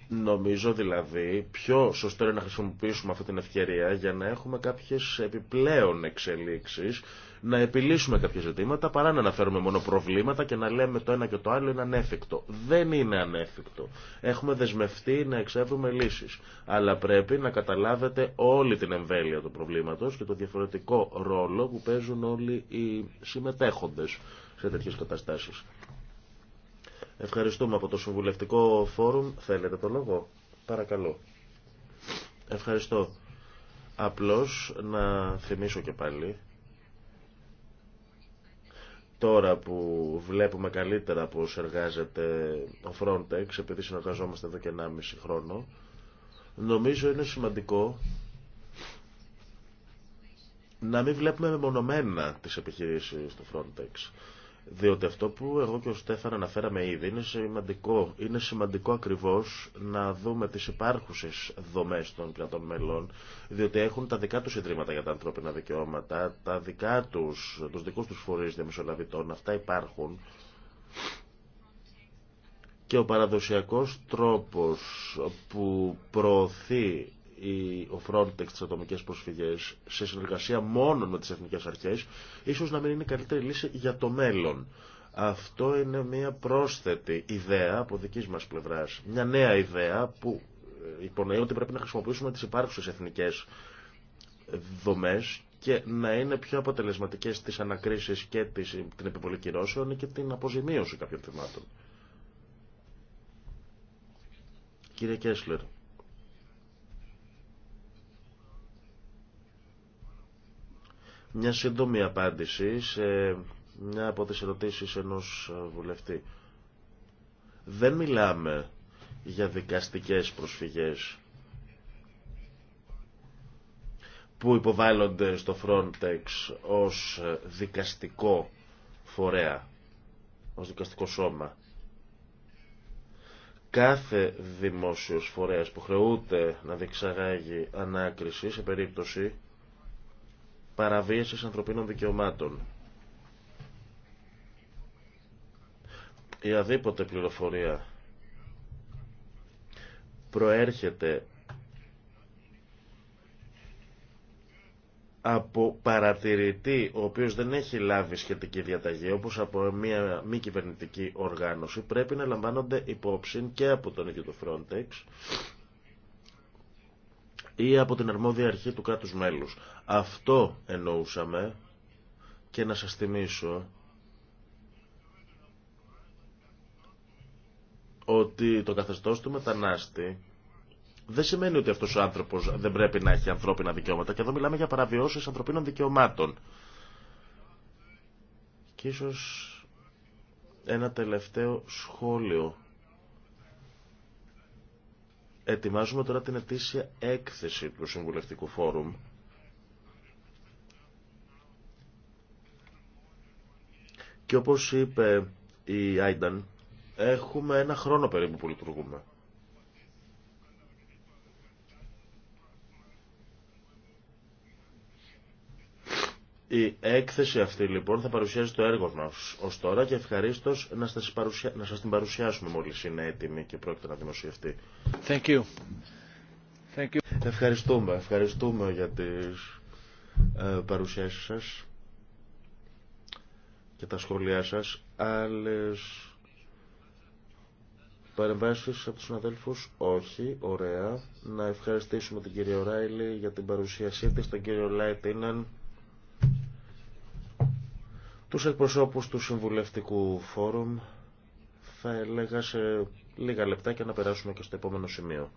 Νομίζω δηλαδή πιο σωστό είναι να χρησιμοποιήσουμε αυτή την ευκαιρία για να έχουμε κάποιες επιπλέον εξελίξεις να επιλύσουμε κάποια ζητήματα παρά να αναφέρουμε μόνο προβλήματα και να λέμε το ένα και το άλλο είναι ανέφικτο. Δεν είναι ανέφικτο. Έχουμε δεσμευτεί να εξεύρουμε λύσεις. Αλλά πρέπει να καταλάβετε όλη την εμβέλεια του προβλήματος και το διαφορετικό ρόλο που παίζουν όλοι οι συμμετέχοντες σε τέτοιες καταστάσει. Ευχαριστούμε από το Συμβουλευτικό Φόρουμ. Θέλετε το λόγο. Παρακαλώ. Ευχαριστώ. Απλώς να θυμίσω και πάλι τώρα που βλέπουμε καλύτερα πώς εργάζεται ο Frontex, επειδή συνεργαζόμαστε εδώ και 1,5 χρόνο, νομίζω είναι σημαντικό να μην βλέπουμε μεμονωμένα τις επιχειρήσεις του Frontex. Διότι αυτό που εγώ και ο Στέφαν αναφέραμε ήδη είναι σημαντικό. Είναι σημαντικό ακριβώς να δούμε τις υπάρχουσες δομές των κρατών μελών, διότι έχουν τα δικά τους ιδρύματα για τα ανθρώπινα δικαιώματα, τα δικά τους, τους δικούς τους φορείς διαμεσολαβητών, αυτά υπάρχουν. Και ο παραδοσιακός τρόπος που προωθεί ο Frontex τις ατομικές προσφυγές σε συνεργασία μόνο με τις εθνικές αρχές ίσως να μην είναι η καλύτερη λύση για το μέλλον. Αυτό είναι μια πρόσθετη ιδέα από δικής μας πλευράς. Μια νέα ιδέα που ε, υπονοεί ότι πρέπει να χρησιμοποιήσουμε τις υπάρχουσες εθνικές δομές και να είναι πιο αποτελεσματικές στις ανακρίσεις και την επιβολή κυρώσεων και την αποζημίωση κάποιων θυμάτων. Κύριε Κέσλερ, Μια σύντομη απάντηση σε μια από τις ερωτήσεις ενός βουλευτή. Δεν μιλάμε για δικαστικές προσφυγές που υποβάλλονται στο Frontex ως δικαστικό φορέα, ως δικαστικό σώμα. Κάθε δημόσιος φορέας που χρεούται να διεξαγάγει ανάκριση σε περίπτωση παραβίασης ανθρωπίνων δικαιωμάτων. Η αδίποτε πληροφορία προέρχεται από παρατηρητή ο οποίος δεν έχει λάβει σχετική διαταγή όπως από μια μη κυβερνητική οργάνωση πρέπει να λαμβάνονται υπόψη και από τον ίδιο το Frontex ή από την αρμόδια αρχή του κράτους μέλους. Αυτό εννοούσαμε και να σας θυμίσω ότι το καθεστώς του μετανάστη δεν σημαίνει ότι αυτός ο άνθρωπος δεν πρέπει να έχει ανθρώπινα δικαιώματα και εδώ μιλάμε για παραβιώσεις ανθρωπίνων δικαιωμάτων. Και ίσως ένα τελευταίο σχόλιο Ετοιμάζουμε τώρα την ετήσια έκθεση του Συμβουλευτικού Φόρουμ και όπως είπε η Άινταν, έχουμε ένα χρόνο περίπου που λειτουργούμε. Η έκθεση αυτή λοιπόν θα παρουσιάζει το έργο μας ω τώρα και ευχαριστώ να σας, την παρουσιάσουμε μόλι είναι έτοιμη και πρόκειται να δημοσιευτεί. Thank you. Thank you. Ευχαριστούμε, ευχαριστούμε για τι ε, παρουσιάσεις και τα σχόλιά σα. Άλλες παρεμβάσεις από του συναδέλφου, όχι, ωραία. Να ευχαριστήσουμε την κυρία Ράιλι για την παρουσίασή τη τον κύριο Λάιτινεν τους εκπροσώπους του Συμβουλευτικού Φόρουμ θα έλεγα σε λίγα λεπτά και να περάσουμε και στο επόμενο σημείο.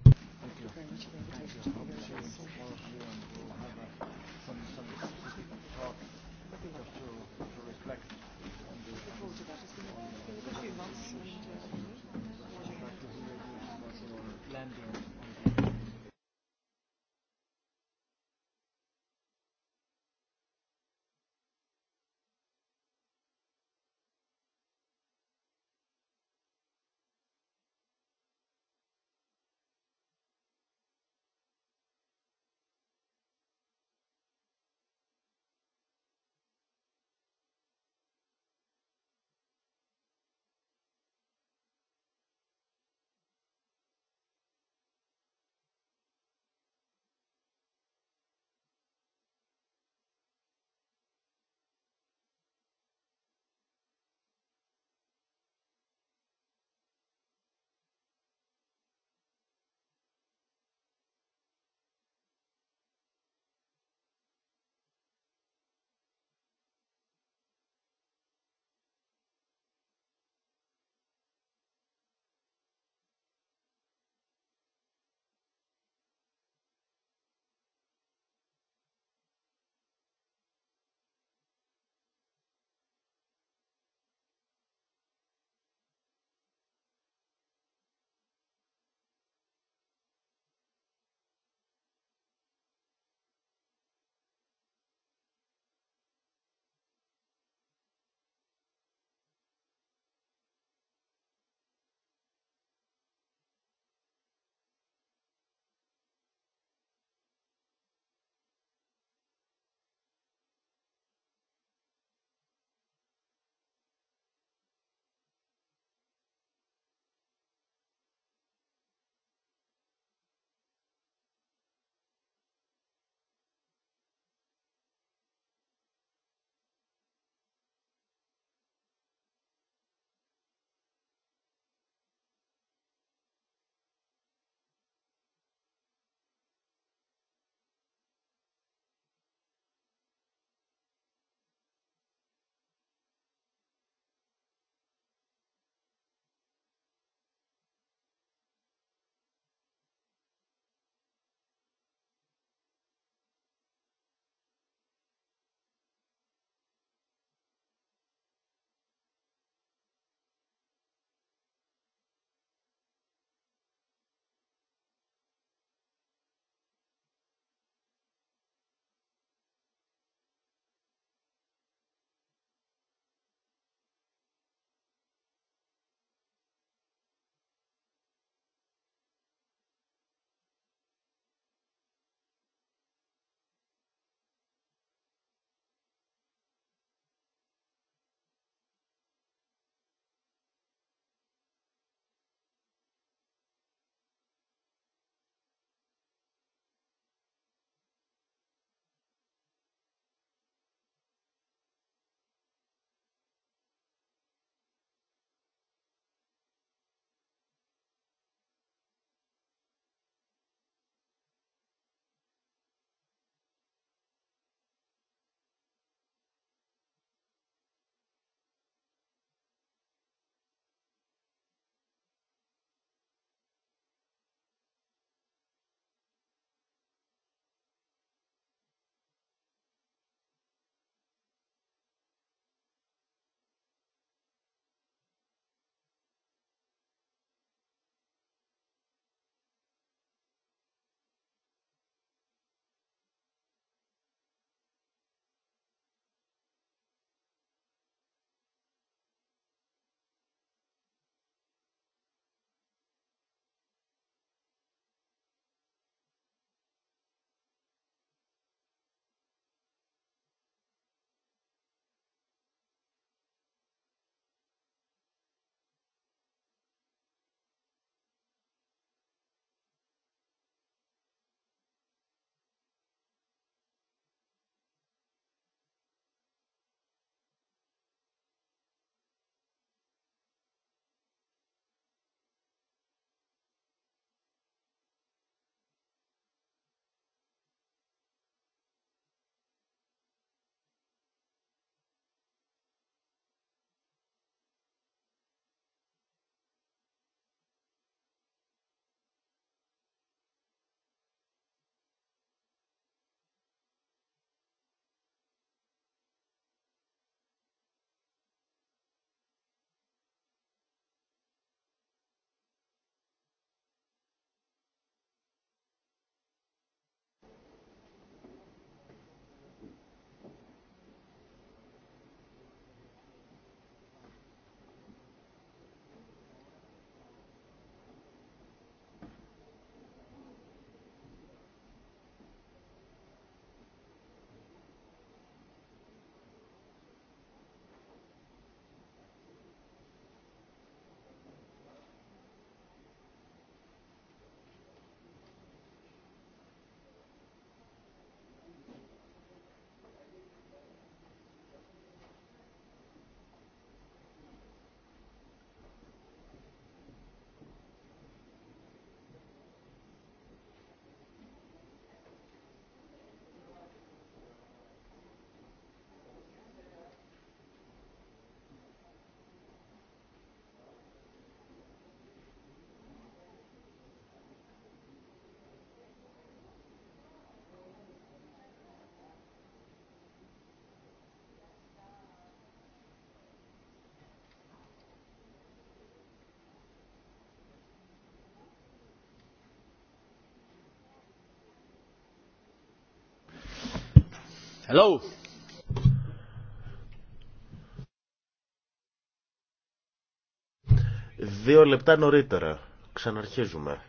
Δύο λεπτά νωρίτερα. Ξαναρχίζουμε.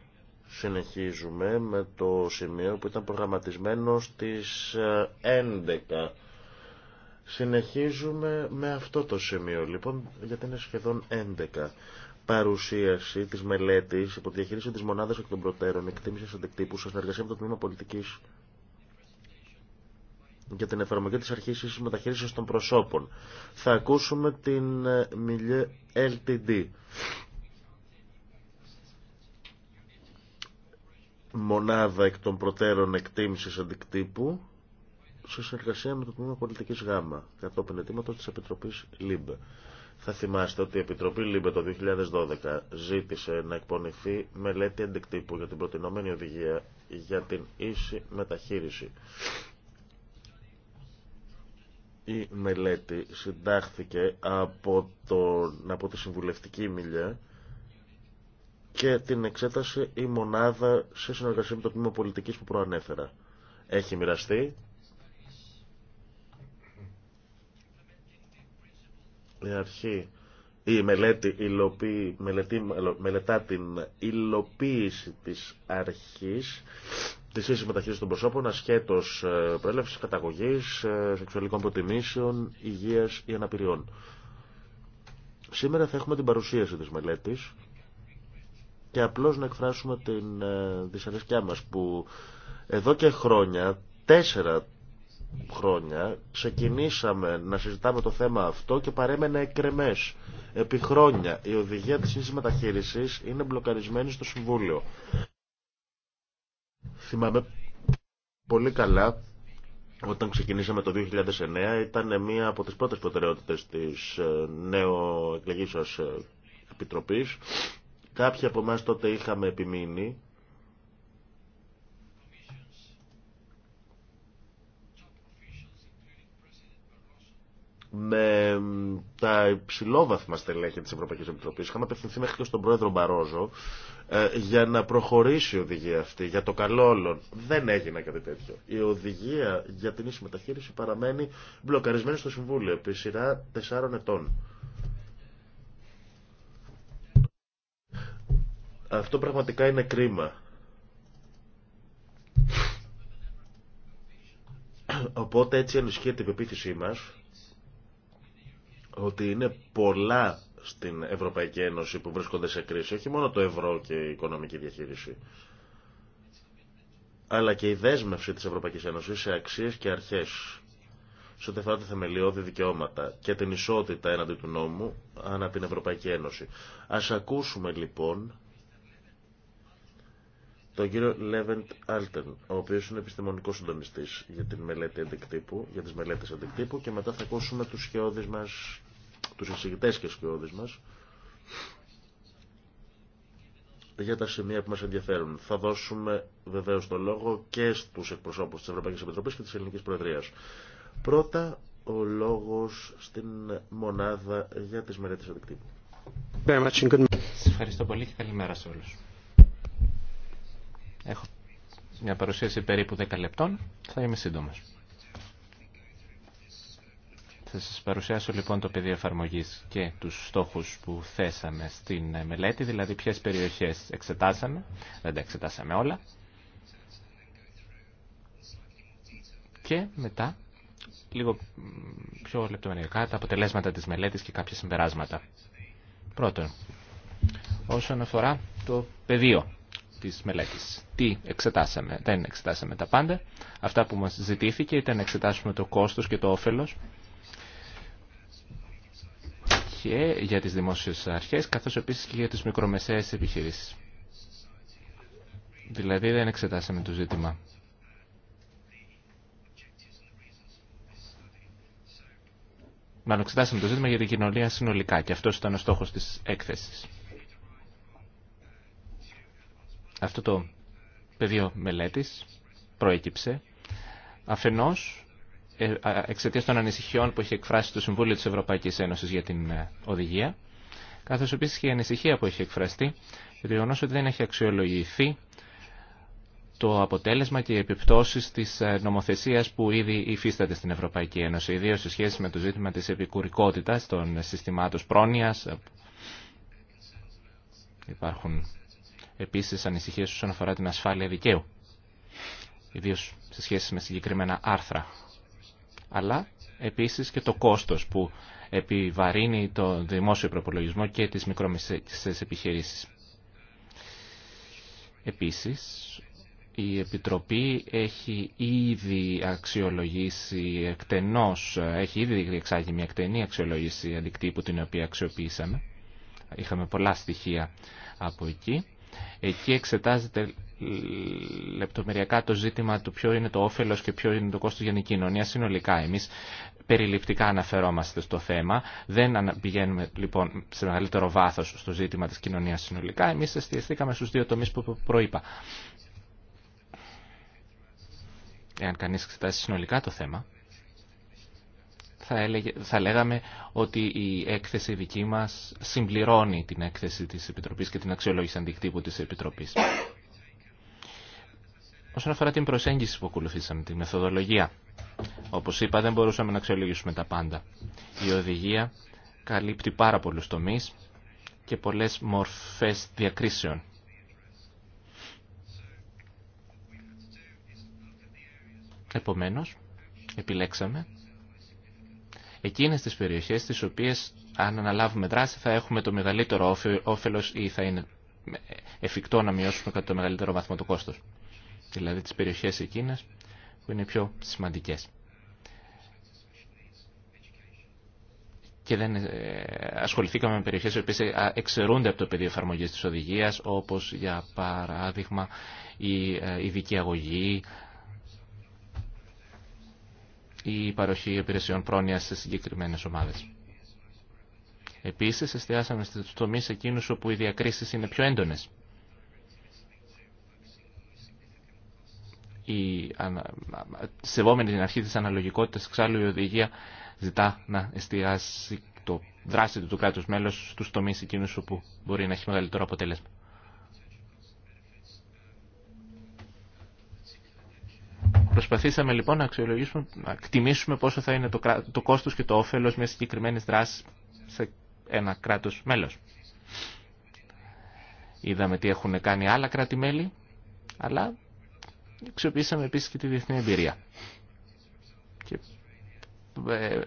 Συνεχίζουμε με το σημείο που ήταν προγραμματισμένο στις 11. Ε, Συνεχίζουμε με αυτό το σημείο, λοιπόν, γιατί είναι σχεδόν 11 παρουσίαση τη μελέτη υπό τη διαχείριση τη μονάδα εκ των προτέρων εκτίμηση αντικτύπου σε συνεργασία με το τμήμα πολιτική για την εφαρμογή της αρχής ίσης μεταχείρισης των προσώπων. Θα ακούσουμε την ε, Μιλιέ LTD. Μονάδα εκ των προτέρων εκτίμησης αντικτύπου σε συνεργασία με το Τμήμα Πολιτικής Γάμα, κατόπιν αιτήματος της Επιτροπής ΛΥΜΠΕ. Θα θυμάστε ότι η Επιτροπή ΛΥΜΠΕ το 2012 ζήτησε να εκπονηθεί μελέτη αντικτύπου για την προτινόμενη οδηγία για την ίση μεταχείριση η μελέτη συντάχθηκε από, το, από τη συμβουλευτική μιλιά και την εξέτασε η μονάδα σε συνεργασία με το τμήμα πολιτικής που προανέφερα. Έχει μοιραστεί. Η αρχή, η μελέτη, μελετή, μελετά την υλοποίηση της αρχής τη ίση μεταχείριση των προσώπων, ασχέτω ε, προέλευση, καταγωγή, ε, σεξουαλικών προτιμήσεων, υγεία ή αναπηριών. Σήμερα θα έχουμε την παρουσίαση τη μελέτη και απλώ να εκφράσουμε την ε, δυσαρέσκειά μα που εδώ και χρόνια, τέσσερα χρόνια, ξεκινήσαμε να συζητάμε το θέμα αυτό και παρέμενε εκκρεμέ. Επί χρόνια η οδηγία τη ίση μεταχείριση είναι μπλοκαρισμένη στο Συμβούλιο. Θυμάμαι πολύ καλά όταν ξεκινήσαμε το 2009 ήταν μία από τις πρώτες προτεραιότητες της ε, νέο εκλεγήσεως ε, επιτροπής. Κάποιοι από εμάς τότε είχαμε επιμείνει με τα υψηλόβαθμα στελέχη της Ευρωπαϊκής Επιτροπής. Είχαμε απευθυνθεί μέχρι και στον πρόεδρο Μπαρόζο ε, για να προχωρήσει η οδηγία αυτή, για το καλό όλων. Δεν έγινε κάτι τέτοιο. Η οδηγία για την ίση μεταχείριση παραμένει μπλοκαρισμένη στο Συμβούλιο επί σειρά τεσσάρων ετών. Αυτό πραγματικά είναι κρίμα. Οπότε έτσι ενισχύεται η πεποίθησή μας ότι είναι πολλά στην Ευρωπαϊκή Ένωση που βρίσκονται σε κρίση, όχι μόνο το ευρώ και η οικονομική διαχείριση, αλλά και η δέσμευση της Ευρωπαϊκής Ένωσης σε αξίες και αρχές, σε ό,τι αφορά τα θεμελιώδη δικαιώματα και την ισότητα έναντι του νόμου ανά την Ευρωπαϊκή Ένωση. Ας ακούσουμε λοιπόν τον κύριο Λέβεντ Άλτεν, ο οποίος είναι επιστημονικός συντονιστής για την μελέτη για τι μελέτε αντικτύπου και μετά θα ακούσουμε τους σχεώδεις μας τους εισηγητές και σκιώδεις μας για τα σημεία που μας ενδιαφέρουν. Θα δώσουμε βεβαίως το λόγο και στους εκπροσώπους της Ευρωπαϊκής Επιτροπής και της Ελληνικής Προεδρίας. Πρώτα, ο λόγος στην μονάδα για τις μελέτες αντικτύπου. Σας ευχαριστώ πολύ και καλημέρα σε όλους. Έχω μια παρουσίαση περίπου 10 λεπτών. Θα είμαι σύντομος. Θα σας παρουσιάσω λοιπόν το πεδίο εφαρμογή και τους στόχους που θέσαμε στην μελέτη, δηλαδή ποιες περιοχές εξετάσαμε, δεν τα εξετάσαμε όλα. Και μετά, λίγο πιο λεπτομερικά, τα αποτελέσματα της μελέτης και κάποια συμπεράσματα. Πρώτον, όσον αφορά το πεδίο της μελέτης. Τι εξετάσαμε. Δεν εξετάσαμε τα πάντα. Αυτά που μας ζητήθηκε ήταν να εξετάσουμε το κόστος και το όφελος και για τις δημόσιες αρχές, καθώς επίσης και για τις μικρομεσαίες επιχειρήσεις. Δηλαδή δεν εξετάσαμε το ζήτημα. Μάλλον εξετάσαμε το ζήτημα για την κοινωνία συνολικά και αυτός ήταν ο στόχος της έκθεσης. Αυτό το πεδίο μελέτης προέκυψε αφενός ε, εξαιτία των ανησυχιών που έχει εκφράσει το Συμβούλιο τη Ευρωπαϊκή Ένωση για την ε, οδηγία, καθώ επίση και η ανησυχία που έχει εκφραστεί για το γεγονό ότι δεν έχει αξιολογηθεί το αποτέλεσμα και οι επιπτώσει τη ε, νομοθεσία που ήδη υφίσταται στην Ευρωπαϊκή Ένωση, ιδίω σε σχέση με το ζήτημα τη επικούρικότητα των συστημάτων πρόνοια. Υπάρχουν επίση ανησυχίε όσον αφορά την ασφάλεια δικαίου, ιδίως σε σχέση με συγκεκριμένα άρθρα αλλά επίσης και το κόστος που επιβαρύνει το δημόσιο προπολογισμό και τις μικρομεσαίες επιχειρήσεις. Επίσης, η Επιτροπή έχει ήδη αξιολογήσει εκτενώς, έχει ήδη εξάγει μια εκτενή αξιολόγηση αντικτύπου την οποία αξιοποιήσαμε. Είχαμε πολλά στοιχεία από εκεί. Εκεί εξετάζεται λεπτομεριακά το ζήτημα του ποιο είναι το όφελος και ποιο είναι το κόστος για την κοινωνία συνολικά. Εμείς περιληπτικά αναφερόμαστε στο θέμα, δεν πηγαίνουμε λοιπόν σε μεγαλύτερο βάθος στο ζήτημα της κοινωνίας συνολικά. Εμείς εστιαστήκαμε στους δύο τομείς που προείπα. Εάν κανείς εξετάσει συνολικά το θέμα, θα, έλεγε, θα λέγαμε ότι η έκθεση δική μας συμπληρώνει την έκθεση της Επιτροπής και την αξιολόγηση αντικτύπου της Επιτροπής. Όσον αφορά την προσέγγιση που ακολουθήσαμε, τη μεθοδολογία, όπως είπα δεν μπορούσαμε να αξιολογήσουμε τα πάντα. Η οδηγία καλύπτει πάρα πολλού τομεί και πολλές μορφές διακρίσεων. Επομένω, επιλέξαμε εκείνες τις περιοχές τις οποίες αν αναλάβουμε δράση θα έχουμε το μεγαλύτερο όφελος ή θα είναι εφικτό να μειώσουμε κατά το μεγαλύτερο βαθμό το κόστος δηλαδή τις περιοχές εκείνες που είναι πιο σημαντικές. Και δεν ε, ασχοληθήκαμε με περιοχές που ε, εξαιρούνται από το πεδίο εφαρμογή της οδηγίας, όπως για παράδειγμα η ε, ειδική αγωγή, η παροχή υπηρεσιών πρόνοιας σε συγκεκριμένες ομάδες. Επίσης, εστιάσαμε στους τομείς εκείνους όπου οι διακρίσεις είναι πιο έντονες η, σεβόμενη την αρχή της αναλογικότητας, εξάλλου η οδηγία ζητά να εστιάσει το δράση του, κράτους μέλος στους τομείς εκείνους όπου μπορεί να έχει μεγαλύτερο αποτέλεσμα. Προσπαθήσαμε λοιπόν να αξιολογήσουμε, να εκτιμήσουμε πόσο θα είναι το, το κόστος και το όφελος μιας συγκεκριμένη δράση σε ένα κράτος μέλος. Είδαμε τι έχουν κάνει άλλα κράτη-μέλη, αλλά Αξιοποιήσαμε επίσης και τη διεθνή εμπειρία. Και, ε,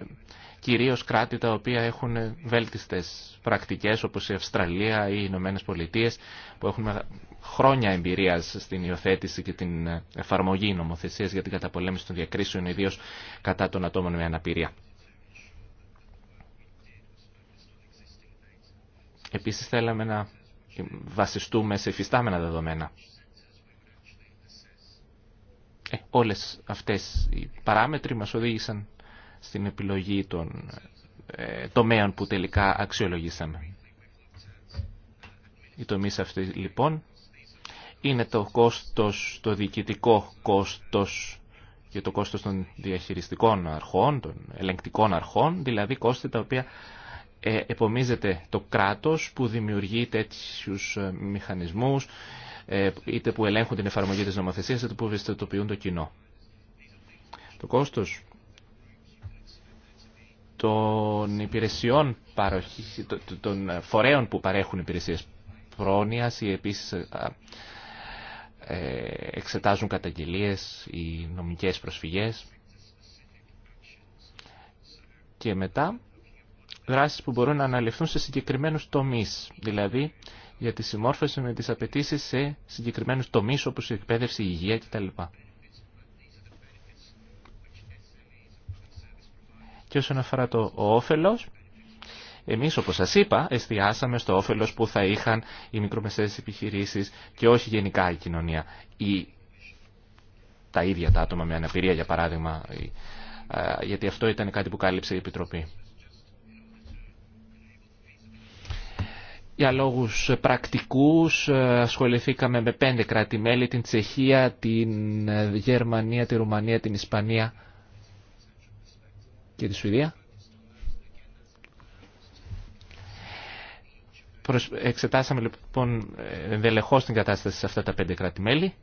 κυρίως κράτη τα οποία έχουν βέλτιστες πρακτικές όπως η Αυστραλία ή οι Ηνωμένε Πολιτείε που έχουν χρόνια εμπειρίας στην υιοθέτηση και την εφαρμογή νομοθεσίας για την καταπολέμηση των διακρίσεων ιδίω κατά των ατόμων με αναπηρία. Επίσης θέλαμε να βασιστούμε σε υφιστάμενα δεδομένα ε, όλες αυτές οι παράμετροι μας οδήγησαν στην επιλογή των ε, τομέων που τελικά αξιολογήσαμε. Οι τομεί αυτοί λοιπόν είναι το κόστος, το διοικητικό κόστος και το κόστος των διαχειριστικών αρχών, των ελεγκτικών αρχών, δηλαδή κόστη τα οποία ε, επομίζεται το κράτος που δημιουργεί τέτοιους ε, μηχανισμούς ε, είτε που ελέγχουν την εφαρμογή της νομοθεσίας, είτε που ευαισθητοποιούν το κοινό. Το κόστος των υπηρεσιών παροχής, των φορέων που παρέχουν υπηρεσίες πρόνοιας ή επίσης ε, ε, εξετάζουν καταγγελίες ή νομικές προσφυγές και μετά δράσεις που μπορούν να αναλυφθούν σε συγκεκριμένους τομείς, δηλαδή για τη συμμόρφωση με τις απαιτήσει σε συγκεκριμένους τομείς όπως η εκπαίδευση, η υγεία κτλ. Και όσον αφορά το όφελος, εμείς όπως σας είπα εστιάσαμε στο όφελος που θα είχαν οι μικρομεσαίες επιχειρήσεις και όχι γενικά η κοινωνία. Η... Τα ίδια τα άτομα με αναπηρία για παράδειγμα, γιατί αυτό ήταν κάτι που κάλυψε η Επιτροπή. για λόγους πρακτικούς ε, ασχοληθήκαμε με πέντε κράτη-μέλη, την Τσεχία, την ε, Γερμανία, τη Ρουμανία, την Ισπανία και τη Σουηδία. Εξετάσαμε λοιπόν ε, ενδελεχώς την κατάσταση σε αυτά τα πέντε κράτη-μέλη.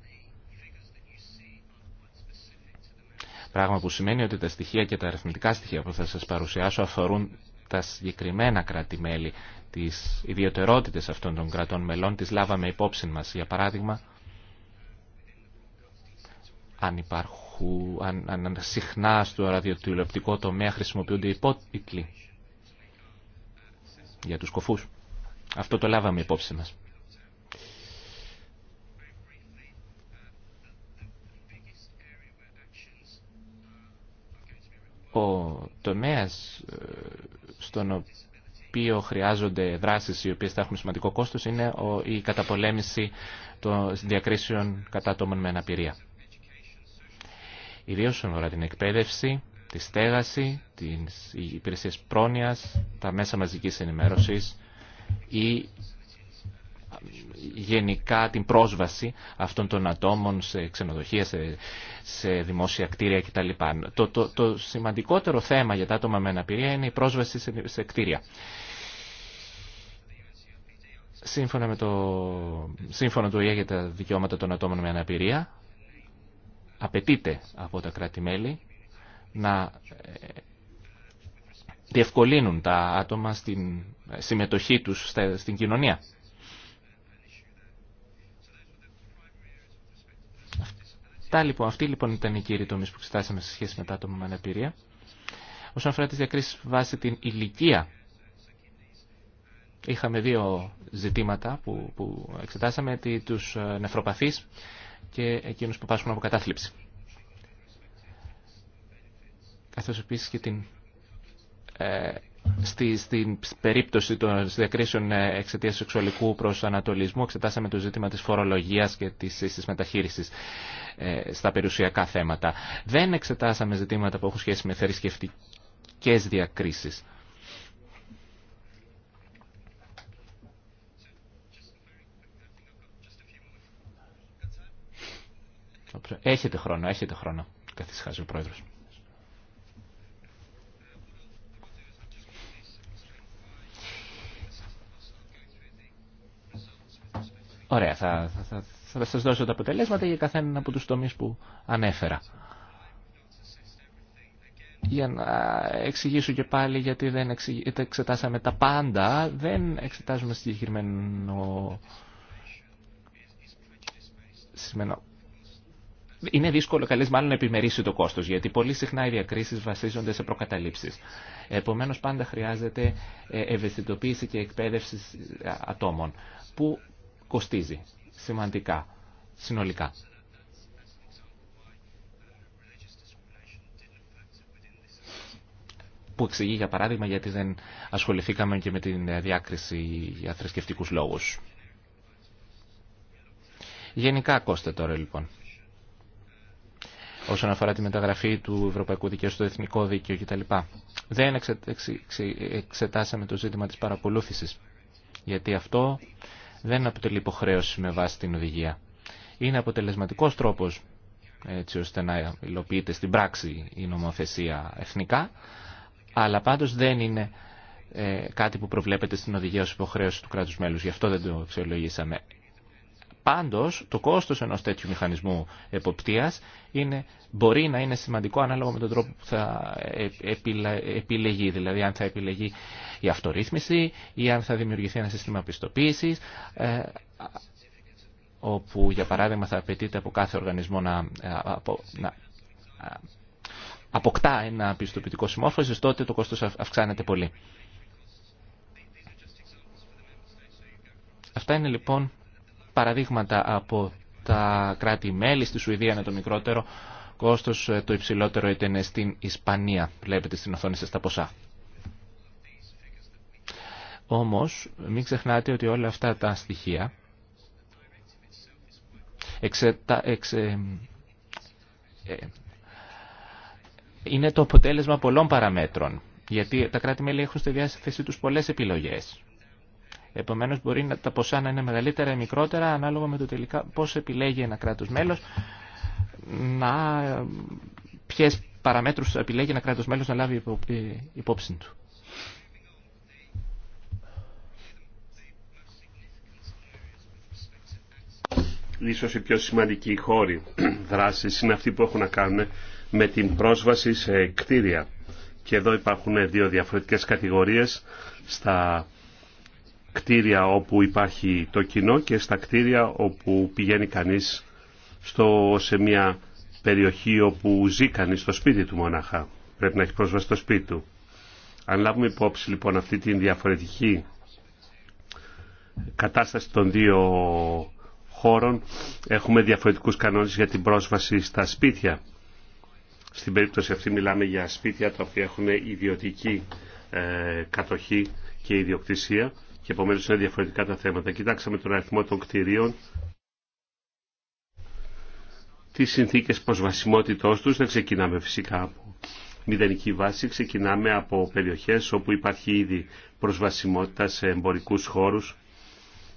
Πράγμα που σημαίνει ότι τα στοιχεία και τα αριθμητικά στοιχεία που θα σας παρουσιάσω αφορούν τα συγκεκριμένα κράτη-μέλη τις ιδιαιτερότητες αυτών των κρατών μελών τις λάβαμε υπόψη μας. Για παράδειγμα, αν, υπάρχου, αν, αν συχνά στο ραδιοτηλεοπτικό τομέα χρησιμοποιούνται υπότιτλοι για τους κοφούς. Αυτό το λάβαμε υπόψη μας. Ο τομέας ε, στον οποίο χρειάζονται δράσεις οι οποίες θα έχουν σημαντικό κόστος είναι η καταπολέμηση των διακρίσεων κατά ατόμων με αναπηρία. Ιδίως όσον αφορά την εκπαίδευση, τη στέγαση, τις υπηρεσίες πρόνοιας, τα μέσα μαζικής ενημέρωσης ή γενικά την πρόσβαση αυτών των ατόμων σε ξενοδοχεία, σε, δημόσια κτίρια κτλ. Το, το, το σημαντικότερο θέμα για τα άτομα με αναπηρία είναι η πρόσβαση σε, κτίρια. Σύμφωνα με το Σύμφωνα του ΙΕ για τα δικαιώματα των ατόμων με αναπηρία, απαιτείται από τα κράτη-μέλη να ε, διευκολύνουν τα άτομα στην ε, συμμετοχή τους στην κοινωνία. Αυτή λοιπόν, λοιπόν ήταν οι κύριοι τομεί που εξετάσαμε σε σχέση με τα άτομα με αναπηρία. Όσον αφορά τι διακρίσει βάσει την ηλικία, είχαμε δύο ζητήματα που, που εξετάσαμε, του ε, νευροπαθεί και εκείνου που πάσχουν από κατάθλιψη. Καθώ επίση και την ε, Στη, στην περίπτωση των διακρίσεων ε, εξαιτία σεξουαλικού προσανατολισμού εξετάσαμε το ζήτημα της φορολογίας και της, της μεταχείρισης ε, στα περιουσιακά θέματα. Δεν εξετάσαμε ζητήματα που έχουν σχέση με θρησκευτικέ διακρίσεις. Έχετε χρόνο, έχετε χρόνο, καθίσχαζε ο Πρόεδρος. Ωραία, θα, θα, σας δώσω τα αποτελέσματα για καθέναν από τους τομείς που ανέφερα. Για να εξηγήσω και πάλι γιατί δεν εξετάσαμε τα πάντα, δεν εξετάζουμε συγκεκριμένο... Είναι δύσκολο καλές μάλλον να επιμερίσει το κόστος, γιατί πολύ συχνά οι διακρίσεις βασίζονται σε προκαταλήψεις. Επομένως πάντα χρειάζεται ε, ευαισθητοποίηση και εκπαίδευση ε, ατόμων, που κοστίζει σημαντικά, συνολικά. Που εξηγεί, για παράδειγμα, γιατί δεν ασχοληθήκαμε και με την διάκριση για θρησκευτικού λόγους. Γενικά κόστε τώρα, λοιπόν όσον αφορά τη μεταγραφή του Ευρωπαϊκού Δικαίου στο Εθνικό Δίκαιο κτλ. Δεν εξετάσαμε το ζήτημα της παρακολούθησης, γιατί αυτό δεν αποτελεί υποχρέωση με βάση την οδηγία. Είναι αποτελεσματικός τρόπος έτσι ώστε να υλοποιείται στην πράξη η νομοθεσία εθνικά, αλλά πάντως δεν είναι ε, κάτι που προβλέπεται στην οδηγία ως υποχρέωση του κράτους μέλους. Γι' αυτό δεν το αξιολογήσαμε. Πάντως, το κόστος ενός τέτοιου μηχανισμού εποπτείας είναι, μπορεί να είναι σημαντικό ανάλογα με τον τρόπο που θα ε, επιλεγεί. Δηλαδή, αν θα επιλεγεί η αυτορύθμιση ή αν θα δημιουργηθεί ένα σύστημα πιστοποίησης, ε, όπου, για παράδειγμα, θα απαιτείται από κάθε οργανισμό να, ε, να αποκτά ένα πιστοποιητικό συμμόρφωσης, τότε το κόστος αυξάνεται πολύ. Αυτά είναι λοιπόν παραδείγματα από τα κράτη-μέλη, στη Σουηδία είναι το μικρότερο κόστος, ε, το υψηλότερο ήταν στην Ισπανία. Βλέπετε στην οθόνη σας τα ποσά. Όμως, μην ξεχνάτε ότι όλα αυτά τα στοιχεία ε, είναι το αποτέλεσμα πολλών παραμέτρων. Γιατί τα κράτη-μέλη έχουν στη διάθεσή τους πολλές επιλογές. Επομένως μπορεί να, τα ποσά να είναι μεγαλύτερα ή μικρότερα ανάλογα με το τελικά πώς επιλέγει ένα κράτο μέλος να ποιες παραμέτρους επιλέγει ένα κράτο μέλος να λάβει ε, υπόψη του. Ίσως οι πιο σημαντικοί χώροι δράσης είναι αυτοί που έχουν να κάνουν με την πρόσβαση σε κτίρια. Και εδώ υπάρχουν δύο διαφορετικές κατηγορίες στα κτίρια όπου υπάρχει το κοινό και στα κτίρια όπου πηγαίνει κανείς στο, σε μια περιοχή όπου ζει κανείς στο σπίτι του μονάχα. Πρέπει να έχει πρόσβαση στο σπίτι του. Αν λάβουμε υπόψη λοιπόν αυτή την διαφορετική κατάσταση των δύο χώρων, έχουμε διαφορετικούς κανόνες για την πρόσβαση στα σπίτια. Στην περίπτωση αυτή μιλάμε για σπίτια τα οποία έχουν ιδιωτική ε, κατοχή και ιδιοκτησία και επομένω είναι διαφορετικά τα θέματα. Κοιτάξαμε τον αριθμό των κτηρίων, τι συνθήκες προσβασιμότητό του δεν ξεκινάμε φυσικά από μηδενική βάση, ξεκινάμε από περιοχές όπου υπάρχει ήδη προσβασιμότητα σε εμπορικούς χώρους,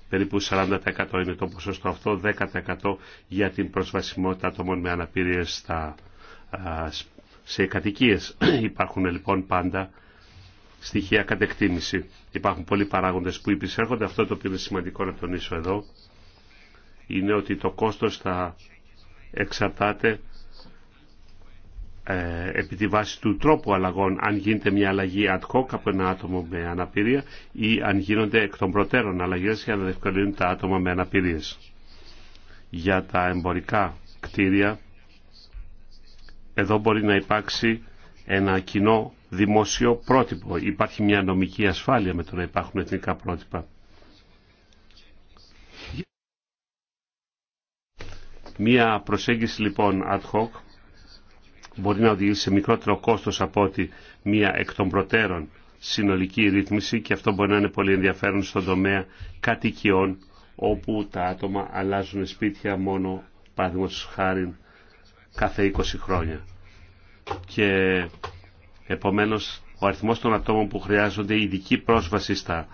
περίπου 40% είναι το ποσοστό αυτό, 10% για την προσβασιμότητα ατόμων με αναπηρίες στα, σε κατοικίες. Υπάρχουν λοιπόν πάντα στοιχεία κατεκτήμηση. Υπάρχουν πολλοί παράγοντες που υπησέρχονται. Αυτό το οποίο είναι σημαντικό να τονίσω εδώ είναι ότι το κόστος θα εξαρτάται ε, επί τη βάση του τρόπου αλλαγών αν γίνεται μια αλλαγή ad hoc από ένα άτομο με αναπηρία ή αν γίνονται εκ των προτέρων αλλαγές για να διευκολύνουν τα άτομα με αναπηρίες. Για τα εμπορικά κτίρια εδώ μπορεί να υπάρξει ένα κοινό δημόσιο πρότυπο. Υπάρχει μια νομική ασφάλεια με το να υπάρχουν εθνικά πρότυπα. Μια προσέγγιση λοιπόν ad hoc μπορεί να οδηγήσει σε μικρότερο κόστος από ότι μια εκ των προτέρων συνολική ρύθμιση και αυτό μπορεί να είναι πολύ ενδιαφέρον στον τομέα κατοικιών όπου τα άτομα αλλάζουν σπίτια μόνο παραδείγματος χάρη κάθε 20 χρόνια. Και Επομένω, ο αριθμό των ατόμων που χρειάζονται ειδική πρόσβαση στα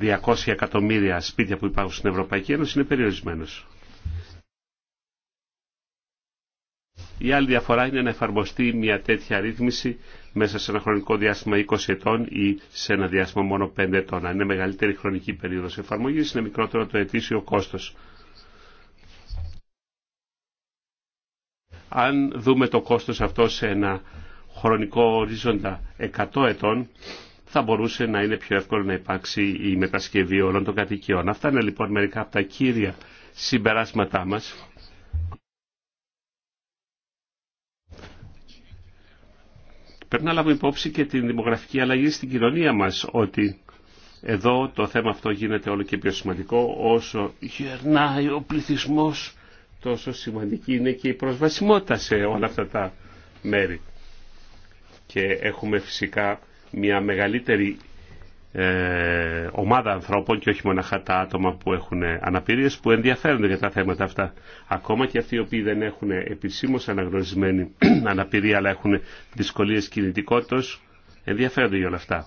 200 εκατομμύρια σπίτια που υπάρχουν στην Ευρωπαϊκή Ένωση είναι περιορισμένο. Η άλλη διαφορά είναι να εφαρμοστεί μια τέτοια ρύθμιση μέσα σε ένα χρονικό διάστημα 20 ετών ή σε ένα διάστημα μόνο 5 ετών. Αν είναι μεγαλύτερη χρονική περίοδος εφαρμογής, είναι μικρότερο το ετήσιο κόστος. Αν δούμε το κόστος αυτό σε ένα χρονικό ορίζοντα 100 ετών θα μπορούσε να είναι πιο εύκολο να υπάρξει η μετασκευή όλων των κατοικιών. Αυτά είναι λοιπόν μερικά από τα κύρια συμπεράσματά μας. Πρέπει να λάβουμε υπόψη και την δημογραφική αλλαγή στην κοινωνία μας, ότι εδώ το θέμα αυτό γίνεται όλο και πιο σημαντικό, όσο γερνάει ο πληθυσμός, τόσο σημαντική είναι και η προσβασιμότητα σε όλα αυτά τα μέρη και έχουμε φυσικά μια μεγαλύτερη ε, ομάδα ανθρώπων και όχι μοναχά τα άτομα που έχουν αναπηρίες που ενδιαφέρονται για τα θέματα αυτά. Ακόμα και αυτοί οι οποίοι δεν έχουν επισήμως αναγνωρισμένη αναπηρία αλλά έχουν δυσκολίες κινητικότητας ενδιαφέρονται για όλα αυτά.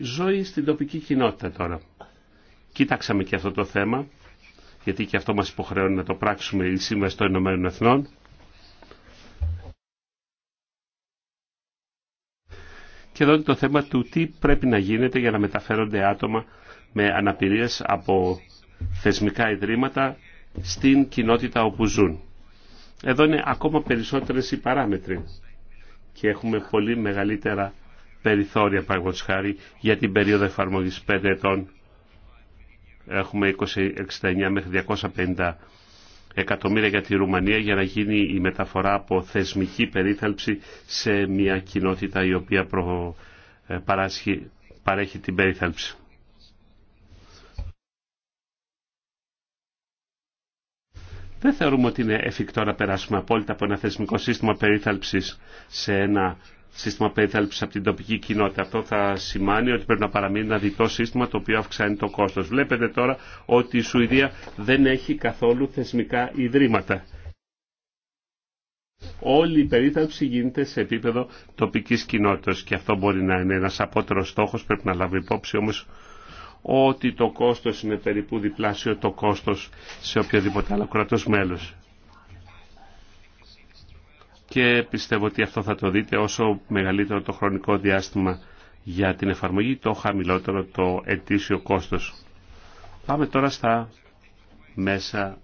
Ζωή στην τοπική κοινότητα τώρα. Κοίταξαμε και αυτό το θέμα γιατί και αυτό μας υποχρεώνει να το πράξουμε η Σύμβαση των Ηνωμένων Εθνών Και εδώ είναι το θέμα του τι πρέπει να γίνεται για να μεταφέρονται άτομα με αναπηρίες από θεσμικά ιδρύματα στην κοινότητα όπου ζουν. Εδώ είναι ακόμα περισσότερες οι παράμετροι και έχουμε πολύ μεγαλύτερα περιθώρια παραγωγής χάρη για την περίοδο εφαρμογής 5 ετών. Έχουμε 269 μέχρι 250 εκατομμύρια για τη Ρουμανία για να γίνει η μεταφορά από θεσμική περίθαλψη σε μια κοινότητα η οποία ε, παρέχει την περίθαλψη. Δεν θεωρούμε ότι είναι εφικτό να περάσουμε απόλυτα από ένα θεσμικό σύστημα περίθαλψης σε ένα σύστημα περιθάλψης από την τοπική κοινότητα. Αυτό θα σημάνει ότι πρέπει να παραμείνει ένα διτό σύστημα το οποίο αυξάνει το κόστος. Βλέπετε τώρα ότι η Σουηδία δεν έχει καθόλου θεσμικά ιδρύματα. Όλη η περίθαλψη γίνεται σε επίπεδο τοπικής κοινότητας και αυτό μπορεί να είναι ένας απότερος στόχος, πρέπει να λάβει υπόψη όμως ότι το κόστος είναι περίπου διπλάσιο το κόστος σε οποιοδήποτε άλλο κράτος μέλος και πιστεύω ότι αυτό θα το δείτε όσο μεγαλύτερο το χρονικό διάστημα για την εφαρμογή, το χαμηλότερο το ετήσιο κόστος. Πάμε τώρα στα μέσα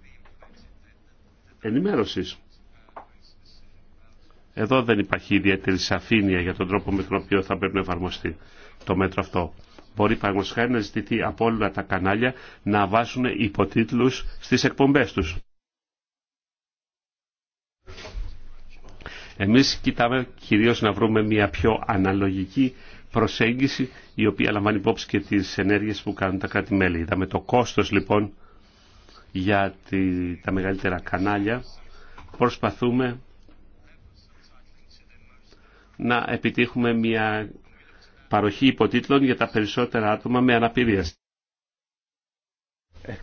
ενημέρωσης. Εδώ δεν υπάρχει ιδιαίτερη σαφήνεια για τον τρόπο με τον οποίο θα πρέπει να εφαρμοστεί το μέτρο αυτό. Μπορεί παραγωγικά να ζητηθεί από όλα τα κανάλια να βάζουν υποτίτλους στις εκπομπές τους. Εμείς κοιτάμε κυρίως να βρούμε μια πιο αναλογική προσέγγιση η οποία λαμβάνει υπόψη και τις ενέργειες που κάνουν τα κράτη-μέλη. Είδαμε το κόστος λοιπόν για τη, τα μεγαλύτερα κανάλια. Προσπαθούμε να επιτύχουμε μια παροχή υποτίτλων για τα περισσότερα άτομα με αναπηρία. Ε,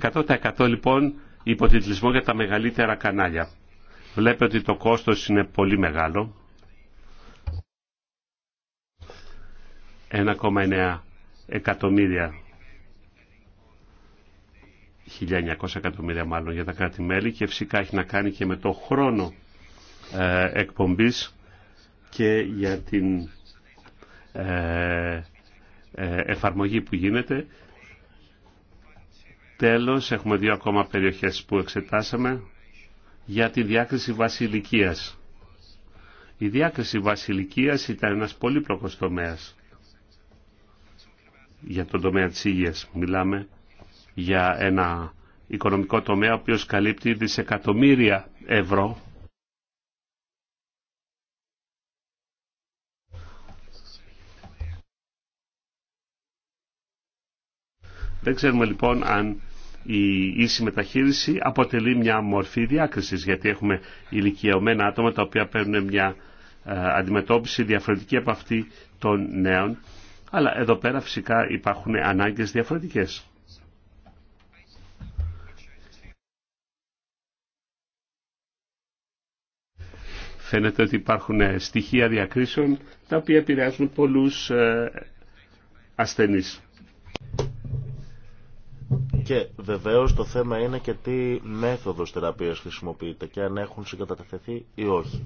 100% λοιπόν υποτιτλισμό για τα μεγαλύτερα κανάλια. Βλέπετε ότι το κόστος είναι πολύ μεγάλο. 1,9 εκατομμύρια 1.900 εκατομμύρια μάλλον για τα κράτη-μέλη και φυσικά έχει να κάνει και με το χρόνο ε, εκπομπής και για την ε, ε, εφαρμογή που γίνεται. Τέλος, έχουμε δύο ακόμα περιοχές που εξετάσαμε για τη διάκριση βασιλικίας. Η διάκριση βασιλικίας ήταν ένας πολύπλοκος τομέας. Για τον τομέα της υγείας μιλάμε για ένα οικονομικό τομέα ο οποίος καλύπτει δισεκατομμύρια ευρώ Δεν ξέρουμε λοιπόν αν η ίση μεταχείριση αποτελεί μια μορφή διάκρισης γιατί έχουμε ηλικιωμένα άτομα τα οποία παίρνουν μια ε, αντιμετώπιση διαφορετική από αυτή των νέων αλλά εδώ πέρα φυσικά υπάρχουν ανάγκες διαφορετικές. Φαίνεται ότι υπάρχουν ε, στοιχεία διακρίσεων τα οποία επηρεάζουν πολλούς ε, ασθενείς. Και βεβαίως το θέμα είναι και τι μέθοδος θεραπείας χρησιμοποιείται και αν έχουν συγκατατεθεί ή όχι.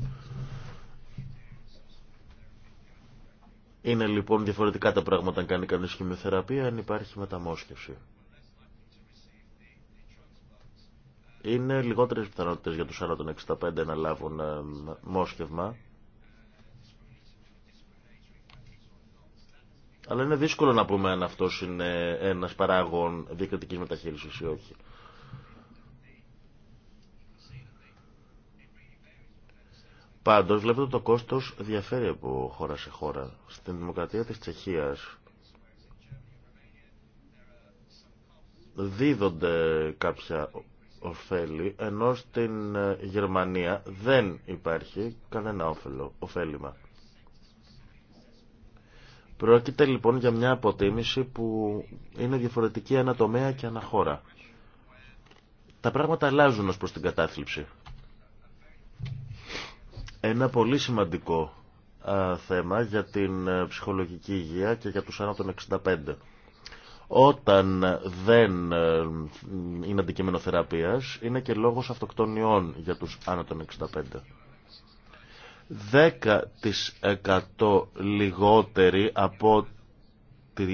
Είναι λοιπόν διαφορετικά τα πράγματα αν κάνει κανείς χημιοθεραπεία, αν υπάρχει μεταμόσχευση. Είναι λιγότερες πιθανότητες για τους άνω των 65 να λάβουν ε, μόσχευμα Αλλά είναι δύσκολο να πούμε αν αυτό είναι ένα παράγον διακριτική μεταχείριση ή όχι. Πάντω, βλέπετε ότι το κόστο διαφέρει από χώρα σε χώρα. Στην δημοκρατία τη Τσεχία δίδονται κάποια ωφέλη, ενώ στην Γερμανία δεν υπάρχει κανένα όφελο, Πρόκειται λοιπόν για μια αποτίμηση που είναι διαφορετική ανατομέα και αναχώρα. Τα πράγματα αλλάζουν ως προς την κατάθλιψη. Ένα πολύ σημαντικό θέμα για την ε, ψυχολογική υγεία και για τους άνω των 65. Όταν δεν ε, είναι αντικείμενο θεραπείας, είναι και λόγος αυτοκτονιών για τους άνω των 65. 10% λιγότεροι από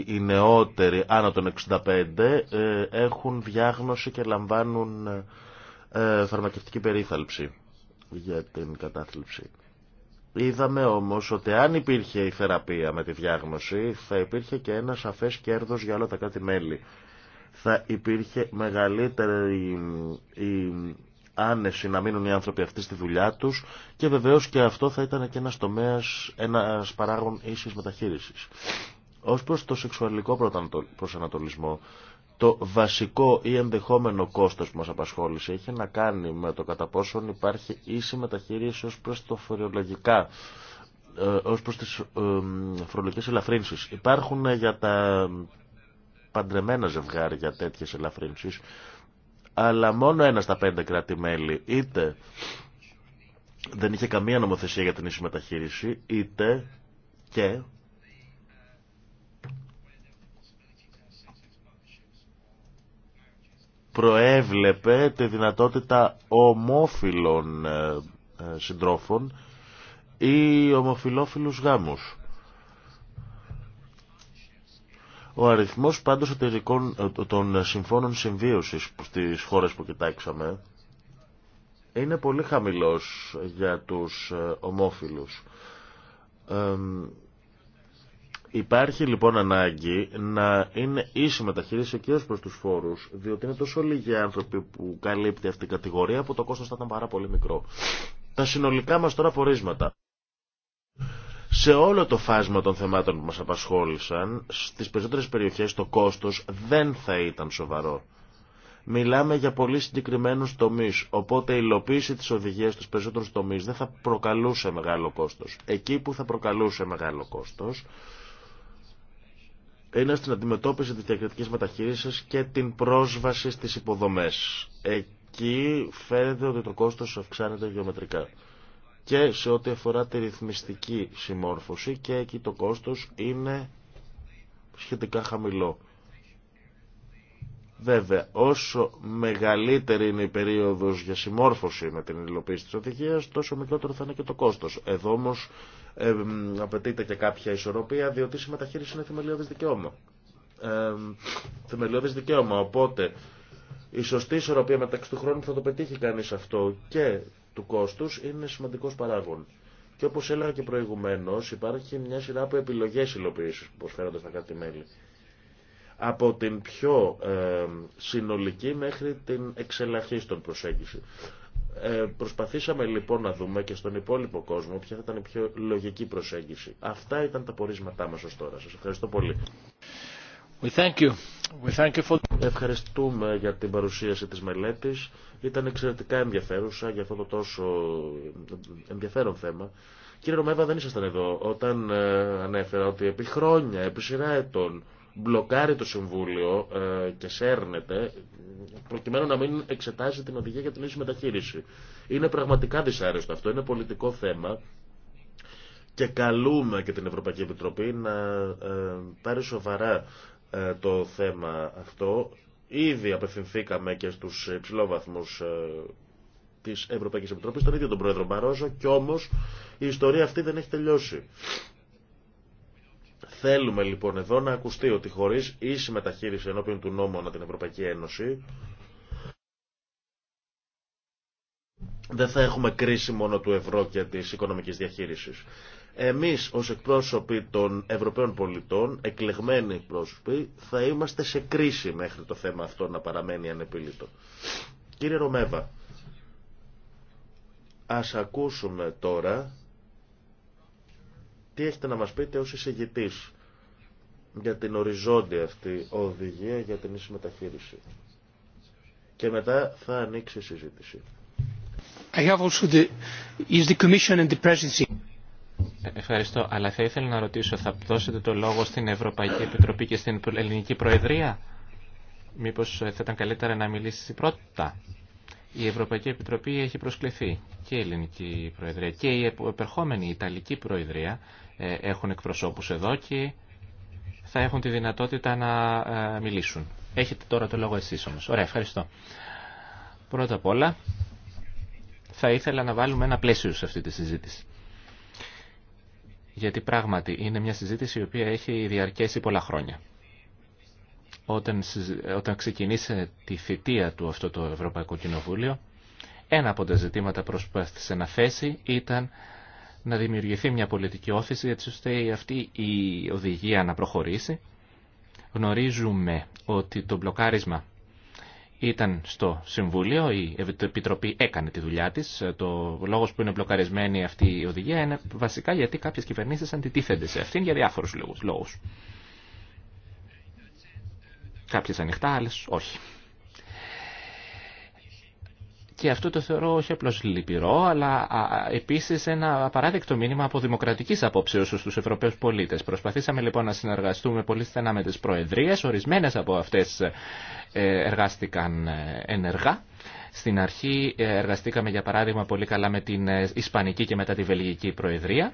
οι νεότεροι άνω των 65 ε, έχουν διάγνωση και λαμβάνουν ε, φαρμακευτική περίθαλψη για την κατάθλιψη. Είδαμε όμως ότι αν υπήρχε η θεραπεία με τη διάγνωση θα υπήρχε και ένα σαφές κέρδος για όλα τα κάτι μέλη. Θα υπήρχε μεγαλύτερη η άνεση να μείνουν οι άνθρωποι αυτοί στη δουλειά τους και βεβαίως και αυτό θα ήταν και ένα τομέας, ένα παράγων ίσης μεταχείρισης. Ως προς το σεξουαλικό προσανατολισμό, το βασικό ή ενδεχόμενο κόστος που μας απασχόλησε είχε να κάνει με το κατά πόσον υπάρχει ίση μεταχείριση ως προς το φορολογικά ε, ως προς τις ε, φορολογικές ελαφρύνσεις. Υπάρχουν ε, για τα παντρεμένα ζευγάρια τέτοιες ελαφρύνσεις αλλά μόνο ένα στα πέντε κράτη-μέλη είτε δεν είχε καμία νομοθεσία για την ίση μεταχείριση, είτε και προέβλεπε τη δυνατότητα ομόφυλων ε, ε, συντρόφων ή ομοφυλόφιλους γάμους. Ο αριθμός πάντως εταιρικών, ε, των συμφώνων συμβίωσης στις χώρες που κοιτάξαμε είναι πολύ χαμηλός για τους ε, ομόφυλους. υπάρχει λοιπόν ανάγκη να είναι ίση μεταχείριση και ως προς τους φόρους, διότι είναι τόσο λίγοι άνθρωποι που καλύπτει αυτή η κατηγορία που το κόστος θα ήταν πάρα πολύ μικρό. Τα συνολικά μας τώρα πορίσματα. Σε όλο το φάσμα των θεμάτων που μας απασχόλησαν, στις περισσότερες περιοχές το κόστος δεν θα ήταν σοβαρό. Μιλάμε για πολύ συγκεκριμένους τομείς, οπότε η υλοποίηση της οδηγίας στους περισσότερους τομείς δεν θα προκαλούσε μεγάλο κόστος. Εκεί που θα προκαλούσε μεγάλο κόστος είναι στην αντιμετώπιση της διακριτικής μεταχείρισης και την πρόσβαση στις υποδομές. Εκεί φαίνεται ότι το κόστος αυξάνεται γεωμετρικά και σε ό,τι αφορά τη ρυθμιστική συμμόρφωση και εκεί το κόστος είναι σχετικά χαμηλό. Βέβαια, όσο μεγαλύτερη είναι η περίοδος για συμμόρφωση με την υλοποίηση της οδηγίας, τόσο μικρότερο θα είναι και το κόστος. Εδώ όμω απαιτείται και κάποια ισορροπία, διότι η συμμεταχείριση είναι θεμελιώδης δικαίωμα. Ε, δικαίωμα, οπότε η σωστή ισορροπία μεταξύ του χρόνου θα το πετύχει κανείς αυτό και του κόστους είναι σημαντικός παράγον. Και όπως έλεγα και προηγουμένως υπάρχει μια σειρά από επιλογές υλοποίησης που προσφέρονται στα κάτι μέλη. Από την πιο ε, συνολική μέχρι την εξελαχίστων προσέγγιση. Ε, προσπαθήσαμε λοιπόν να δούμε και στον υπόλοιπο κόσμο ποια θα ήταν η πιο λογική προσέγγιση. Αυτά ήταν τα πορίσματά μας ως τώρα. Σας ευχαριστώ πολύ. Ευχαριστούμε για την παρουσίαση της μελέτης. Ήταν εξαιρετικά ενδιαφέρουσα για αυτό το τόσο ενδιαφέρον θέμα. Κύριε Ρωμέβα, δεν ήσασταν εδώ όταν ε, ανέφερα ότι επί χρόνια, επί σειρά ετών, μπλοκάρει το Συμβούλιο ε, και σέρνεται προκειμένου να μην εξετάζει την οδηγία για την ίση μεταχείριση. Είναι πραγματικά δυσάρεστο αυτό, είναι πολιτικό θέμα και καλούμε και την Ευρωπαϊκή Επιτροπή να ε, πάρει σοβαρά ε, το θέμα αυτό. Ήδη απευθυνθήκαμε και στους υψηλόβαθμους ε, της Ευρωπαϊκής Επιτροπής, τον ίδιο τον Πρόεδρο Μπαρόζο, και όμως η ιστορία αυτή δεν έχει τελειώσει. Θέλουμε λοιπόν εδώ να ακουστεί ότι χωρίς ίση μεταχείριση ενώπιον του νόμου ανά την Ευρωπαϊκή Ένωση δεν θα έχουμε κρίση μόνο του ευρώ και της οικονομικής διαχείρισης. Εμείς ως εκπρόσωποι των Ευρωπαίων πολιτών, εκλεγμένοι εκπρόσωποι, θα είμαστε σε κρίση μέχρι το θέμα αυτό να παραμένει ανεπιλήτο. Κύριε Ρωμέβα, ας ακούσουμε τώρα τι έχετε να μας πείτε ως εισηγητής για την οριζόντια αυτή οδηγία για την ίση Και μετά θα ανοίξει η συζήτηση. I have also the, is the Commission Ευχαριστώ, αλλά θα ήθελα να ρωτήσω, θα δώσετε το λόγο στην Ευρωπαϊκή Επιτροπή και στην Ελληνική Προεδρία. Μήπως θα ήταν καλύτερα να μιλήσει πρώτα. Η Ευρωπαϊκή Επιτροπή έχει προσκληθεί και η Ελληνική Προεδρία και η επερχόμενη Ιταλική Προεδρία ε, έχουν εκπροσώπους εδώ και θα έχουν τη δυνατότητα να ε, μιλήσουν. Έχετε τώρα το λόγο εσείς όμως. Ωραία, ευχαριστώ. Πρώτα απ' όλα θα ήθελα να βάλουμε ένα πλαίσιο σε αυτή τη συζήτηση γιατί πράγματι είναι μια συζήτηση η οποία έχει διαρκέσει πολλά χρόνια. Όταν, όταν ξεκινήσε τη θητεία του αυτό το Ευρωπαϊκό Κοινοβούλιο, ένα από τα ζητήματα προσπάθησε να θέσει ήταν να δημιουργηθεί μια πολιτική όθηση έτσι ώστε αυτή η οδηγία να προχωρήσει. Γνωρίζουμε ότι το μπλοκάρισμα ήταν στο Συμβούλιο, η Επιτροπή έκανε τη δουλειά της. Το λόγος που είναι μπλοκαρισμένη αυτή η οδηγία είναι βασικά γιατί κάποιες κυβερνήσεις αντιτίθενται σε αυτήν για διάφορους λόγους. Κάποιες ανοιχτά, άλλες όχι. Και αυτό το θεωρώ όχι απλώ λυπηρό, αλλά επίσης ένα απαράδεκτο μήνυμα από δημοκρατική απόψεως στους Ευρωπαίου πολίτες. Προσπαθήσαμε λοιπόν να συνεργαστούμε πολύ στενά με τι προεδρίες. ορισμένε από αυτές ε, εργάστηκαν ε, ενεργά. Στην αρχή ε, εργαστήκαμε για παράδειγμα πολύ καλά με την Ισπανική και μετά τη Βελγική Προεδρία.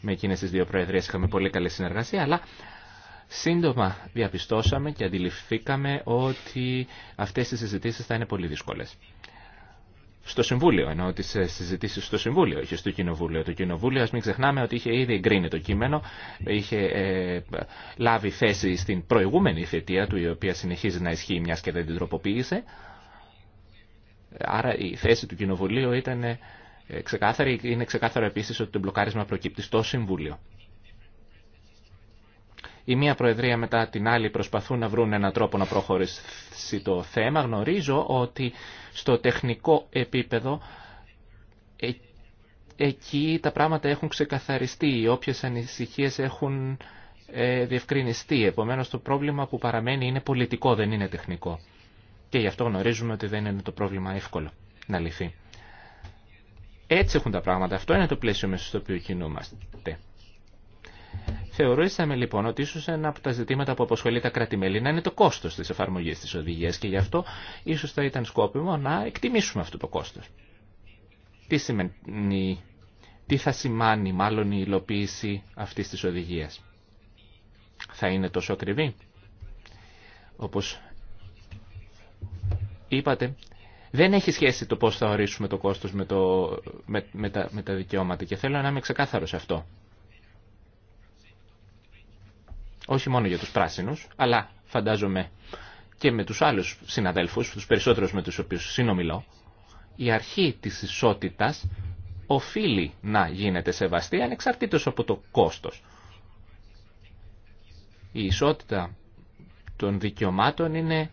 Με εκείνες τις δύο προεδρίες είχαμε πολύ καλή συνεργασία, αλλά Σύντομα διαπιστώσαμε και αντιληφθήκαμε ότι αυτές οι συζητήσεις θα είναι πολύ δύσκολες. Στο Συμβούλιο, ενώ τι συζητήσει στο Συμβούλιο, όχι στο Κοινοβούλιο. Το Κοινοβούλιο, α μην ξεχνάμε ότι είχε ήδη εγκρίνει το κείμενο, είχε ε, λάβει θέση στην προηγούμενη θετία του, η οποία συνεχίζει να ισχύει μια και δεν την τροποποίησε. Άρα η θέση του Κοινοβουλίου ήταν ε, ξεκάθαρη. Είναι ξεκάθαρο επίση ότι το μπλοκάρισμα προκύπτει στο Συμβούλιο η μία Προεδρία μετά την άλλη προσπαθούν να βρουν έναν τρόπο να προχωρήσει το θέμα. Γνωρίζω ότι στο τεχνικό επίπεδο ε, εκεί τα πράγματα έχουν ξεκαθαριστεί, Οι όποιες ανησυχίες έχουν ε, διευκρινιστεί. Επομένως το πρόβλημα που παραμένει είναι πολιτικό, δεν είναι τεχνικό. Και γι' αυτό γνωρίζουμε ότι δεν είναι το πρόβλημα εύκολο να λυθεί. Έτσι έχουν τα πράγματα. Αυτό είναι το πλαίσιο μέσα στο οποίο κινούμαστε. Θεωρήσαμε λοιπόν ότι ίσως ένα από τα ζητήματα που αποσχολεί τα κράτη-μέλη να είναι το κόστος τη εφαρμογή της οδηγία. και γι' αυτό ίσως θα ήταν σκόπιμο να εκτιμήσουμε αυτό το κόστος. Τι, σημαίνει, τι θα σημάνει μάλλον η υλοποίηση αυτή τη οδηγία. Θα είναι τόσο ακριβή. Όπω είπατε, δεν έχει σχέση το πώ θα ορίσουμε το κόστο με, με, με, τα, με τα δικαιώματα και θέλω να είμαι ξεκάθαρο σε αυτό όχι μόνο για τους πράσινους, αλλά φαντάζομαι και με τους άλλους συναδέλφους, τους περισσότερους με τους οποίους συνομιλώ, η αρχή της ισότητας οφείλει να γίνεται σεβαστή ανεξαρτήτως από το κόστος. Η ισότητα των δικαιωμάτων είναι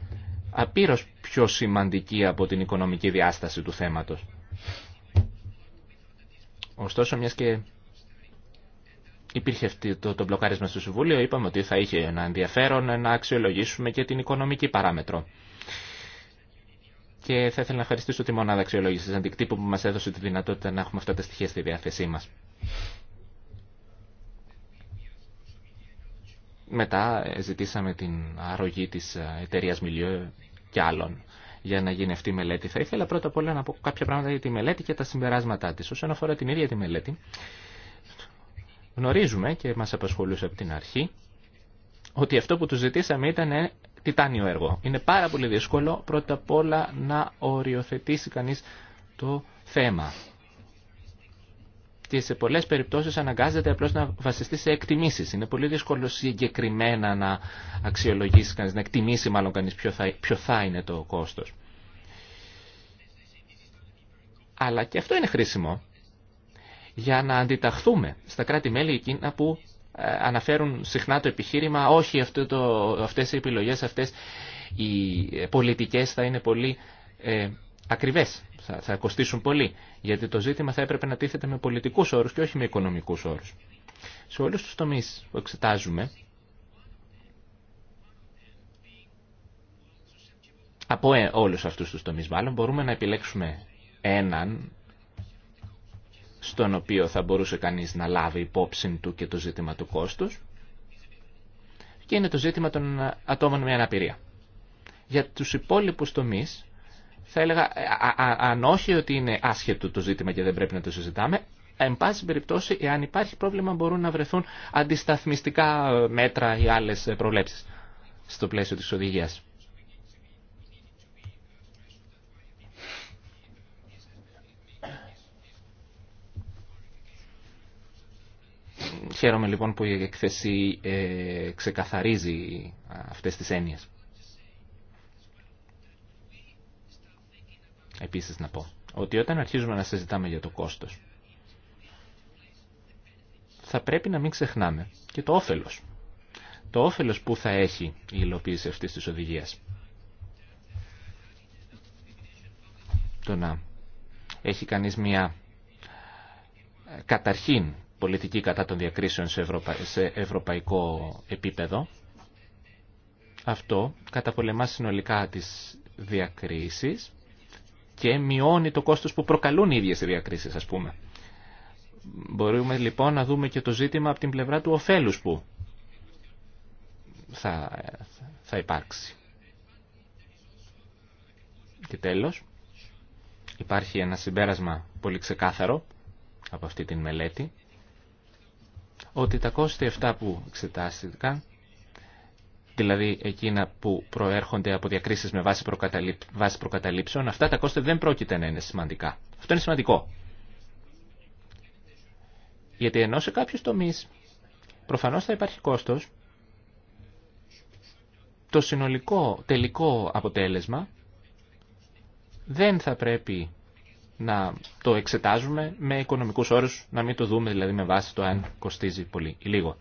απείρως πιο σημαντική από την οικονομική διάσταση του θέματος. Ωστόσο, μιας και υπήρχε αυτή το, το μπλοκάρισμα στο Συμβούλιο, είπαμε ότι θα είχε ένα ενδιαφέρον να αξιολογήσουμε και την οικονομική παράμετρο. Και θα ήθελα να ευχαριστήσω τη μονάδα αξιολόγηση αντικτύπου που μα έδωσε τη δυνατότητα να έχουμε αυτά τα στοιχεία στη διάθεσή μα. Μετά ε, ζητήσαμε την αρρωγή τη ε, εταιρεία Μιλιό και άλλων για να γίνει αυτή η μελέτη. Θα ήθελα πρώτα απ' όλα να πω κάποια πράγματα για τη μελέτη και τα συμπεράσματά τη. Όσον αφορά την ίδια τη μελέτη, Γνωρίζουμε και μας απασχολούσε από την αρχή ότι αυτό που του ζητήσαμε ήταν τιτάνιο έργο. Είναι πάρα πολύ δύσκολο πρώτα απ' όλα να οριοθετήσει κανείς το θέμα. Και σε πολλές περιπτώσεις αναγκάζεται απλώς να βασιστεί σε εκτιμήσεις. Είναι πολύ δύσκολο συγκεκριμένα να αξιολογήσει κανείς, να εκτιμήσει μάλλον κανείς ποιο θα, ποιο θα είναι το κόστος. Αλλά και αυτό είναι χρήσιμο για να αντιταχθούμε στα κράτη-μέλη εκείνα που ε, αναφέρουν συχνά το επιχείρημα όχι αυτό το, αυτές οι επιλογές, αυτές οι ε, πολιτικές θα είναι πολύ ε, ακριβές, θα, θα κοστίσουν πολύ, γιατί το ζήτημα θα έπρεπε να τίθεται με πολιτικούς όρους και όχι με οικονομικούς όρους. Σε όλους τους τομείς που εξετάζουμε, από ε, όλους αυτούς τους τομείς μάλλον μπορούμε να επιλέξουμε έναν στον οποίο θα μπορούσε κανείς να λάβει υπόψη του και το ζήτημα του κόστους και είναι το ζήτημα των ατόμων με αναπηρία. Για τους υπόλοιπους τομείς θα έλεγα ε, αν όχι ότι είναι άσχετο το ζήτημα και δεν πρέπει να το συζητάμε, εν πάση περιπτώσει εάν υπάρχει πρόβλημα μπορούν να βρεθούν αντισταθμιστικά μέτρα ή άλλες προβλέψεις στο πλαίσιο της οδηγίας. Χαίρομαι λοιπόν που η εκθέση ε, ξεκαθαρίζει αυτές τις έννοιες. Επίσης να πω ότι όταν αρχίζουμε να συζητάμε για το κόστος, θα πρέπει να μην ξεχνάμε και το όφελος. Το όφελος που θα έχει η υλοποίηση αυτής της οδηγίας. Το να έχει κανείς μια ε, καταρχήν πολιτική κατά των διακρίσεων σε, ευρωπαϊκό επίπεδο. Αυτό καταπολεμά συνολικά τις διακρίσεις και μειώνει το κόστος που προκαλούν οι ίδιες οι διακρίσεις, ας πούμε. Μπορούμε λοιπόν να δούμε και το ζήτημα από την πλευρά του ωφέλους που θα, θα υπάρξει. Και τέλος, υπάρχει ένα συμπέρασμα πολύ ξεκάθαρο από αυτή την μελέτη, ότι τα κόστη αυτά που εξετάστηκαν, δηλαδή εκείνα που προέρχονται από διακρίσεις με βάση, προκαταλήψ, βάση προκαταλήψεων, αυτά τα κόστη δεν πρόκειται να είναι σημαντικά. Αυτό είναι σημαντικό. Γιατί ενώ σε κάποιους τομείς προφανώς θα υπάρχει κόστος, το συνολικό τελικό αποτέλεσμα δεν θα πρέπει να το εξετάζουμε με οικονομικού όρους, να μην το δούμε δηλαδή με βάση το αν κοστίζει πολύ ή λίγο.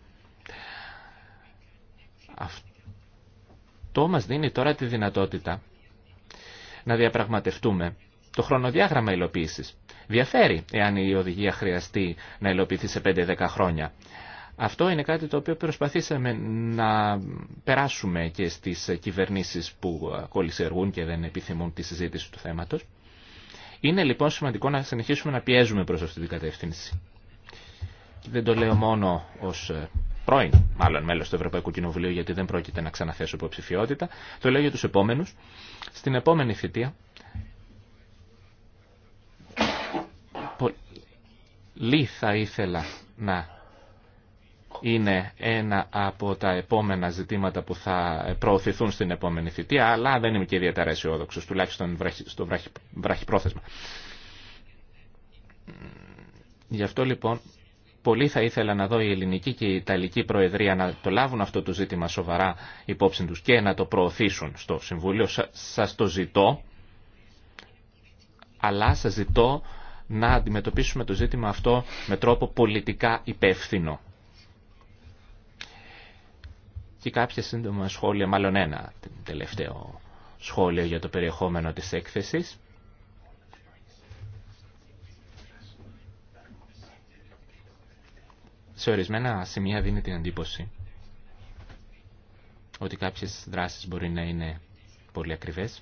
Αυτό μας δίνει τώρα τη δυνατότητα να διαπραγματευτούμε το χρονοδιάγραμμα υλοποίησης. Διαφέρει εάν η οδηγία χρειαστεί να υλοποιηθεί σε 5-10 χρόνια. Αυτό είναι κάτι το χρονοδιαγραμμα υλοποίηση. διαφερει εαν προσπαθήσαμε να περάσουμε και στις κυβερνήσεις που κολυσεργούν και δεν επιθυμούν τη συζήτηση του θέματος. Είναι λοιπόν σημαντικό να συνεχίσουμε να πιέζουμε προς αυτή την κατεύθυνση. δεν το λέω μόνο ως ε, πρώην, μάλλον μέλος του Ευρωπαϊκού Κοινοβουλίου, γιατί δεν πρόκειται να ξαναθέσω υποψηφιότητα. Το λέω για τους επόμενους. Στην επόμενη θητεία, πολύ θα ήθελα να είναι ένα από τα επόμενα ζητήματα που θα προωθηθούν στην επόμενη θητεία, αλλά δεν είμαι και ιδιαίτερα αισιόδοξο, τουλάχιστον στο βράχι, βραχυπρόθεσμα. Γι' αυτό λοιπόν πολύ θα ήθελα να δω η ελληνική και η ιταλική προεδρία να το λάβουν αυτό το ζήτημα σοβαρά υπόψη τους και να το προωθήσουν στο Συμβούλιο. Σα το ζητώ, αλλά σας ζητώ να αντιμετωπίσουμε το ζήτημα αυτό με τρόπο πολιτικά υπεύθυνο και κάποια σύντομα σχόλια, μάλλον ένα τελευταίο σχόλιο για το περιεχόμενο της έκθεσης. Σε ορισμένα σημεία δίνει την εντύπωση ότι κάποιες δράσεις μπορεί να είναι πολύ ακριβές.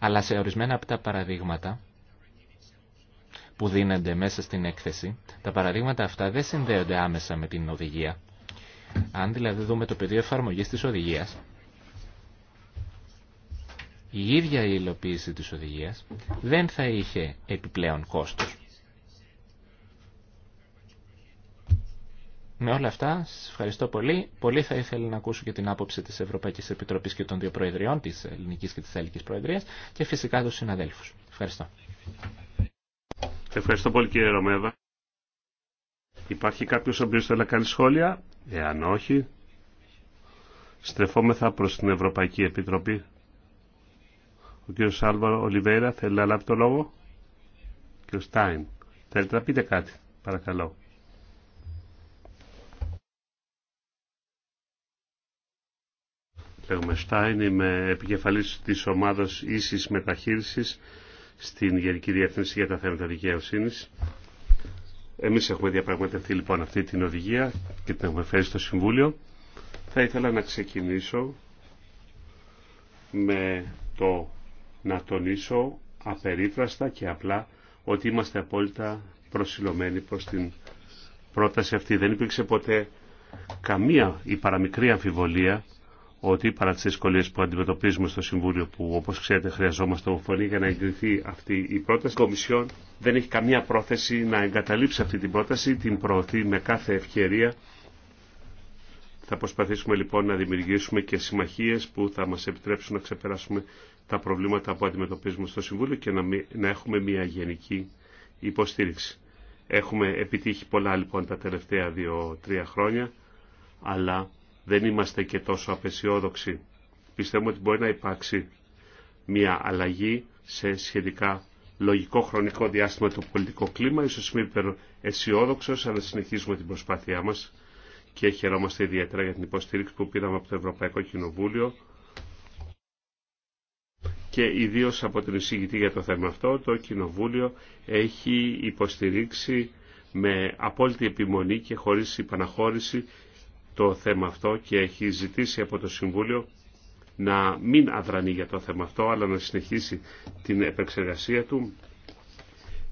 Αλλά σε ορισμένα από τα παραδείγματα που δίνονται μέσα στην έκθεση, τα παραδείγματα αυτά δεν συνδέονται άμεσα με την οδηγία. Αν δηλαδή δούμε το πεδίο εφαρμογής της οδηγίας, η ίδια η υλοποίηση της οδηγίας δεν θα είχε επιπλέον κόστος. Με όλα αυτά, σας ευχαριστώ πολύ. Πολύ θα ήθελα να ακούσω και την άποψη της Ευρωπαϊκής Επιτροπής και των δύο Προεδριών, της Ελληνικής και της ελληνική Προεδρίας και φυσικά τους συναδέλφους. Ευχαριστώ. Ευχαριστώ πολύ κύριε Ρωμέβα. Υπάρχει κάποιος ο οποίος θέλει να κάνει σχόλια. Εάν όχι, στρεφόμεθα προς την Ευρωπαϊκή Επιτροπή. Ο κύριος Άλβαρο Ολιβέρα θέλει να λάβει το λόγο. Ο κύριος Στάιν, θέλετε να πείτε κάτι, παρακαλώ. Λέγομαι Στάιν, είμαι επικεφαλής της ομάδας ίσης μεταχείρισης στην Γενική Διεύθυνση για τα θέματα δικαιοσύνη. Εμεί έχουμε διαπραγματευτεί λοιπόν αυτή την οδηγία και την έχουμε φέρει στο Συμβούλιο. Θα ήθελα να ξεκινήσω με το να τονίσω απερίφραστα και απλά ότι είμαστε απόλυτα προσιλωμένοι προς την πρόταση αυτή. Δεν υπήρξε ποτέ καμία η παραμικρή αμφιβολία ότι παρά τις δυσκολίες που αντιμετωπίζουμε στο Συμβούλιο που όπως ξέρετε χρειαζόμαστε ομοφωνία για να εγκριθεί αυτή η πρόταση, η Κομισιόν δεν έχει καμία πρόθεση να εγκαταλείψει αυτή την πρόταση, την προωθεί με κάθε ευκαιρία. Θα προσπαθήσουμε λοιπόν να δημιουργήσουμε και συμμαχίες που θα μας επιτρέψουν να ξεπεράσουμε τα προβλήματα που αντιμετωπίζουμε στο Συμβούλιο και να, να έχουμε μια γενική υποστήριξη. Έχουμε επιτύχει πολλά λοιπόν τα τελευταία δύο-τρία χρόνια, αλλά δεν είμαστε και τόσο απεσιόδοξοι. Πιστεύουμε ότι μπορεί να υπάρξει μια αλλαγή σε σχετικά λογικό χρονικό διάστημα του πολιτικού κλίμα. Ίσως είμαι υπεραισιόδοξο, αλλά συνεχίζουμε την προσπάθειά μα και χαιρόμαστε ιδιαίτερα για την υποστήριξη που πήραμε από το Ευρωπαϊκό Κοινοβούλιο και ιδίω από την εισηγητή για το θέμα αυτό, το Κοινοβούλιο έχει υποστηρίξει με απόλυτη επιμονή και χωρίς υπαναχώρηση το θέμα αυτό και έχει ζητήσει από το Συμβούλιο να μην αδρανεί για το θέμα αυτό, αλλά να συνεχίσει την επεξεργασία του.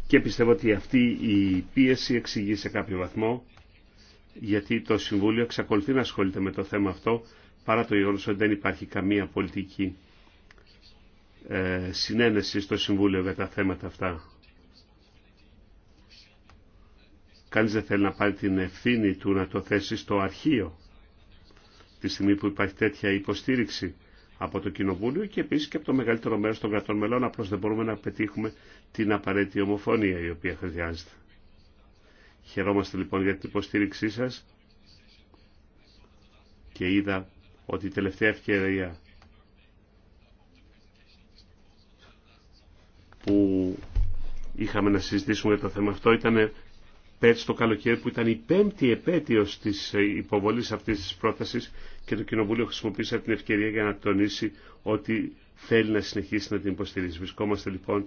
Και πιστεύω ότι αυτή η πίεση εξηγεί σε κάποιο βαθμό, γιατί το Συμβούλιο εξακολουθεί να ασχολείται με το θέμα αυτό, παρά το γεγονός ότι δεν υπάρχει καμία πολιτική ε, συνένεση στο Συμβούλιο για τα θέματα αυτά. Κανείς δεν θέλει να πάρει την ευθύνη του να το θέσει στο αρχείο τη στιγμή που υπάρχει τέτοια υποστήριξη από το Κοινοβούλιο και επίσης και από το μεγαλύτερο μέρος των κρατών μελών απλώς δεν μπορούμε να πετύχουμε την απαραίτητη ομοφωνία η οποία χρειάζεται. Χαιρόμαστε λοιπόν για την υποστήριξή σας και είδα ότι η τελευταία ευκαιρία που είχαμε να συζητήσουμε για το θέμα αυτό ήταν πέρσι το καλοκαίρι που ήταν η πέμπτη επέτειος της ε, υποβολής αυτής της πρότασης και το Κοινοβούλιο χρησιμοποίησε την ευκαιρία για να τονίσει ότι θέλει να συνεχίσει να την υποστηρίζει. Βρισκόμαστε λοιπόν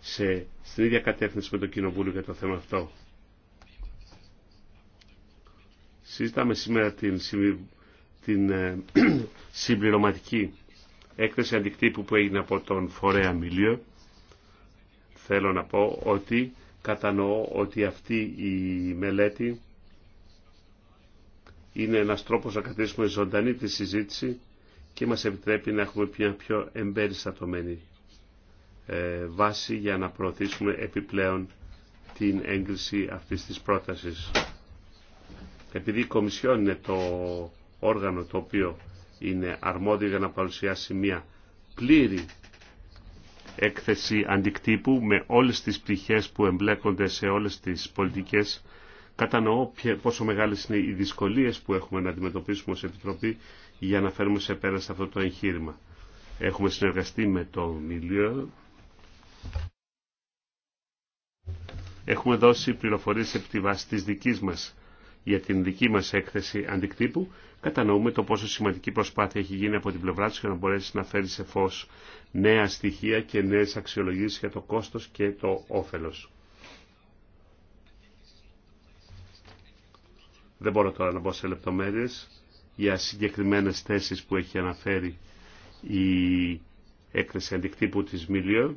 σε, στην ίδια κατεύθυνση με το Κοινοβούλιο για το θέμα αυτό. Συζητάμε σήμερα την, την ε, συμπληρωματική έκθεση αντικτύπου που έγινε από τον Φορέα Μιλίο. Θέλω να πω ότι κατανοώ ότι αυτή η μελέτη είναι ένας τρόπος να κρατήσουμε ζωντανή τη συζήτηση και μας επιτρέπει να έχουμε μια πιο εμπεριστατωμένη ε, βάση για να προωθήσουμε επιπλέον την έγκριση αυτής της πρότασης. Επειδή η Κομισιόν είναι το όργανο το οποίο είναι αρμόδιο για να παρουσιάσει μια πλήρη έκθεση αντικτύπου με όλες τις πτυχές που εμπλέκονται σε όλες τις πολιτικές. Κατανοώ πόσο μεγάλες είναι οι δυσκολίες που έχουμε να αντιμετωπίσουμε ως Επιτροπή για να φέρουμε σε πέρα σε αυτό το εγχείρημα. Έχουμε συνεργαστεί με το Μιλίο. Έχουμε δώσει πληροφορίες επί τη βάση της δικής μας για την δική μας έκθεση αντικτύπου κατανοούμε το πόσο σημαντική προσπάθεια έχει γίνει από την πλευρά τους για να μπορέσει να φέρει σε φω νέα στοιχεία και νέες αξιολογήσει για το κόστος και το όφελος. Δεν μπορώ τώρα να μπω σε λεπτομέρειες για συγκεκριμένε θέσει που έχει αναφέρει η έκθεση αντικτύπου της Μίλιο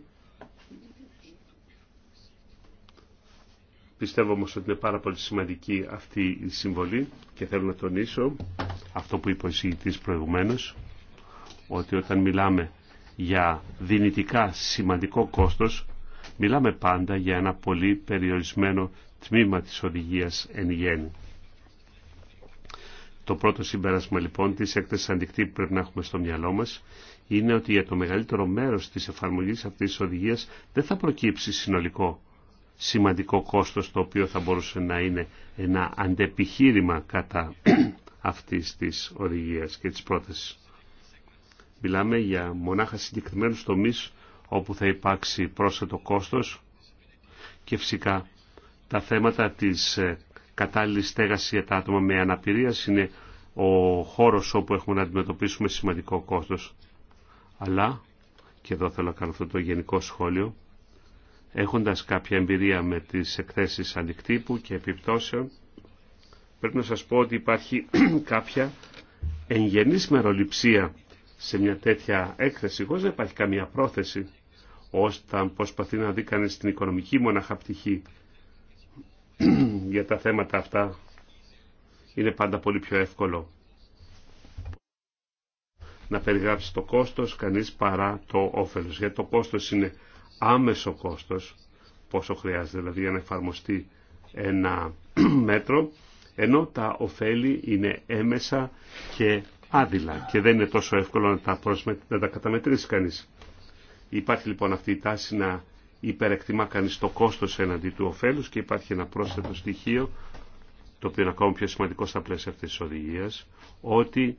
Πιστεύω όμως ότι είναι πάρα πολύ σημαντική αυτή η συμβολή και θέλω να τονίσω αυτό που είπε ο εισηγητής προηγουμένως, ότι όταν μιλάμε για δυνητικά σημαντικό κόστος, μιλάμε πάντα για ένα πολύ περιορισμένο τμήμα της οδηγίας εν γέννη. Το πρώτο συμπέρασμα λοιπόν της έκθεσης αντικτή που πρέπει να έχουμε στο μυαλό μας είναι ότι για το μεγαλύτερο μέρος της εφαρμογής αυτής της οδηγίας δεν θα προκύψει συνολικό σημαντικό κόστος το οποίο θα μπορούσε να είναι ένα αντεπιχείρημα κατά αυτής της οδηγίας και της πρότασης. Μιλάμε για μονάχα συγκεκριμένους τομείς όπου θα υπάρξει πρόσθετο κόστος και φυσικά τα θέματα της ε, κατάλληλη στέγαση για τα άτομα με αναπηρία είναι ο χώρος όπου έχουμε να αντιμετωπίσουμε σημαντικό κόστος. Αλλά, και εδώ θέλω να κάνω αυτό το γενικό σχόλιο, έχοντας κάποια εμπειρία με τις εκθέσεις αντικτύπου και επιπτώσεων, πρέπει να σας πω ότι υπάρχει κάποια εγγενής μεροληψία σε μια τέτοια έκθεση, χωρίς δεν υπάρχει καμία πρόθεση, ώστε να προσπαθεί να δει κανείς την οικονομική μοναχαπτυχή για τα θέματα αυτά, είναι πάντα πολύ πιο εύκολο να περιγράψει το κόστος κανείς παρά το όφελος. Γιατί το κόστος είναι άμεσο κόστος, πόσο χρειάζεται δηλαδή για να εφαρμοστεί ένα μέτρο, ενώ τα ωφέλη είναι έμεσα και άδειλα και δεν είναι τόσο εύκολο να τα, προσμε... να τα καταμετρήσει κανείς. Υπάρχει λοιπόν αυτή η τάση να υπερεκτιμά κανείς το κόστος έναντι του ωφέλους και υπάρχει ένα πρόσθετο στοιχείο, το οποίο είναι ακόμα πιο σημαντικό στα πλαίσια αυτής της οδηγίας, ότι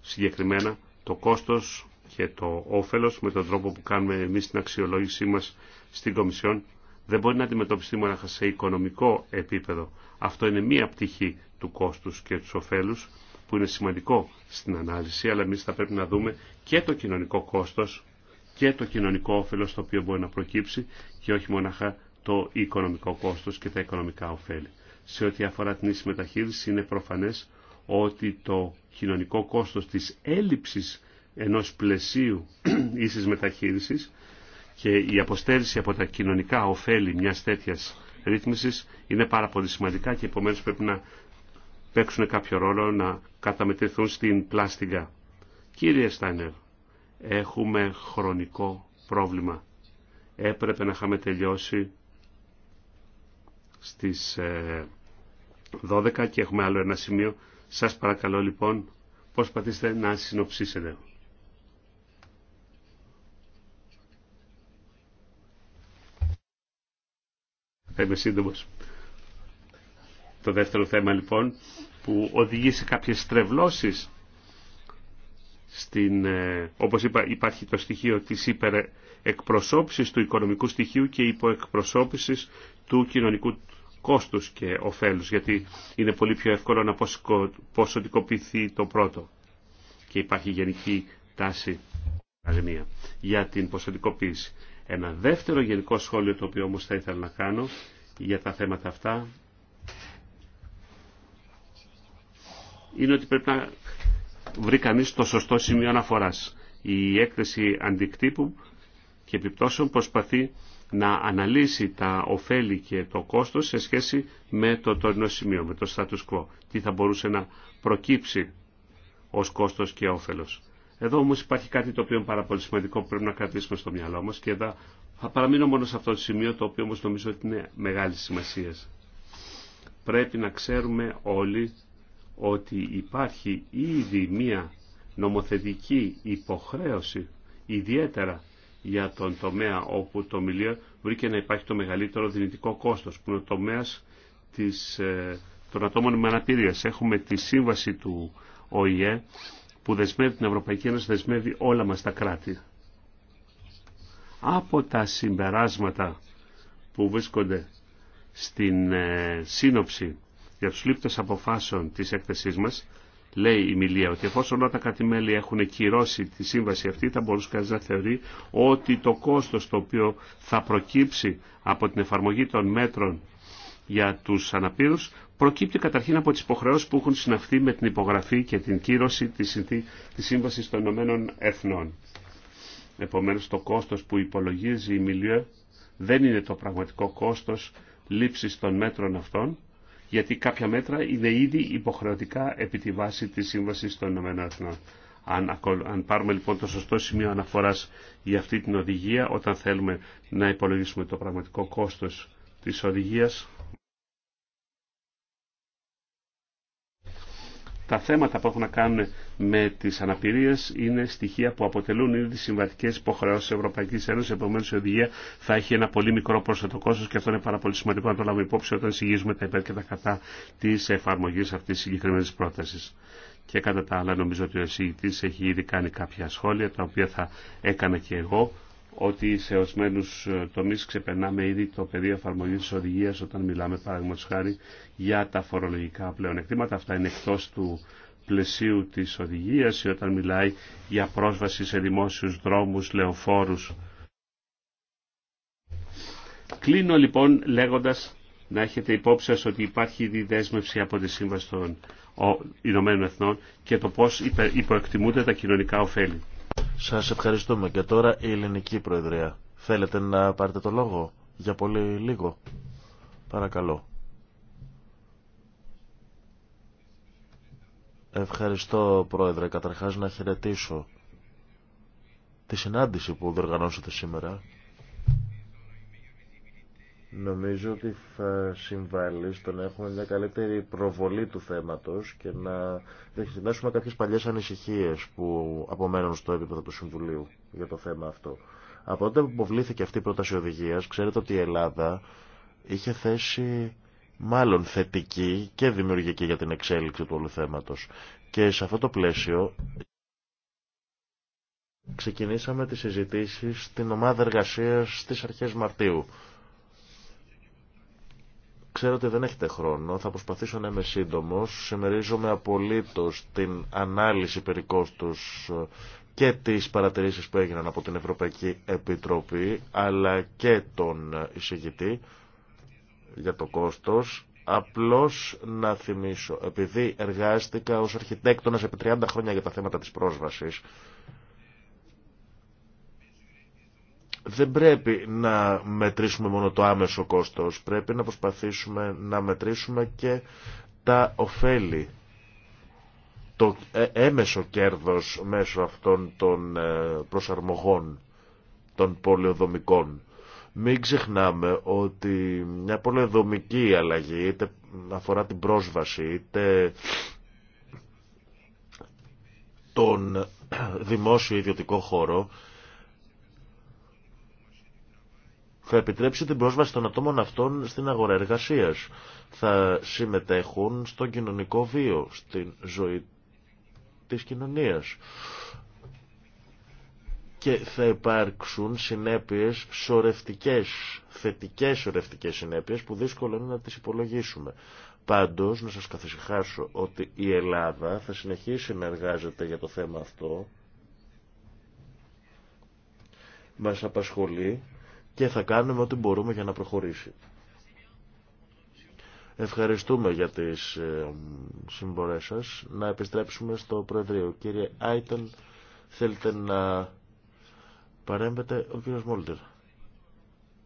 συγκεκριμένα το κόστος και το όφελος με τον τρόπο που κάνουμε εμείς την αξιολόγησή μας στην Κομισιόν δεν μπορεί να αντιμετωπιστεί μόνο σε οικονομικό επίπεδο. Αυτό είναι μία πτυχή του κόστους και του ωφέλους που είναι σημαντικό στην ανάλυση, αλλά εμείς θα πρέπει να δούμε και το κοινωνικό κόστος και το κοινωνικό όφελος το οποίο μπορεί να προκύψει και όχι μονάχα το οικονομικό κόστος και τα οικονομικά ωφέλη. Σε ό,τι αφορά την ίση μεταχείριση είναι προφανές ότι το κοινωνικό κόστος της έλλειψης ενός πλαισίου ίσης μεταχείρισης και η αποστέρηση από τα κοινωνικά ωφέλη μιας τέτοιας ρύθμισης είναι πάρα πολύ σημαντικά και επομένως πρέπει να παίξουν κάποιο ρόλο να καταμετρηθούν στην πλάστιγκα. Κύριε Στάινερ, έχουμε χρονικό πρόβλημα. Έπρεπε να είχαμε τελειώσει στις 12 ε, και έχουμε άλλο ένα σημείο. Σας παρακαλώ λοιπόν πώς πατήστε να συνοψίσετε. θα είμαι σύντομο. Το δεύτερο θέμα λοιπόν που οδηγεί σε κάποιες στρεβλώσεις στην, ε, όπως είπα υπάρχει το στοιχείο της υπερεκπροσώπησης του οικονομικού στοιχείου και υποεκπροσώπησης του κοινωνικού κόστους και ωφέλους γιατί είναι πολύ πιο εύκολο να ποσοτικοποιηθεί το πρώτο και υπάρχει γενική τάση για την ποσοτικοποίηση. Ένα δεύτερο γενικό σχόλιο το οποίο όμως θα ήθελα να κάνω για τα θέματα αυτά είναι ότι πρέπει να βρει κανείς το σωστό σημείο αναφοράς. Η έκθεση αντικτύπου και επιπτώσεων προσπαθεί να αναλύσει τα ωφέλη και το κόστος σε σχέση με το τωρινό σημείο, με το status quo. Τι θα μπορούσε να προκύψει ως κόστος και όφελος. Εδώ όμω υπάρχει κάτι το οποίο είναι πάρα πολύ σημαντικό που πρέπει να κρατήσουμε στο μυαλό μας και θα παραμείνω μόνο σε αυτό το σημείο το οποίο όμω νομίζω ότι είναι μεγάλη σημασία. Πρέπει να ξέρουμε όλοι ότι υπάρχει ήδη μία νομοθετική υποχρέωση ιδιαίτερα για τον τομέα όπου το μιλίο βρήκε να υπάρχει το μεγαλύτερο δυνητικό κόστος που είναι ο τομέας της, ε, των ατόμων με αναπηρία. Έχουμε τη σύμβαση του ΟΗΕ που δεσμεύει την Ευρωπαϊκή Ένωση, δεσμεύει όλα μας τα κράτη. Από τα συμπεράσματα που βρίσκονται στην ε, σύνοψη για τους λήπτες αποφάσεων της έκθεσής μας, λέει η Μιλία ότι εφόσον όλα τα κατημέλη έχουν κυρώσει τη σύμβαση αυτή θα μπορούσε κανείς να θεωρεί ότι το κόστος το οποίο θα προκύψει από την εφαρμογή των μέτρων για τους αναπήρους προκύπτει καταρχήν από τις υποχρεώσεις που έχουν συναυθεί με την υπογραφή και την κύρωση της, της Σύμβασης των Ηνωμένων Εθνών. Επομένως το κόστος που υπολογίζει η Μιλιέ δεν είναι το πραγματικό κόστος λήψης των μέτρων αυτών, γιατί κάποια μέτρα είναι ήδη υποχρεωτικά επί τη βάση της Σύμβασης των Ηνωμένων Εθνών. Αν, αν πάρουμε λοιπόν το σωστό σημείο αναφοράς για αυτή την οδηγία, όταν θέλουμε να υπολογίσουμε το πραγματικό κόστος της οδηγίας, τα θέματα που έχουν να κάνουν με τι αναπηρίες είναι στοιχεία που αποτελούν ήδη συμβατικέ υποχρεώσει τη ευρωπαικη ενωση επομενω η οδηγία θα έχει ένα πολύ μικρό πρόσθετο κόστο και αυτό είναι πάρα πολύ σημαντικό να το λάβουμε υπόψη όταν συγγίζουμε τα υπέρ και τα κατά της εφαρμογή αυτής τη συγκεκριμένης πρόταση. Και κατά τα άλλα νομίζω ότι ο εισηγητής έχει ήδη κάνει κάποια σχόλια τα οποία θα έκανα και εγώ ότι σε ορισμένου ε, τομεί ξεπερνάμε ήδη το πεδίο εφαρμογή τη οδηγία όταν μιλάμε, παραδείγματο χάρη, για τα φορολογικά πλεονεκτήματα. Αυτά είναι εκτό του πλαισίου τη οδηγία ή όταν μιλάει για πρόσβαση σε δημόσιου δρόμου, λεωφόρου. Κλείνω λοιπόν λέγοντα να έχετε υπόψη σας ότι υπάρχει ήδη δέσμευση από τη Σύμβαση των Ηνωμένων Εθνών και το πώς υποεκτιμούνται τα κοινωνικά ωφέλη. Σας ευχαριστούμε. Και τώρα η ελληνική προεδρία. Θέλετε να πάρετε το λόγο για πολύ λίγο. Παρακαλώ. Ευχαριστώ πρόεδρε. Καταρχάς να χαιρετήσω τη συνάντηση που διοργανώσατε σήμερα Νομίζω ότι θα συμβάλλει στο να έχουμε μια καλύτερη προβολή του θέματος και να διασκεδάσουμε κάποιες παλιές ανησυχίες που απομένουν στο επίπεδο του Συμβουλίου για το θέμα αυτό. Από τότε που υποβλήθηκε αυτή η πρόταση οδηγίας, ξέρετε ότι η Ελλάδα είχε θέση μάλλον θετική και δημιουργική για την εξέλιξη του όλου θέματος. Και σε αυτό το πλαίσιο ξεκινήσαμε τις συζητήσεις στην ομάδα εργασίας στις αρχές Μαρτίου. Ξέρω ότι δεν έχετε χρόνο, θα προσπαθήσω να είμαι σύντομο. Συμμερίζομαι απολύτω την ανάλυση περί κόστους ε, και τις παρατηρήσεις που έγιναν από την Ευρωπαϊκή Επιτροπή, αλλά και τον ε, εισηγητή για το κόστος. Απλώς να θυμίσω, επειδή εργάστηκα ως αρχιτέκτονας επί 30 χρόνια για τα θέματα της πρόσβασης, δεν πρέπει να μετρήσουμε μόνο το άμεσο κόστος, πρέπει να προσπαθήσουμε να μετρήσουμε και τα ωφέλη, το ε, έμεσο κέρδος μέσω αυτών των ε, προσαρμογών, των πολεοδομικών. Μην ξεχνάμε ότι μια πολεοδομική αλλαγή, είτε αφορά την πρόσβαση, είτε τον δημόσιο ιδιωτικό χώρο, θα επιτρέψει την πρόσβαση των ατόμων αυτών στην αγορά εργασίας. Θα συμμετέχουν στο κοινωνικό βίο, στην ζωή της κοινωνίας. Και θα υπάρξουν συνέπειες σορευτικές, θετικές σορευτικές συνέπειες που δύσκολο είναι να τις υπολογίσουμε. Πάντως, να σας καθησυχάσω ότι η Ελλάδα θα συνεχίσει να εργάζεται για το θέμα αυτό. Μας απασχολεί και θα κάνουμε ό,τι μπορούμε για να προχωρήσει. Ευχαριστούμε για τις ε, σας. Να επιστρέψουμε στο Προεδρείο. Κύριε Άιτεν, θέλετε να παρέμβετε ο κύριος Μόλτερ.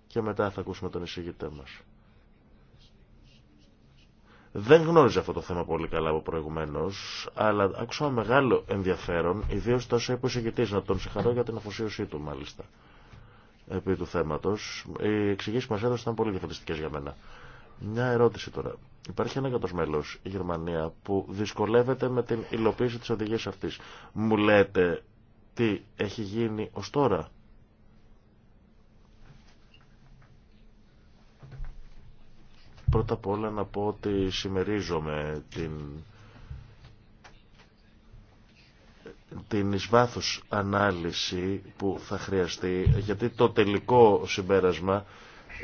Και μετά θα ακούσουμε τον εισηγητή μας. Δεν γνώριζα αυτό το θέμα πολύ καλά από προηγουμένω, αλλά άκουσα μεγάλο ενδιαφέρον, ιδίω τόσο είπε ο να τον συγχαρώ για την αφοσίωσή του μάλιστα επί του θέματος. Οι εξηγήσει που μας έδωσαν ήταν πολύ διαφορετικές για μένα. Μια ερώτηση τώρα. Υπάρχει ένα κατοσμέλο, η Γερμανία, που δυσκολεύεται με την υλοποίηση της οδηγίας αυτής. Μου λέτε τι έχει γίνει ως τώρα. Πρώτα απ' όλα να πω ότι συμμερίζομαι την την βάθος ανάλυση που θα χρειαστεί, γιατί το τελικό συμπέρασμα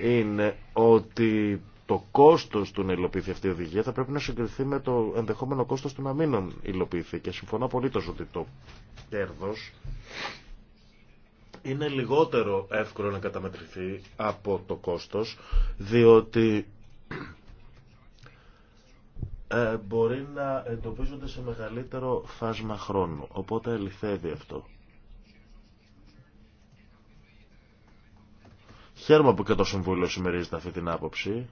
είναι ότι το κόστος του να υλοποιηθεί αυτή η οδηγία θα πρέπει να συγκριθεί με το ενδεχόμενο κόστος του να μην υλοποιηθεί. Και συμφωνώ απολύτως ότι το κέρδος είναι λιγότερο εύκολο να καταμετρηθεί από το κόστος, διότι ε, μπορεί να εντοπίζονται σε μεγαλύτερο φάσμα χρόνου. Οπότε ελιθεύει αυτό. Χαίρομαι που και το Συμβούλιο συμμερίζεται αυτή την άποψη.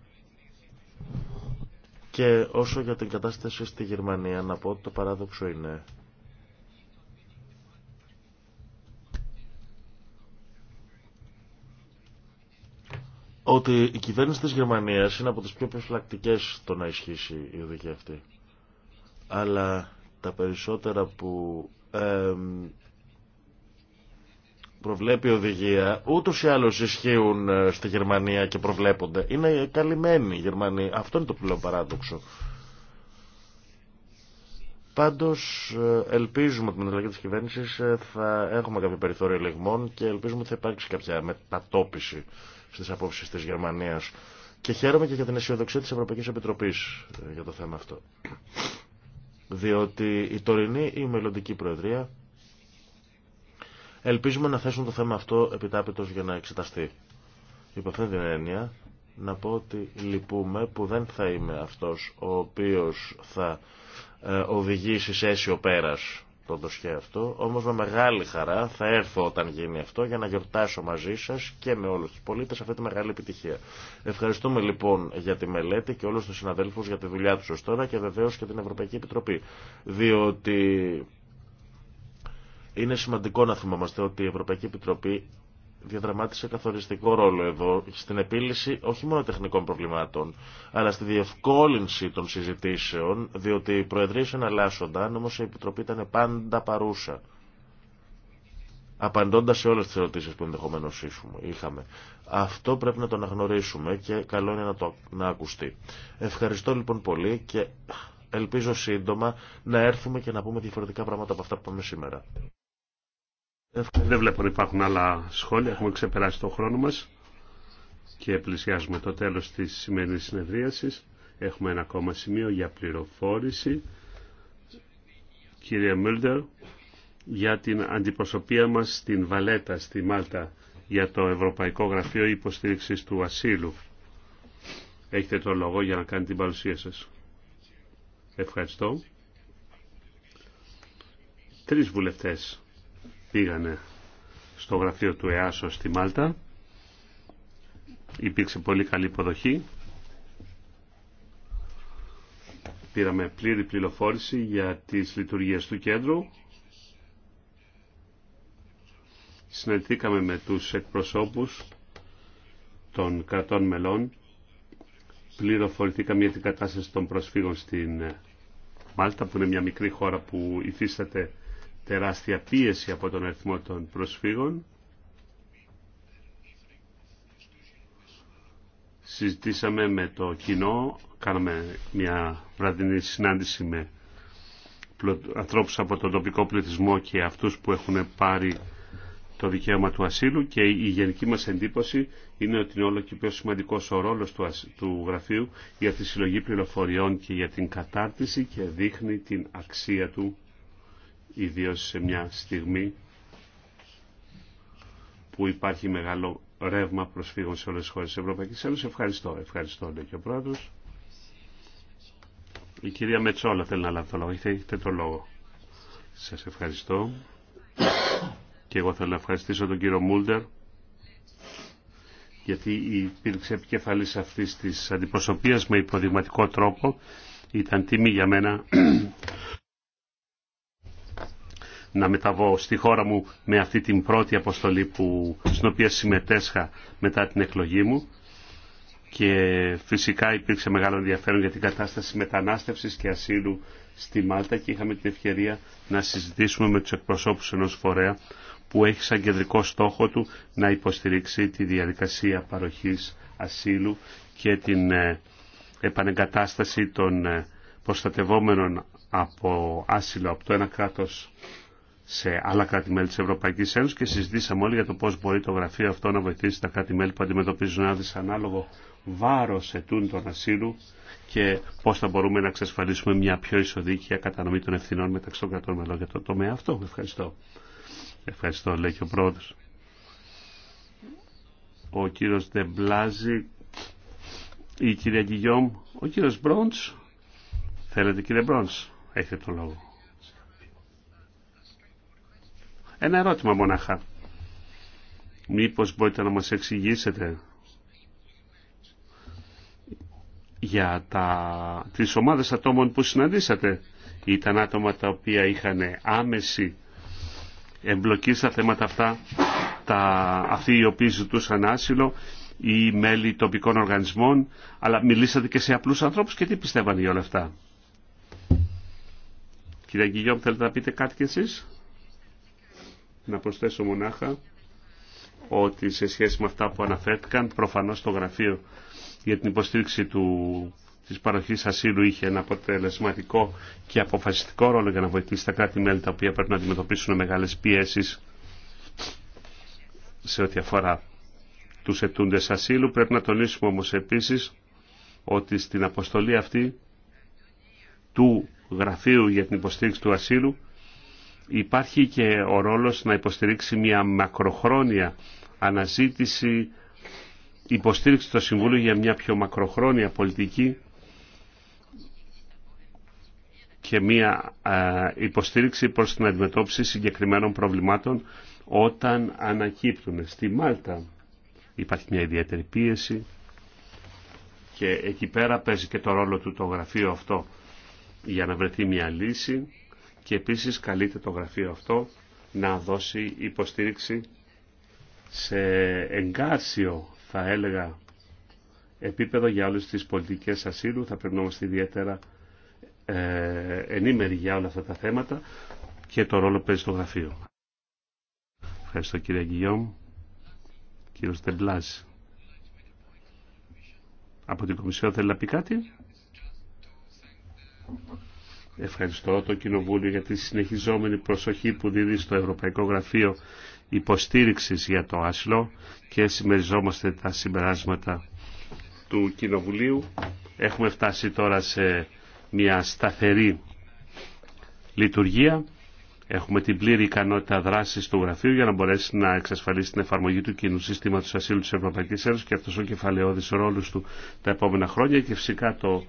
Και όσο για την κατάσταση στη Γερμανία, να πω ότι το παράδοξο είναι ότι η κυβέρνηση της Γερμανίας είναι από τις πιο προσφυλακτικές το να ισχύσει η οδηγία αυτή. Αλλά τα περισσότερα που προβλέπει η οδηγία ούτως ή άλλως ισχύουν ε, στη Γερμανία και προβλέπονται. Είναι καλυμμένοι οι Γερμανοί. Αυτό είναι το πλέον παράδοξο. Πάντως ε, ελπίζουμε ότι με την αλλαγή της κυβέρνησης ε, θα έχουμε κάποιο περιθώριο λεγμών και ελπίζουμε ότι θα υπάρξει κάποια μετατόπιση Στι απόψεις τη Γερμανία Και χαίρομαι και για την αισιοδοξία τη Ευρωπαϊκής Επιτροπής ε, για το θέμα αυτό. Διότι η τωρινή ή η μελλοντική Προεδρία ελπίζουμε να θέσουν το θέμα αυτό επιτάπητο για να εξεταστεί. Υπό αυτήν την έννοια να πω ότι λυπούμε που δεν θα είμαι αυτός ο οποίος θα ε, οδηγήσει σε αίσιο πέρας το δοσχέ αυτό, όμως με μεγάλη χαρά θα έρθω όταν γίνει αυτό για να γιορτάσω μαζί σας και με όλους τους πολίτες αυτή τη μεγάλη επιτυχία. Ευχαριστούμε λοιπόν για τη μελέτη και όλους τους συναδέλφους για τη δουλειά τους ως τώρα και βεβαίως και την Ευρωπαϊκή Επιτροπή, διότι είναι σημαντικό να θυμόμαστε ότι η Ευρωπαϊκή Επιτροπή διαδραμάτισε καθοριστικό ρόλο εδώ στην επίλυση όχι μόνο τεχνικών προβλημάτων, αλλά στη διευκόλυνση των συζητήσεων, διότι οι προεδρείς εναλλάσσονταν, όμως η Επιτροπή ήταν πάντα παρούσα. Απαντώντα σε όλες τις ερωτήσεις που ενδεχομένω είχαμε. Αυτό πρέπει να το αναγνωρίσουμε και καλό είναι να το να ακουστεί. Ευχαριστώ λοιπόν πολύ και ελπίζω σύντομα να έρθουμε και να πούμε διαφορετικά πράγματα από αυτά που είπαμε σήμερα. Δεν βλέπω να υπάρχουν άλλα σχόλια. Έχουμε ξεπεράσει τον χρόνο μας και πλησιάζουμε το τέλος της σημερινής συνεδρίασης. Έχουμε ένα ακόμα σημείο για πληροφόρηση. Κύριε Μούλτερ, για την αντιπροσωπεία μας στην Βαλέτα, στη Μάλτα, για το Ευρωπαϊκό Γραφείο Υποστήριξης του Ασύλου. Έχετε το λόγο για να κάνετε την παρουσία σας. Ευχαριστώ. Τρεις βουλευτές πήγανε στο γραφείο του ΕΑΣΟ στη Μάλτα. Υπήρξε πολύ καλή υποδοχή. Πήραμε πλήρη πληροφόρηση για τις λειτουργίες του κέντρου. Συναντηθήκαμε με τους εκπροσώπους των κρατών μελών. Πληροφορηθήκαμε για την κατάσταση των προσφύγων στην Μάλτα, που είναι μια μικρή χώρα που υφίσταται τεράστια πίεση από τον αριθμό των προσφύγων. Συζητήσαμε με το κοινό, κάναμε μια βραδινή συνάντηση με ανθρώπους από τον τοπικό πληθυσμό και αυτούς που έχουν πάρει το δικαίωμα του ασύλου και η γενική μας εντύπωση είναι ότι είναι όλο και πιο σημαντικός ο ρόλος του, του γραφείου για τη συλλογή πληροφοριών και για την κατάρτιση και δείχνει την αξία του ιδίως σε μια στιγμή που υπάρχει μεγάλο ρεύμα προσφύγων σε όλες τις χώρες της Ευρωπαϊκής Ένωσης. Ευχαριστώ. Ευχαριστώ, λέει και ο πρόεδρος. Η κυρία Μετσόλα θέλει να λάβει το λόγο. Έχετε το λόγο. Σας ευχαριστώ. Και εγώ θέλω να ευχαριστήσω τον κύριο Μούλτερ γιατί υπήρξε επικεφαλής αυτής της αντιπροσωπείας με υποδειγματικό τρόπο. Ήταν τιμή για μένα να μεταβώ στη χώρα μου με αυτή την πρώτη αποστολή που, στην οποία συμμετέσχα μετά την εκλογή μου και φυσικά υπήρξε μεγάλο ενδιαφέρον για την κατάσταση μετανάστευσης και ασύλου στη Μάλτα και είχαμε την ευκαιρία να συζητήσουμε με τους εκπροσώπους ενός φορέα που έχει σαν κεντρικό στόχο του να υποστηρίξει τη διαδικασία παροχής ασύλου και την ε, επανεγκατάσταση των ε, προστατευόμενων από άσυλο από το ένα κράτος σε άλλα κράτη-μέλη της Ευρωπαϊκής Ένωσης και συζητήσαμε όλοι για το πώς μπορεί το γραφείο αυτό να βοηθήσει τα κράτη-μέλη που αντιμετωπίζουν ένα δυσανάλογο βάρος ετούν των ασύλου και πώς θα μπορούμε να εξασφαλίσουμε μια πιο ισοδίκια κατανομή των ευθυνών μεταξύ των κρατών μελών για το τομέα αυτό. Ευχαριστώ. Ευχαριστώ, λέει και ο πρόεδρος. Ο κύριος Ντεμπλάζη, η κυρία Γκυγιόμ, ο κύριος Μπρόντς. Θέλετε κύριε Μπρόντς, έχετε το λόγο. Ένα ερώτημα μονάχα. Μήπως μπορείτε να μας εξηγήσετε για τα, τις ομάδες ατόμων που συναντήσατε. Ήταν άτομα τα οποία είχαν άμεση εμπλοκή στα θέματα αυτά, τα, αυτοί οι οποίοι ζητούσαν άσυλο ή μέλη τοπικών οργανισμών, αλλά μιλήσατε και σε απλούς ανθρώπους και τι πιστεύανε για όλα αυτά. Κύριε θέλετε να πείτε κάτι κι εσείς. Να προσθέσω μονάχα ότι σε σχέση με αυτά που αναφέρθηκαν, προφανώς το γραφείο για την υποστήριξη του, της παροχής ασύλου είχε ένα αποτελεσματικό και αποφασιστικό ρόλο για να βοηθήσει τα κράτη-μέλη τα οποία πρέπει να αντιμετωπίσουν μεγάλες πιέσεις σε ό,τι αφορά τους ετούντες ασύλου. Πρέπει να τονίσουμε όμως επίσης ότι στην αποστολή αυτή του Γραφείου για την Υποστήριξη του Ασύλου υπάρχει και ο ρόλος να υποστηρίξει μια μακροχρόνια αναζήτηση, υποστήριξη το Συμβούλιο για μια πιο μακροχρόνια πολιτική και μια υποστήριξη προς την αντιμετώπιση συγκεκριμένων προβλημάτων όταν ανακύπτουν. Στη Μάλτα υπάρχει μια ιδιαίτερη πίεση και εκεί πέρα παίζει και το ρόλο του το γραφείο αυτό για να βρεθεί μια λύση και επίσης καλείται το γραφείο αυτό να δώσει υποστήριξη σε εγκάρσιο θα έλεγα επίπεδο για όλες τις πολιτικές ασύλου. Θα πρέπει να είμαστε ιδιαίτερα ε, ενήμεροι για όλα αυτά τα θέματα και το ρόλο που παίζει το γραφείο. Ευχαριστώ κύριε Αγγιγιόμ. Κύριο Στεμπλάς. Από την Κομισιόν θέλει να πει κάτι. Ευχαριστώ το Κοινοβούλιο για τη συνεχιζόμενη προσοχή που δίδει στο Ευρωπαϊκό Γραφείο Υποστήριξης για το άσλο και συμμεριζόμαστε τα συμπεράσματα του Κοινοβουλίου. Έχουμε φτάσει τώρα σε μια σταθερή λειτουργία. Έχουμε την πλήρη ικανότητα δράση του γραφείου για να μπορέσει να εξασφαλίσει την εφαρμογή του κοινού συστήματο ασύλου τη Ευρωπαϊκή Ένωση και αυτό ο κεφαλαιόδη ρόλο του τα επόμενα χρόνια και φυσικά το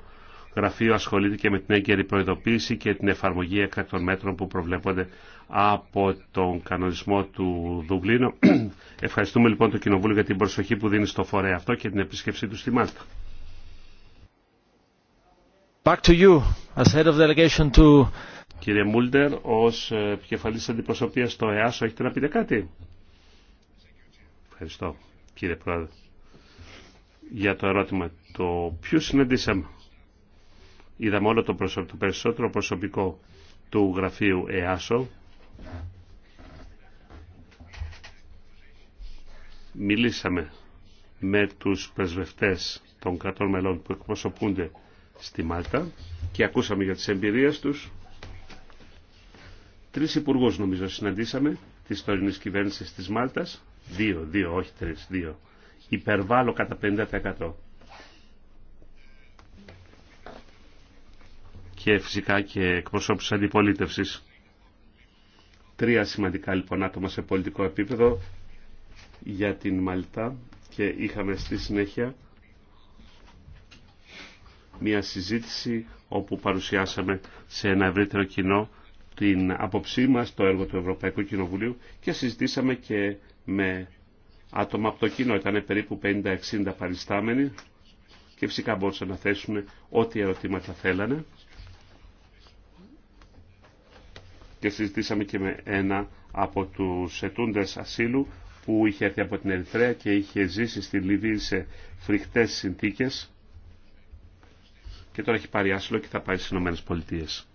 γραφείο ασχολείται και με την έγκαιρη προειδοποίηση και την εφαρμογή έκτακτων μέτρων που προβλέπονται από τον κανονισμό του Δουβλίνου. Ευχαριστούμε λοιπόν το Κοινοβούλιο για την προσοχή που δίνει στο φορέα αυτό και την επίσκεψή του στη Μάλτα. Back to you, as head of delegation to... Κύριε Μούλτερ, ως ε, επικεφαλής αντιπροσωπείας στο ΕΑΣΟ, έχετε να πείτε κάτι. Ευχαριστώ, κύριε Πρόεδρε, για το ερώτημα. Το ποιου συναντήσαμε. Είδαμε όλο το, περισσότερο προσωπικό του γραφείου ΕΑΣΟ. Μιλήσαμε με τους πρεσβευτές των κρατών μελών που εκπροσωπούνται στη Μάλτα και ακούσαμε για τις εμπειρίες τους. Τρεις υπουργούς νομίζω συναντήσαμε της τωρινής κυβέρνησης της Μάλτας. Δύο, δύο, όχι τρεις, δύο. Υπερβάλλω κατά 50%. και φυσικά και εκπροσώπους αντιπολίτευσης. Τρία σημαντικά λοιπόν άτομα σε πολιτικό επίπεδο για την Μαλτά και είχαμε στη συνέχεια μια συζήτηση όπου παρουσιάσαμε σε ένα ευρύτερο κοινό την άποψή μας, το έργο του Ευρωπαϊκού Κοινοβουλίου και συζητήσαμε και με άτομα από το κοινό. Ήταν περίπου 50-60 παριστάμενοι και φυσικά μπορούσαν να θέσουν ό,τι ερωτήματα θέλανε. και συζητήσαμε και με ένα από τους ετούντες ασύλου που είχε έρθει από την Ερυθρέα και είχε ζήσει στη Λιβύη σε φρικτές συνθήκες και τώρα έχει πάρει άσυλο και θα πάει στις Ηνωμένες Πολιτείες.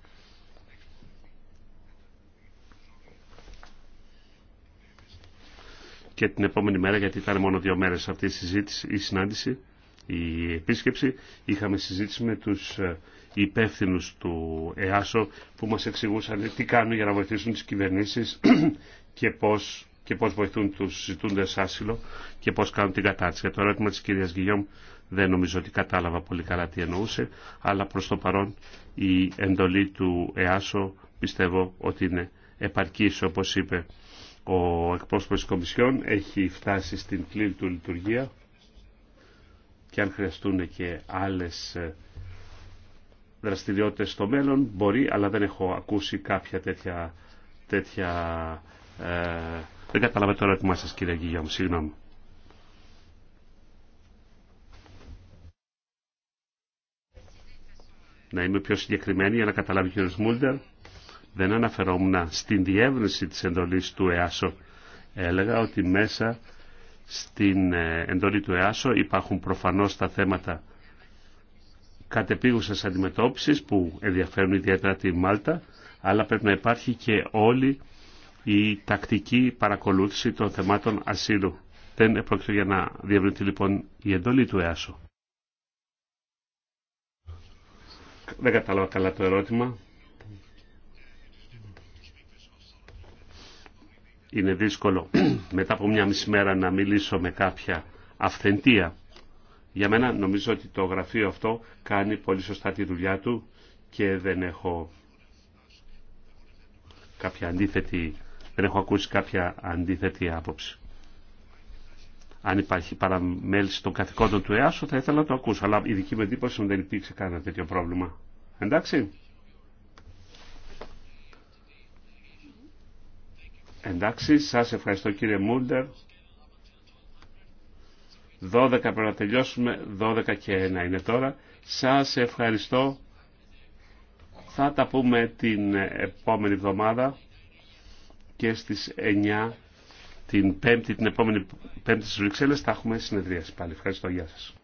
Και την επόμενη μέρα, γιατί ήταν μόνο δύο μέρες αυτή η συζήτηση, η συνάντηση, η επίσκεψη, είχαμε συζήτηση με τους ε, οι υπεύθυνου του ΕΑΣΟ που μας εξηγούσαν τι κάνουν για να βοηθήσουν τις κυβερνήσεις και πώς, και πώς βοηθούν τους ζητούντες άσυλο και πώς κάνουν την κατάρτιση. Για το ερώτημα της κυρίας Γιλιόμ δεν νομίζω ότι κατάλαβα πολύ καλά τι εννοούσε, αλλά προς το παρόν η εντολή του ΕΑΣΟ πιστεύω ότι είναι επαρκής όπως είπε ο εκπρόσωπος της Κομισιόν έχει φτάσει στην πλήρη του λειτουργία και αν χρειαστούν και άλλες ε, δραστηριότητες στο μέλλον. Μπορεί, αλλά δεν έχω ακούσει κάποια τέτοια... τέτοια ε, δεν καταλάβατε το ερώτημά σας κύριε Γιγιά συγγνώμη. Να είμαι πιο συγκεκριμένη για να καταλάβει ο κ. Μούλτερ. Δεν αναφερόμουν στην διεύρυνση της εντολής του ΕΑΣΟ. Έλεγα ότι μέσα στην ε, εντολή του ΕΑΣΟ υπάρχουν προφανώς τα θέματα κατεπίγουσας αντιμετώπισης που ενδιαφέρουν ιδιαίτερα τη Μάλτα, αλλά πρέπει να υπάρχει και όλη η τακτική παρακολούθηση των θεμάτων ασύλου. Δεν πρόκειται για να διευρυνθεί λοιπόν η εντολή του ΕΑΣΟ. Δεν κατάλαβα καλά το ερώτημα. Είναι δύσκολο μετά από μια μισή μέρα να μιλήσω με κάποια αυθεντία. Για μένα νομίζω ότι το γραφείο αυτό κάνει πολύ σωστά τη δουλειά του και δεν έχω κάποια αντίθετη, δεν έχω ακούσει κάποια αντίθετη άποψη. Αν υπάρχει παραμέληση των καθηκόντων του ΕΑΣΟ θα ήθελα να το ακούσω, αλλά η δική μου εντύπωση δεν υπήρξε κανένα τέτοιο πρόβλημα. Εντάξει. Εντάξει, σας ευχαριστώ κύριε Μούλτερ. 12 πρέπει να τελειώσουμε, 12 και 1 είναι τώρα. Σας ευχαριστώ. Θα τα πούμε την επόμενη εβδομάδα και στις 9 την πέμπτη, την επόμενη πέμπτη στις Βρυξέλλες θα έχουμε συνεδρίαση πάλι. Ευχαριστώ, γεια σας.